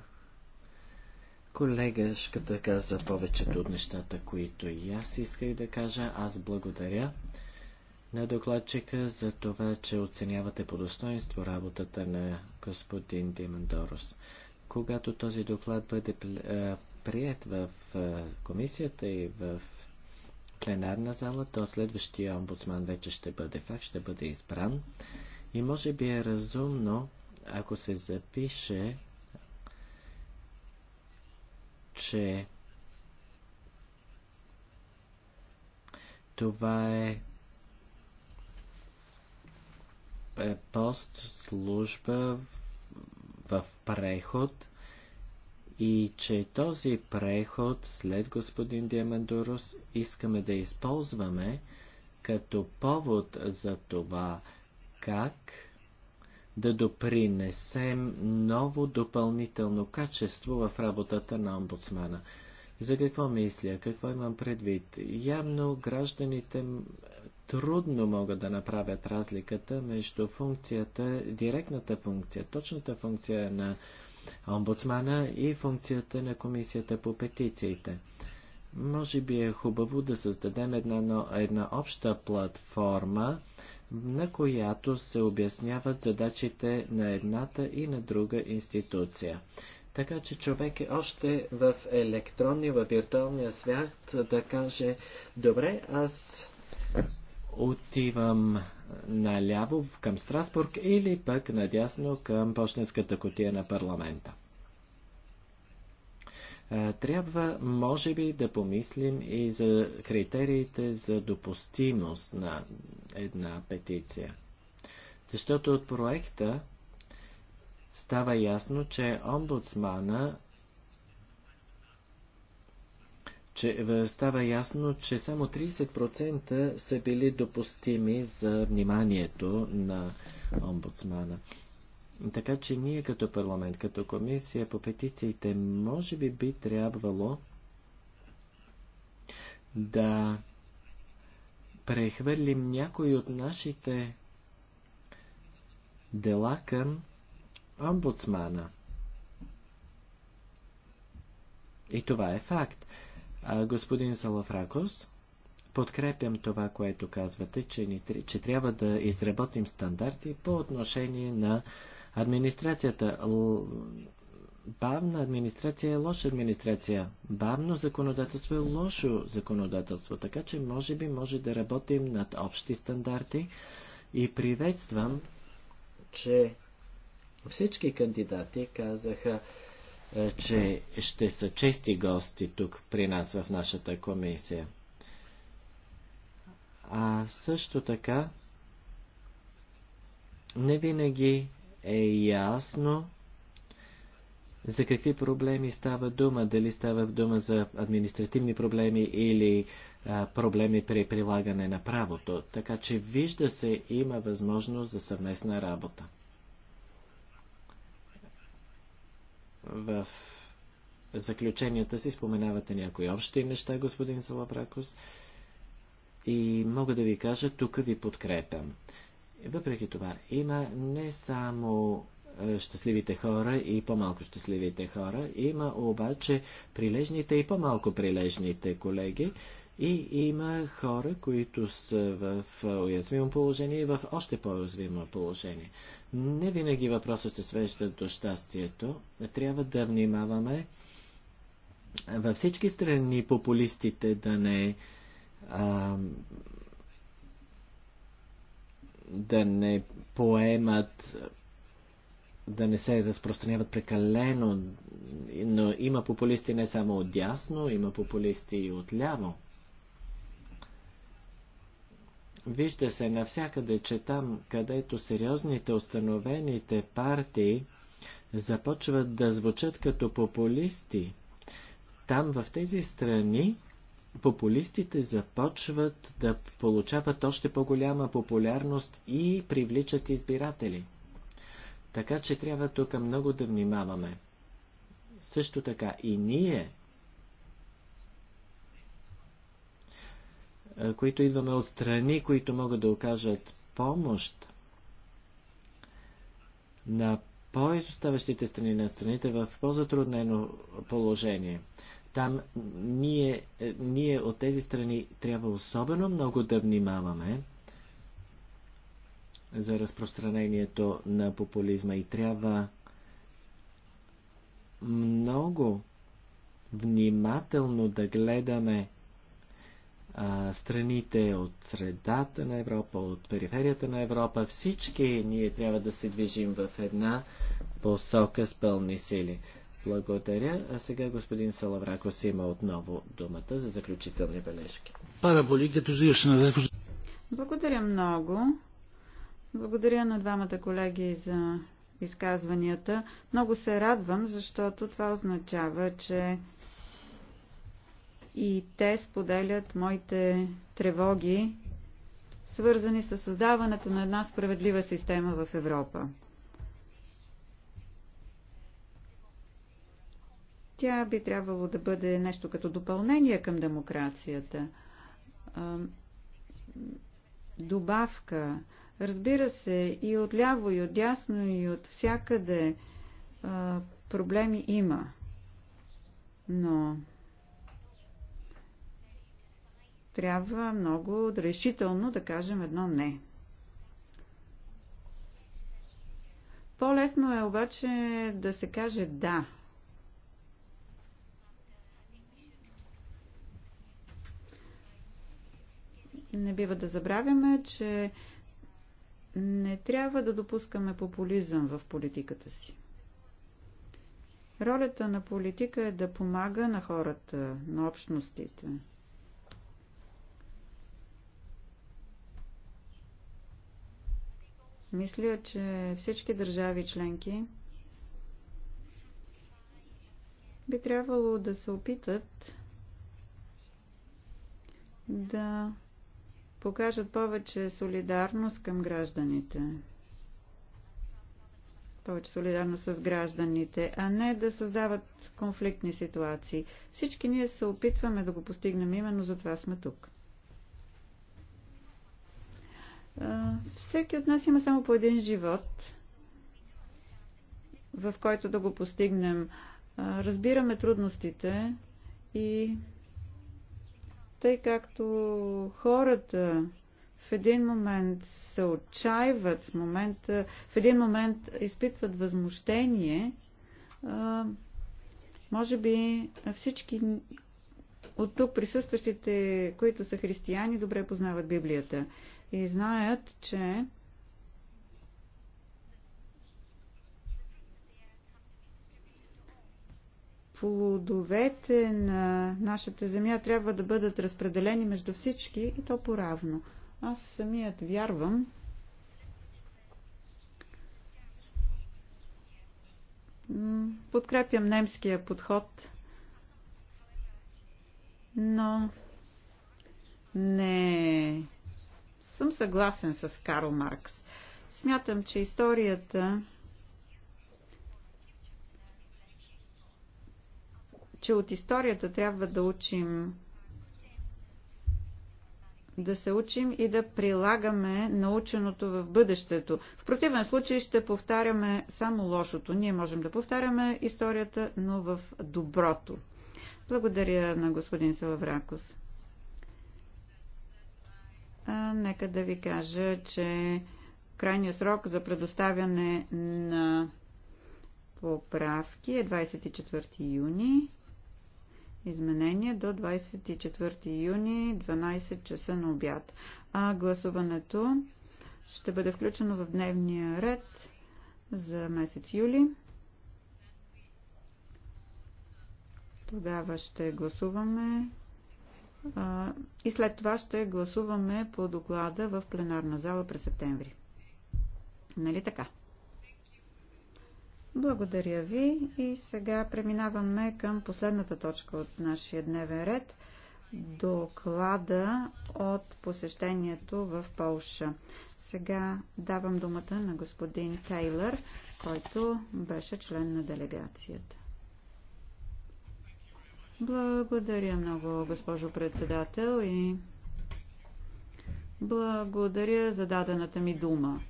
колегашката каза повечето от нещата, които и аз исках да кажа. Аз благодаря на докладчика за това, че оценявате по достоинство работата на господин Димандорос. Когато този доклад бъде е, прият в е, комисията и в пленарна зала, то следващия омбудсман вече ще бъде факт, ще бъде избран. И може би е разумно, ако се запише, че това е Е пост, служба в преход и че този преход след господин Диамандурус искаме да използваме като повод за това как да допринесем ново допълнително качество в работата на омбудсмана. За какво мисля? Какво имам предвид? Явно гражданите трудно могат да направят разликата между функцията, директната функция, точната функция на омбудсмана и функцията на комисията по петициите. Може би е хубаво да създадем една, една обща платформа, на която се обясняват задачите на едната и на друга институция. Така че човек е още в електронния, в виртуалния свят да каже, добре, аз отивам наляво към Страсбург или пък надясно към почтенската котия на парламента. Е, трябва, може би, да помислим и за критериите за допустимост на една петиция. Защото от проекта става ясно, че омбудсмана че е, става ясно, че само 30% са били допустими за вниманието на омбудсмана. Така че ние като парламент, като комисия по петициите, може би би трябвало да прехвърлим някои от нашите дела към омбудсмана. И това е факт. Господин Салафракос, подкрепям това, което казвате, че, ни, че трябва да изработим стандарти по отношение на администрацията. Бавна администрация е лоша администрация. Бавно законодателство е лошо законодателство. Така че, може би, може да работим над общи стандарти. И приветствам, че всички кандидати казаха, е, че ще са чести гости тук при нас в нашата комисия. А също така не винаги е ясно за какви проблеми става дума, дали става дума за административни проблеми или а, проблеми при прилагане на правото. Така че вижда се има възможност за съвместна работа. в заключенията си споменавате някои общи неща, господин Салабракос. И мога да ви кажа, тук ви подкрепям. Въпреки това, има не само е, щастливите хора и по-малко щастливите хора. Има обаче прилежните и по-малко прилежните колеги. И има хора, които са в уязвимо положение и в още по-уязвимо положение. Не винаги въпросът се свежда до щастието. Трябва да внимаваме във всички страни популистите да не а, да не поемат да не се разпространяват прекалено, но има популисти не само от дясно, има популисти и от ляво. Вижда се навсякъде, че там, където сериозните установените партии започват да звучат като популисти, там в тези страни популистите започват да получават още по-голяма популярност и привличат избиратели. Така че трябва тук много да внимаваме. Също така и ние Е, които идваме от страни, които могат да окажат помощ на по-изоставащите страни, на страните в по-затруднено положение. Там ние, е, ние от тези страни трябва особено много да внимаваме за разпространението на популизма и трябва много внимателно да гледаме а, страните от средата на Европа, от периферията на Европа. Всички ние трябва да се движим в една посока с пълни сили. Благодаря. А сега господин Салавракос има отново думата за заключителни бележки. Параболи, като живеш на Благодаря много. Благодаря на двамата колеги за изказванията. Много се радвам, защото това означава, че и те споделят моите тревоги, свързани с създаването на една справедлива система в Европа. Тя би трябвало да бъде нещо като допълнение към демокрацията, добавка. Разбира се, и отляво, и отдясно, и от всякъде проблеми има. Но трябва много решително да кажем едно не. По-лесно е обаче да се каже да. Не бива да забравяме, че не трябва да допускаме популизъм в политиката си. Ролята на политика е да помага на хората, на общностите – Мисля, че всички държави членки би трябвало да се опитат да покажат повече солидарност към гражданите. Повече солидарност с гражданите, а не да създават конфликтни ситуации. Всички ние се опитваме да го постигнем, именно за това сме тук всеки от нас има само по един живот, в който да го постигнем. Разбираме трудностите и тъй както хората в един момент се отчаиват, в, момент, в един момент изпитват възмущение, може би всички от тук присъстващите, които са християни, добре познават Библията и знаят, че плодовете на нашата земя трябва да бъдат разпределени между всички и то поравно. Аз самият вярвам, подкрепям немския подход, но не съм съгласен с Карл Маркс. Смятам, че историята че от историята трябва да учим да се учим и да прилагаме наученото в бъдещето. В противен случай ще повтаряме само лошото. Ние можем да повтаряме историята, но в доброто. Благодаря на господин Салавракос нека да ви кажа, че крайният срок за предоставяне на поправки е 24 юни. Изменение до 24 юни 12 часа на обяд. А гласуването ще бъде включено в дневния ред за месец юли. Тогава ще гласуваме и след това ще гласуваме по доклада в пленарна зала през септември. Нали така? Благодаря ви и сега преминаваме към последната точка от нашия дневен ред доклада от посещението в Полша. Сега давам думата на господин Тейлър, който беше член на делегацията. Благодаря много, госпожо председател и благодаря за дадената ми дума.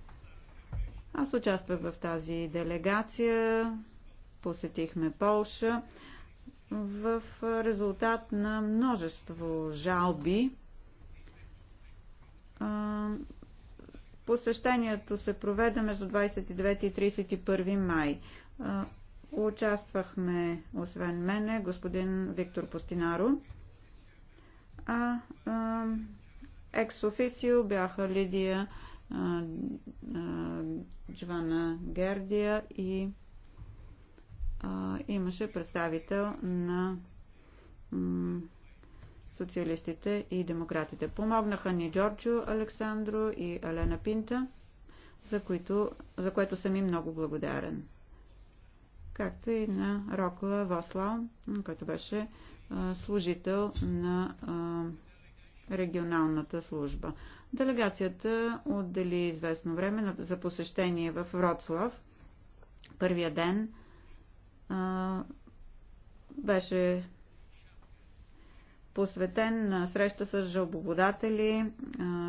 Аз участвах в тази делегация, посетихме Полша в резултат на множество жалби. Посещението се проведе между 29 и 31 май. Участвахме, освен мене, господин Виктор Постинаро. А, а екс-официо бяха Лидия Джвана Гердия и а, имаше представител на социалистите и демократите. Помогнаха ни Джорджо Александро и Алена Пинта, за, които, за което съм им много благодарен както и на Рокла Васлау, който беше служител на регионалната служба. Делегацията отдели известно време за посещение в Вроцлав. Първия ден беше посветен на среща с жалбоводатели,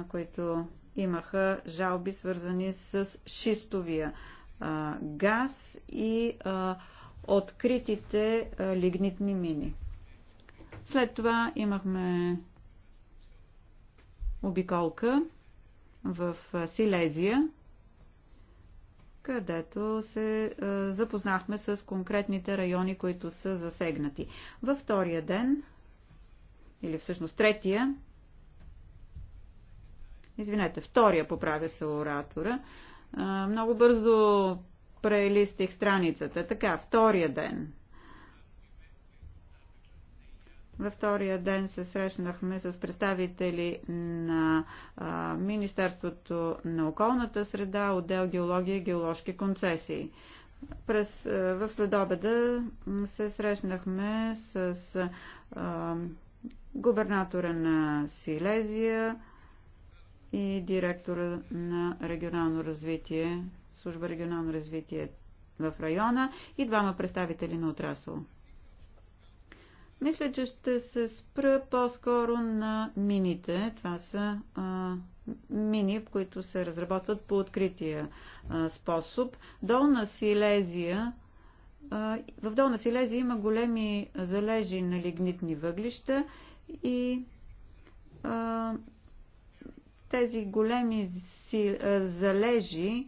които имаха жалби свързани с шистовия газ и а, откритите а, лигнитни мини. След това имахме обиколка в Силезия, където се запознахме с конкретните райони, които са засегнати. Във втория ден, или всъщност третия, извинете, втория поправя се оратора, много бързо прелистих страницата. Така, втория ден. Във втория ден се срещнахме с представители на а, Министерството на околната среда, отдел геология и геоложки концесии. През, а, в следобеда се срещнахме с а, губернатора на Силезия, и директора на регионално развитие, служба регионално развитие в района и двама представители на отрасъл. Мисля, че ще се спра по-скоро на мините. Това са а, мини, които се разработват по открития а, способ. Долна Силезия. А, в Долна Силезия има големи залежи на лигнитни въглища и а, тези големи е, залежи е,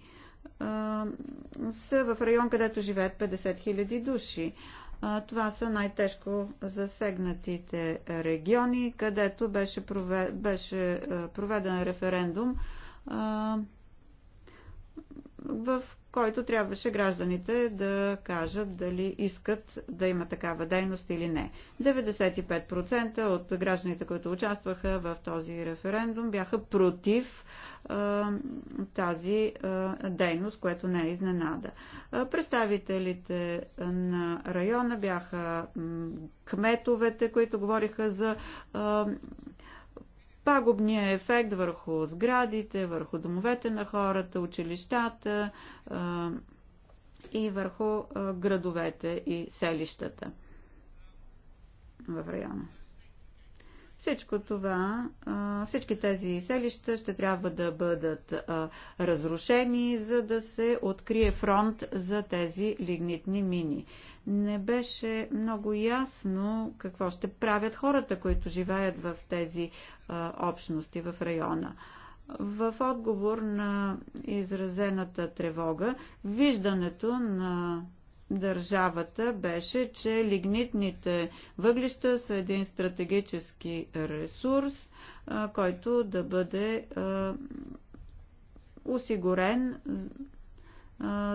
са в район, където живеят 50 000 души. Е, това са най-тежко засегнатите региони, където беше, провед... беше проведен референдум, в който трябваше гражданите да кажат дали искат да има такава дейност или не. 95% от гражданите, които участваха в този референдум, бяха против а, тази а, дейност, което не е изненада. Представителите на района бяха кметовете, които говориха за а, пагубния ефект върху сградите, върху домовете на хората, училищата и върху градовете и селищата в района. Всичко това, всички тези селища ще трябва да бъдат разрушени, за да се открие фронт за тези лигнитни мини не беше много ясно какво ще правят хората, които живеят в тези а, общности в района. В отговор на изразената тревога, виждането на държавата беше, че лигнитните въглища са един стратегически ресурс, който да бъде осигурен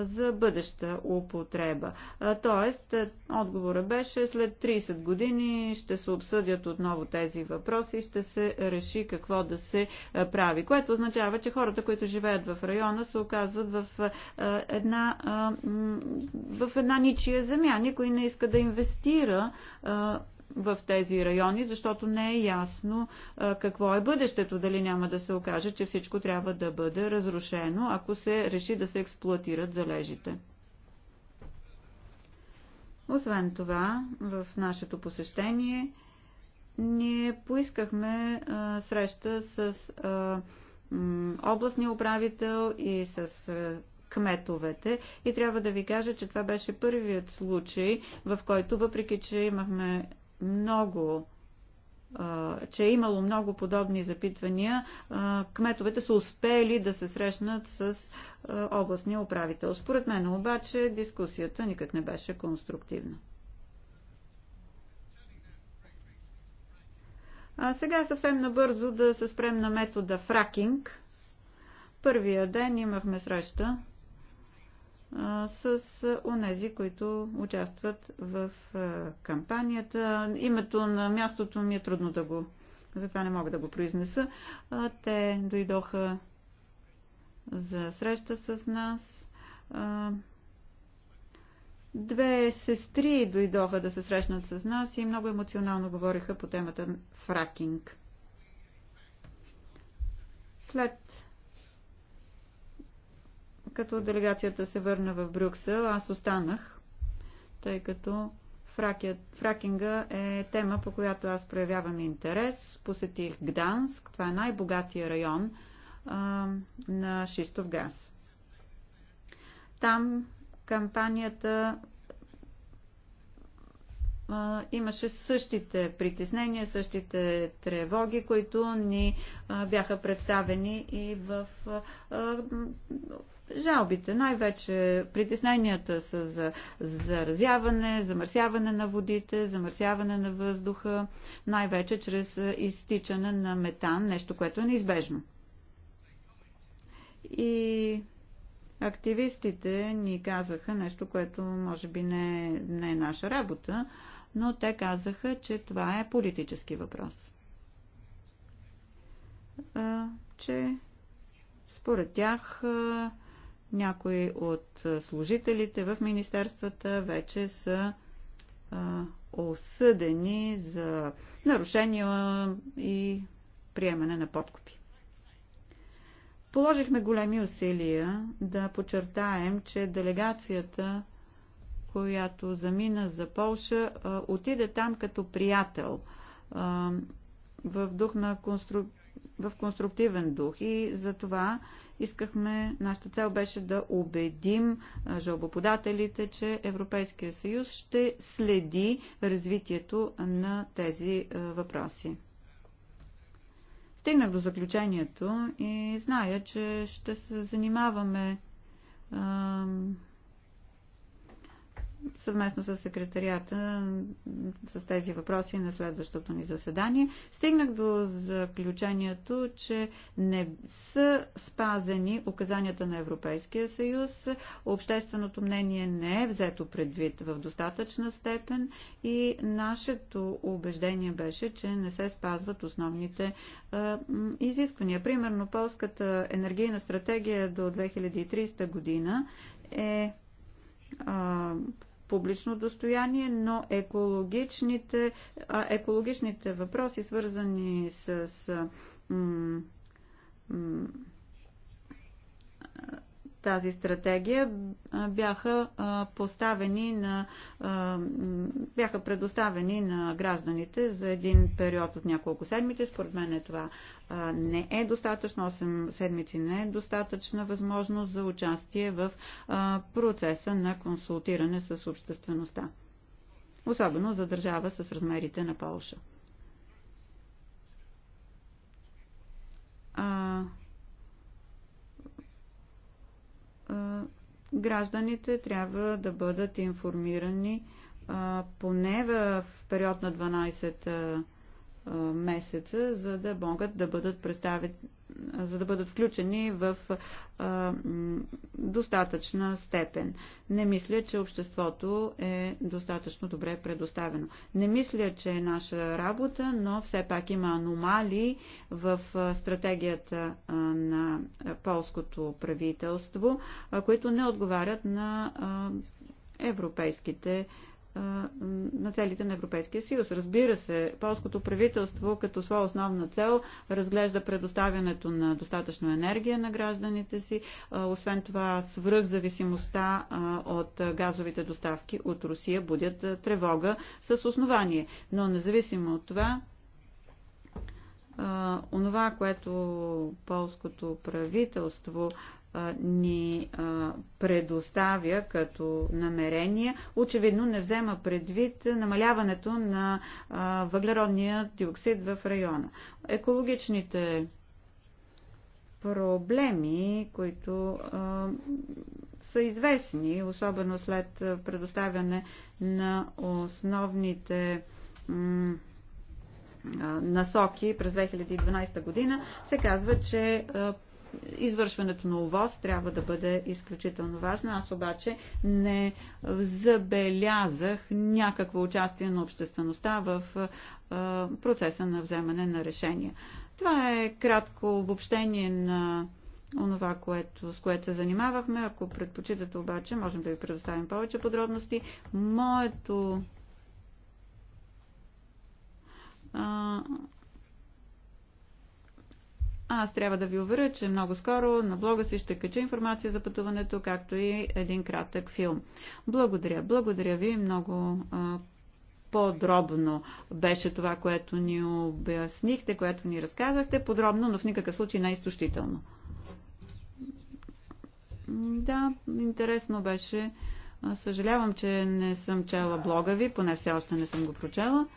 за бъдеща употреба. Тоест, е, отговора беше след 30 години ще се обсъдят отново тези въпроси и ще се реши какво да се прави. Което означава, че хората, които живеят в района, се оказват в една, в една ничия земя. Никой не иска да инвестира в тези райони, защото не е ясно какво е бъдещето, дали няма да се окаже, че всичко трябва да бъде разрушено, ако се реши да се експлуатират залежите. Освен това, в нашето посещение ние поискахме а, среща с а, м, областния управител и с а, кметовете и трябва да ви кажа, че това беше първият случай, в който въпреки, че имахме много че е имало много подобни запитвания, кметовете са успели да се срещнат с областния управител. Според мен обаче дискусията никак не беше конструктивна. А сега съвсем набързо да се спрем на метода фракинг. Първия ден имахме среща с онези, които участват в кампанията. Името на мястото ми е трудно да го, затова не мога да го произнеса. Те дойдоха за среща с нас. Две сестри дойдоха да се срещнат с нас и много емоционално говориха по темата фракинг. След като делегацията се върна в Брюксел, аз останах, тъй като фракият, фракинга е тема, по която аз проявявам интерес. Посетих Гданск, това е най-богатия район а, на шистов газ. Там кампанията а, имаше същите притеснения, същите тревоги, които ни а, бяха представени и в а, Жалбите, най-вече притесненията са за заразяване, замърсяване на водите, замърсяване на въздуха, най-вече чрез изтичане на метан, нещо, което е неизбежно. И активистите ни казаха нещо, което може би не, не е наша работа, но те казаха, че това е политически въпрос. А, че според тях а, някои от служителите в министерствата вече са а, осъдени за нарушения и приемане на подкупи. Положихме големи усилия да подчертаем, че делегацията, която замина за Полша, отиде там като приятел в, дух на конструк... в конструктивен дух и за това Искахме, нашата цел беше да убедим жалбоподателите, че Европейския съюз ще следи развитието на тези въпроси. Стигнах до заключението и зная, че ще се занимаваме съвместно с секретарията с тези въпроси на следващото ни заседание. Стигнах до заключението, че не са спазени указанията на Европейския съюз, общественото мнение не е взето предвид в достатъчна степен и нашето убеждение беше, че не се спазват основните а, изисквания. Примерно, полската енергийна стратегия до 2030 година е публично достояние, но екологичните, а, екологичните въпроси, свързани с. с м, м, тази стратегия бяха поставени на бяха предоставени на гражданите за един период от няколко седмици. Според мен е това не е достатъчно. 8 седмици не е достатъчна възможност за участие в процеса на консултиране с обществеността. Особено за държава с размерите на Полша гражданите трябва да бъдат информирани поне в период на 12 месеца, за да могат да бъдат представени за да бъдат включени в а, достатъчна степен. Не мисля, че обществото е достатъчно добре предоставено. Не мисля, че е наша работа, но все пак има аномалии в стратегията на полското правителство, които не отговарят на европейските на целите на Европейския съюз. Разбира се, полското правителство като своя основна цел разглежда предоставянето на достатъчно енергия на гражданите си, освен това свръхзависимостта от газовите доставки от Русия будят тревога с основание. Но независимо от това, онова, което полското правителство ни предоставя като намерение, очевидно не взема предвид намаляването на въглеродния диоксид в района. Екологичните проблеми, които са известни, особено след предоставяне на основните насоки през 2012 година, се казва, че извършването на ОВОз трябва да бъде изключително важно. Аз обаче не забелязах някакво участие на обществеността в процеса на вземане на решения. Това е кратко обобщение на онова, което, с което се занимавахме. Ако предпочитате обаче, можем да ви предоставим повече подробности. Моето аз трябва да ви уверя, че много скоро на блога си ще кача информация за пътуването, както и един кратък филм. Благодаря. Благодаря ви много подробно беше това, което ни обяснихте, което ни разказахте. Подробно, но в никакъв случай не изтощително. Да, интересно беше. Съжалявам, че не съм чела блога ви, поне все още не съм го прочела.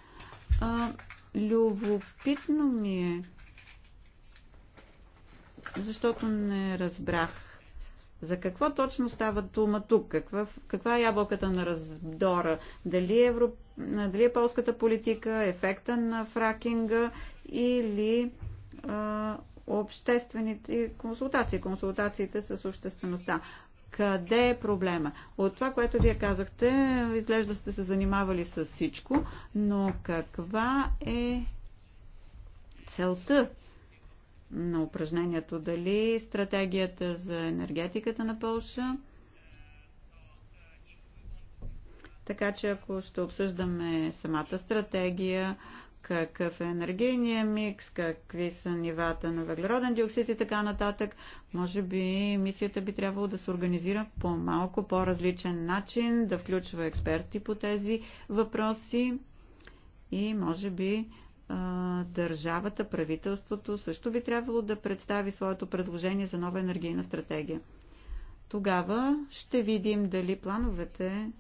Любопитно ми е защото не разбрах за какво точно става дума тук, каква, каква е ябълката на раздора, дали е, Европ... дали е полската политика, ефекта на фракинга или а, обществените консултации, консултациите с обществеността. Къде е проблема? От това, което вие казахте, изглежда сте се занимавали с всичко, но каква е целта на упражнението дали стратегията за енергетиката на Полша. Така че ако ще обсъждаме самата стратегия, какъв е енергийния микс, какви са нивата на въглероден диоксид и така нататък, може би мисията би трябвало да се организира по малко по-различен начин, да включва експерти по тези въпроси и може би държавата, правителството също би трябвало да представи своето предложение за нова енергийна стратегия. Тогава ще видим дали плановете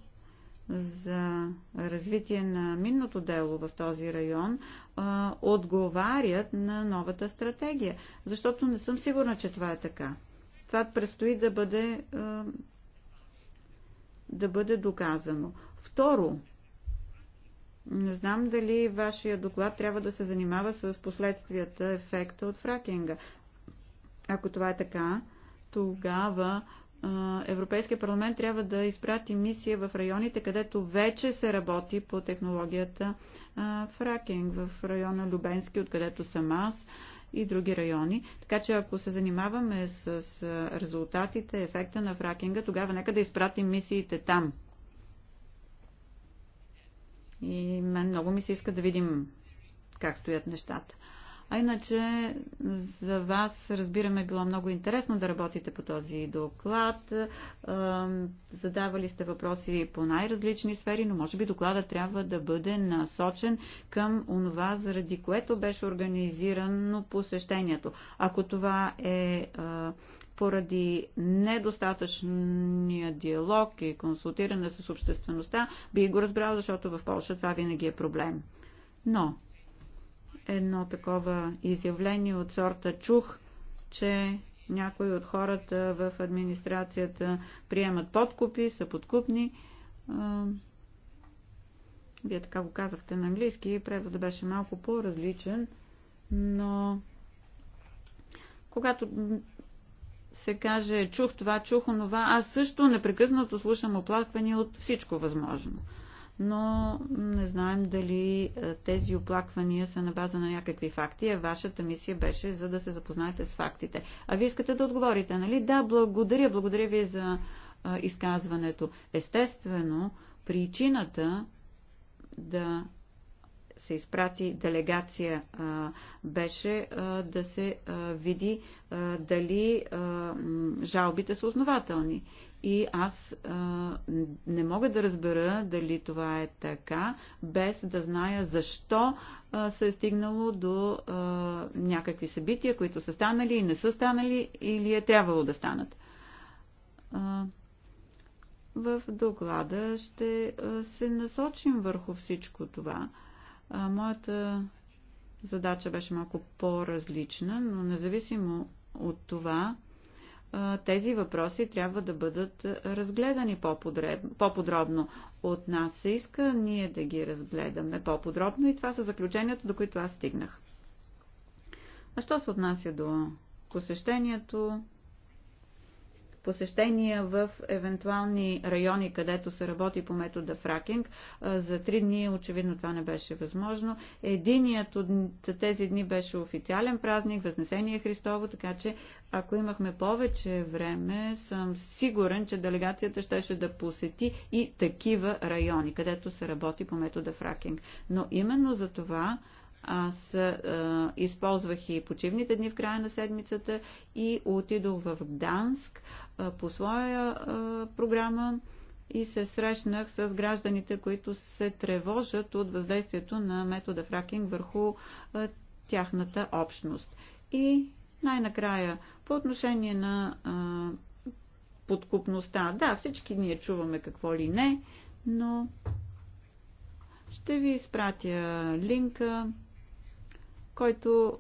за развитие на минното дело в този район а, отговарят на новата стратегия. Защото не съм сигурна, че това е така. Това предстои да бъде, а, да бъде доказано. Второ, не знам дали вашия доклад трябва да се занимава с последствията, ефекта от фракинга. Ако това е така, тогава Европейския парламент трябва да изпрати мисия в районите, където вече се работи по технологията фракинг в района Любенски, откъдето съм аз и други райони. Така че ако се занимаваме с резултатите, ефекта на фракинга, тогава нека да изпратим мисиите там. И мен много ми се иска да видим как стоят нещата. А иначе за вас, разбираме, било много интересно да работите по този доклад. Задавали сте въпроси по най-различни сфери, но може би докладът трябва да бъде насочен към онова, заради което беше организирано посещението. Ако това е поради недостатъчния диалог и консултиране с обществеността, би го разбрал, защото в Польша това винаги е проблем. Но едно такова изявление от сорта чух, че някои от хората в администрацията приемат подкупи, са подкупни. Вие така го казахте на английски, превода беше малко по-различен, но когато се каже чух това, чух онова, аз също непрекъснато слушам оплаквания от всичко възможно но не знаем дали е, тези оплаквания са на база на някакви факти, а вашата мисия беше за да се запознаете с фактите. А вие искате да отговорите, нали? Да, благодаря, благодаря ви за е, изказването. Естествено, причината да се изпрати делегация беше да се види дали жалбите са основателни. И аз не мога да разбера дали това е така, без да зная защо се е стигнало до някакви събития, които са станали и не са станали или е трябвало да станат. В доклада ще се насочим върху всичко това. А, моята задача беше малко по-различна, но независимо от това, тези въпроси трябва да бъдат разгледани по-подробно. От нас се иска ние да ги разгледаме по-подробно и това са заключенията, до които аз стигнах. А що се отнася до посещението, посещения в евентуални райони, където се работи по метода фракинг. За три дни очевидно това не беше възможно. Единият от тези дни беше официален празник, Възнесение Христово, така че ако имахме повече време, съм сигурен, че делегацията щеше да посети и такива райони, където се работи по метода фракинг. Но именно за това аз а, използвах и почивните дни в края на седмицата и отидох в Гданск а, по своя а, програма и се срещнах с гражданите, които се тревожат от въздействието на метода фракинг върху а, тяхната общност. И най-накрая, по отношение на а, подкупността, да, всички ние чуваме какво ли не, но ще ви изпратя линка който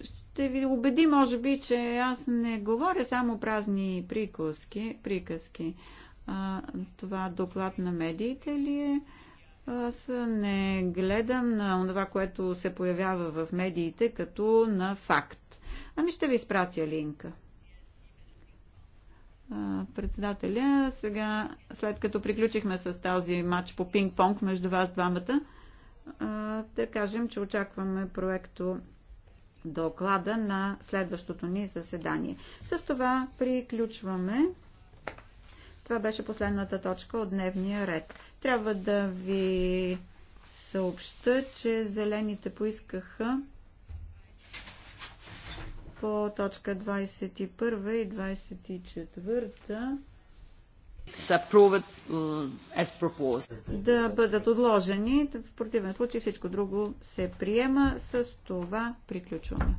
ще ви убеди, може би, че аз не говоря само празни приказки. приказки. А, това доклад на медиите ли е? Аз не гледам на това, което се появява в медиите, като на факт. Ами ще ви изпратя линка. председателя, сега, след като приключихме с този матч по пинг-понг между вас двамата, да кажем, че очакваме проекто доклада на следващото ни заседание. С това приключваме. Това беше последната точка от дневния ред. Трябва да ви съобща, че зелените поискаха по точка 21 и 24 Mm, да бъдат отложени. В противен случай всичко друго се приема. С това приключваме.